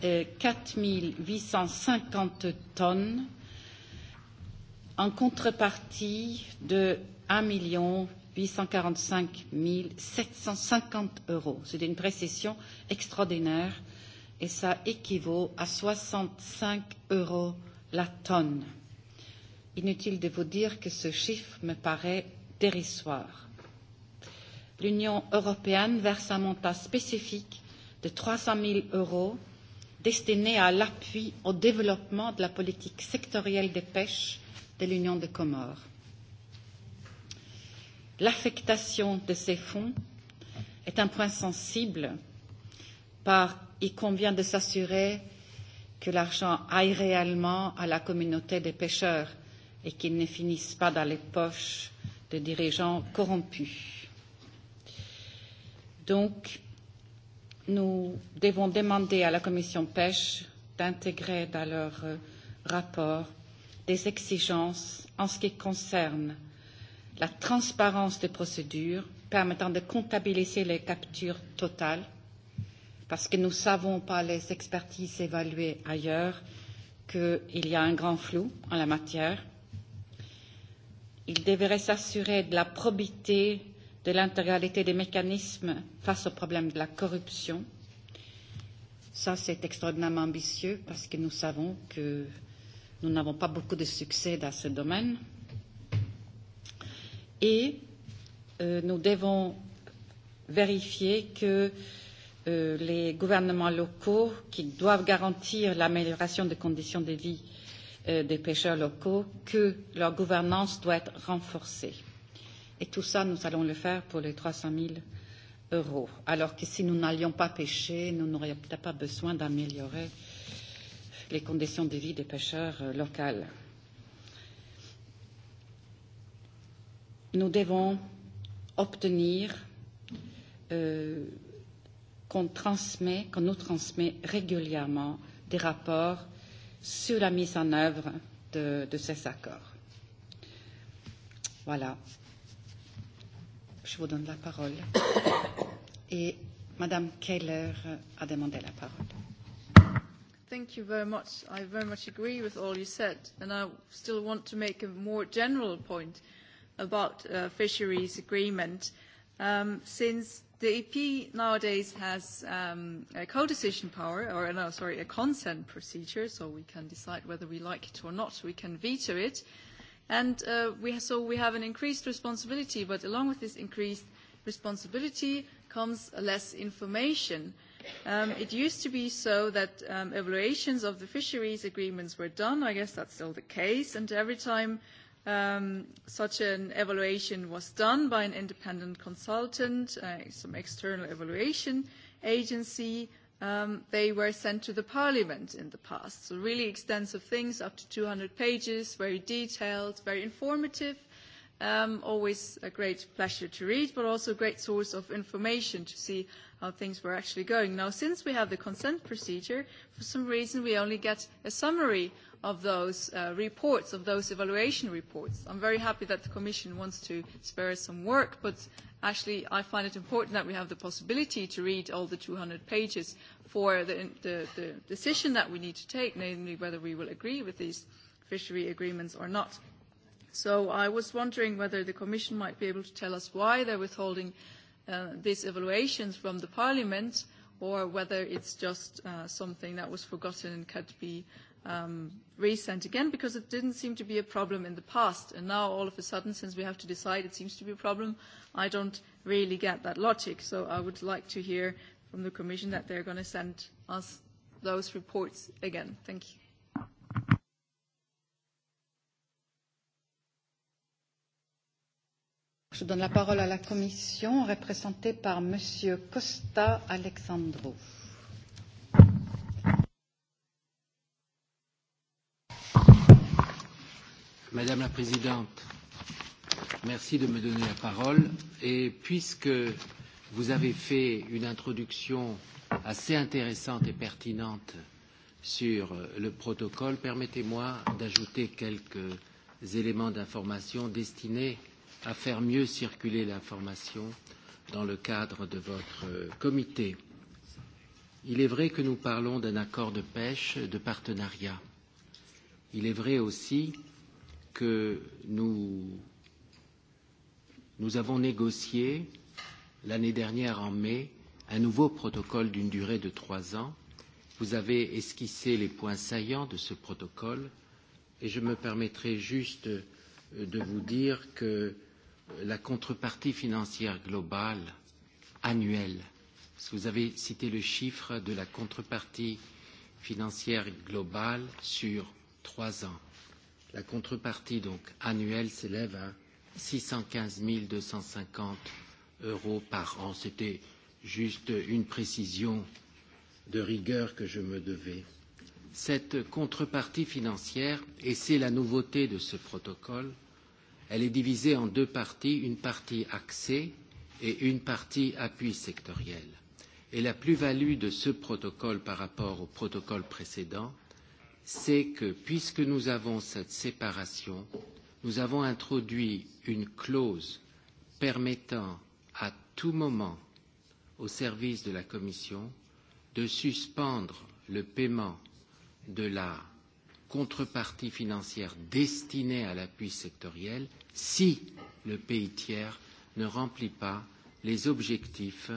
euh, 4850 tonnes en contrepartie de 1 million 845 750 euros. C'est une précession extraordinaire et ça équivaut à 65 euros la tonne. Inutile de vous dire que ce chiffre me paraît dérisoire. L'Union européenne verse un montant spécifique de 300 000 euros destiné à l'appui au développement de la politique sectorielle des pêches de l'Union des Comores l'affectation de ces fonds est un point sensible, par il convient de s'assurer que l'argent aille réellement à la communauté des pêcheurs et qu'il ne finisse pas dans les poches de dirigeants corrompus. Donc, nous devons demander à la commission pêche d'intégrer dans leur euh, rapport des exigences en ce qui concerne la transparence des procédures permettant de comptabiliser les captures totales, parce que nous ne savons par les expertises évaluées ailleurs qu'il y a un grand flou en la matière. Il devrait s'assurer de la probité de l'intégralité des mécanismes face au problème de la corruption. Ça, c'est extraordinairement ambitieux parce que nous savons que nous n'avons pas beaucoup de succès dans ce domaine et euh, nous devons vérifier que euh, les gouvernements locaux qui doivent garantir l'amélioration des conditions de vie euh, des pêcheurs locaux, que leur gouvernance doit être renforcée. Et tout ça, nous allons le faire pour les 300 000 euros. Alors que si nous n'allions pas pêcher, nous n'aurions peut-être pas besoin d'améliorer les conditions de vie des pêcheurs euh, locaux. nous devons obtenir euh, qu'on transmet, qu'on nous transmet régulièrement des rapports sur la mise en œuvre de, de ces accords. Voilà. Je vous donne la parole. Et Madame Keller a demandé la parole. Thank you very much. I very much agree with all you said, and I still want to make a more general point. Uh, about uh, fisheries agreement, um, since the EP nowadays has um, a co-decision power, or uh, no, sorry, a consent procedure, so we can decide whether we like it or not. We can veto it. And uh, we, so we have an increased responsibility, but along with this increased responsibility comes less information. Um, it used to be so that um, evaluations of the fisheries agreements were done. I guess that's still the case. And every time Um, such an evaluation was done by an independent consultant, uh, some external evaluation agency. Um, they were sent to the parliament in the past. So really extensive things, up to 200 pages, very detailed, very informative. Um, always a great pleasure to read, but also a great source of information to see how things were actually going. Now, since we have the consent procedure, for some reason we only get a summary of those uh, reports, of those evaluation reports. I'm very happy that the Commission wants to spare us some work, but actually I find it important that we have the possibility to read all the 200 pages for the, the, the decision that we need to take, namely whether we will agree with these fishery agreements or not. So I was wondering whether the Commission might be able to tell us why they're withholding uh, these evaluations from the Parliament, or whether it's just uh, something that was forgotten and could be uh, um, resent again because it didn't seem to be a problem in the past. And now all of a sudden, since we have to decide, it seems to be a problem. I don't really get that logic. So I would like to hear from the Commission that they're going to send us those reports again. Thank you. Je donne la parole à la Commission, représentée par Monsieur Costa Alexandrou. Madame la Présidente, merci de me donner la parole. Et puisque vous avez fait une introduction assez intéressante et pertinente sur le protocole, permettez-moi d'ajouter quelques éléments d'information destinés à faire mieux circuler l'information dans le cadre de votre comité. Il est vrai que nous parlons d'un accord de pêche de partenariat. Il est vrai aussi que nous, nous avons négocié l'année dernière en mai un nouveau protocole d'une durée de trois ans. Vous avez esquissé les points saillants de ce protocole et je me permettrai juste euh, de vous dire que la contrepartie financière globale annuelle, parce que vous avez cité le chiffre de la contrepartie financière globale sur trois ans, La contrepartie donc annuelle s'élève à 615 250 euros par an. C'était juste une précision de rigueur que je me devais. Cette contrepartie financière, et c'est la nouveauté de ce protocole, elle est divisée en deux parties, une partie accès et une partie appui sectoriel. Et la plus-value de ce protocole par rapport au protocole précédent, c'est que puisque nous avons cette séparation, nous avons introduit une clause permettant à tout moment au service de la Commission de suspendre le paiement de la contrepartie financière destinée à l'appui sectoriel si le pays tiers ne remplit pas les objectifs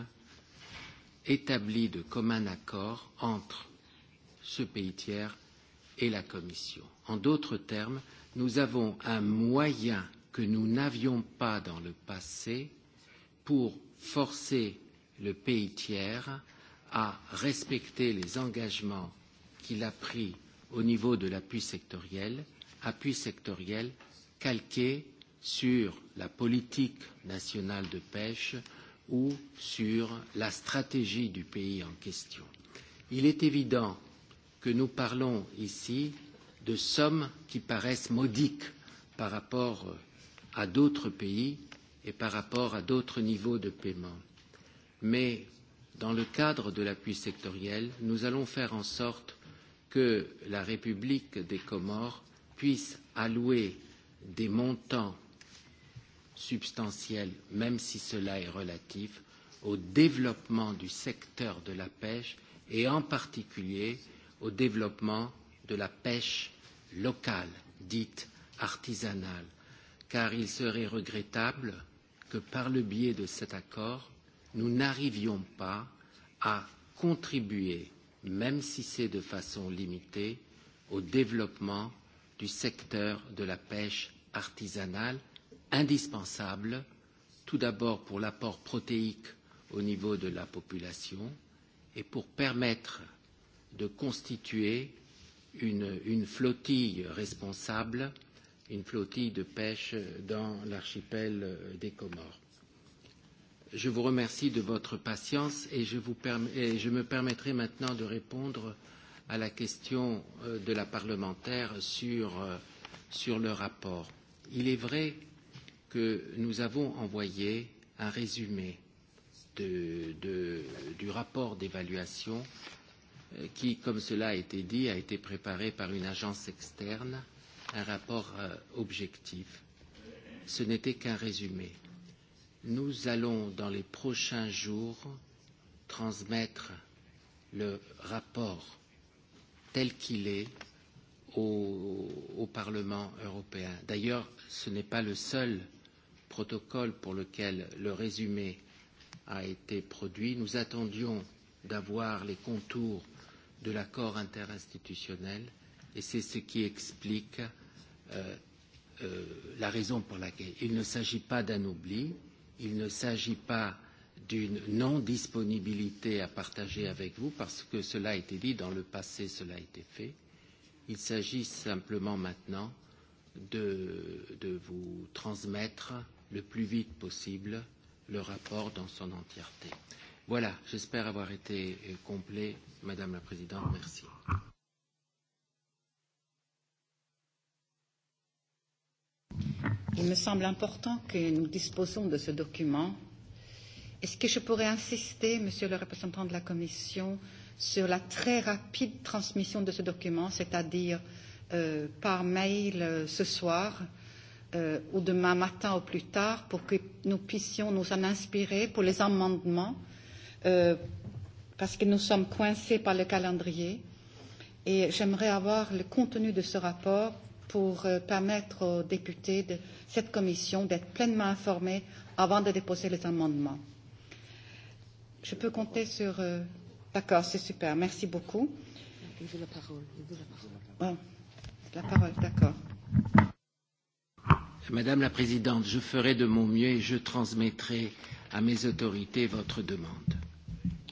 établis de commun accord entre ce pays tiers et la Commission. En d'autres termes, nous avons un moyen que nous n'avions pas dans le passé pour forcer le pays tiers à respecter les engagements qu'il a pris au niveau de l'appui sectoriel, appui sectoriel calqué sur la politique nationale de pêche ou sur la stratégie du pays en question. Il est évident que nous parlons ici de sommes qui paraissent modiques par rapport euh, à d'autres pays et par rapport à d'autres niveaux de paiement. Mais dans le cadre de l'appui sectoriel, nous allons faire en sorte que la République des Comores puisse allouer des montants substantiels, même si cela est relatif, au développement du secteur de la pêche et en particulier euh, au développement de la pêche locale, dite artisanale, car il serait regrettable que par le biais de cet accord, nous n'arrivions pas à contribuer, même si c'est de façon limitée, au développement du secteur de la pêche artisanale, indispensable tout d'abord pour l'apport protéique au niveau de la population et pour permettre de constituer une, une flottille responsable, une flottille de pêche dans l'archipel des Comores. Je vous remercie de votre patience et je, vous permets, et je me permettrai maintenant de répondre à la question euh, de la parlementaire sur, euh, sur le rapport. Il est vrai que nous avons envoyé un résumé de, de, du rapport d'évaluation Euh, qui, comme cela a été dit, a été préparé par une agence externe, un rapport euh, objectif. Ce n'était qu'un résumé. Nous allons, dans les prochains jours, transmettre le rapport tel qu'il est au, au Parlement européen. D'ailleurs, ce n'est pas le seul protocole pour lequel le résumé a été produit. Nous attendions d'avoir les contours de l'accord interinstitutionnel et c'est ce qui explique euh, euh, la raison pour laquelle il ne s'agit pas d'un oubli, il ne s'agit pas d'une non-disponibilité à partager avec vous parce que cela a été dit dans le passé, cela a été fait. Il s'agit simplement maintenant de, de vous transmettre le plus vite possible le rapport dans son entièreté. Voilà, j'espère avoir été euh, complet, Madame la Présidente. Merci. Il me semble important que nous disposons de ce document. Est-ce que je pourrais insister, Monsieur le représentant de la Commission, sur la très rapide transmission de ce document, c'est-à-dire euh, par mail euh, ce soir euh, ou demain matin au plus tard, pour que nous puissions nous en inspirer pour les amendements Euh, parce que nous sommes coincés par le calendrier. Et j'aimerais avoir le contenu de ce rapport pour euh, permettre aux députés de cette commission d'être pleinement informés avant de déposer les amendements. Je peux compter sur. Euh, D'accord, c'est super. Merci beaucoup. la parole. Il la parole, d'accord. Madame la Présidente, je ferai de mon mieux et je transmettrai à mes autorités votre demande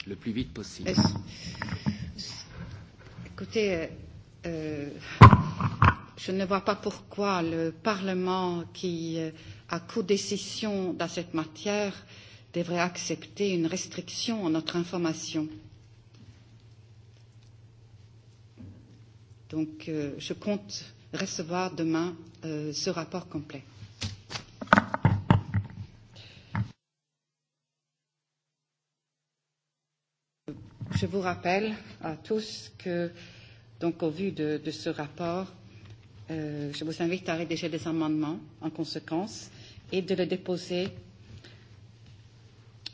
le plus vite possible. Écoutez, euh, euh, je ne vois pas pourquoi le Parlement, qui euh, a co-décision dans cette matière, devrait accepter une restriction à notre information. Donc, euh, je compte recevoir demain euh, ce rapport complet. je vous rappelle à tous que, donc au vu de, de ce rapport, euh, je vous invite à rédiger des amendements en conséquence et de les déposer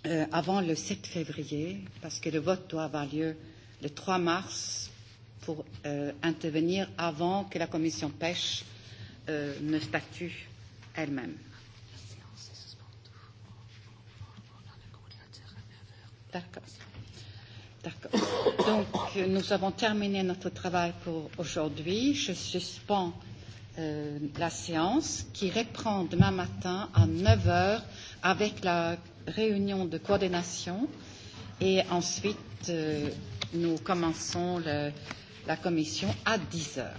euh, avant le 7 février, parce que le vote doit avoir lieu le 3 mars pour euh, intervenir avant que la commission pêche euh, ne statue elle-même. D'accord. D'accord. Donc, nous avons terminé notre travail pour aujourd'hui. Je suspends euh, la séance qui reprend demain matin à 9 heures avec la réunion de coordination et ensuite euh, nous commençons le, la commission à 10 heures.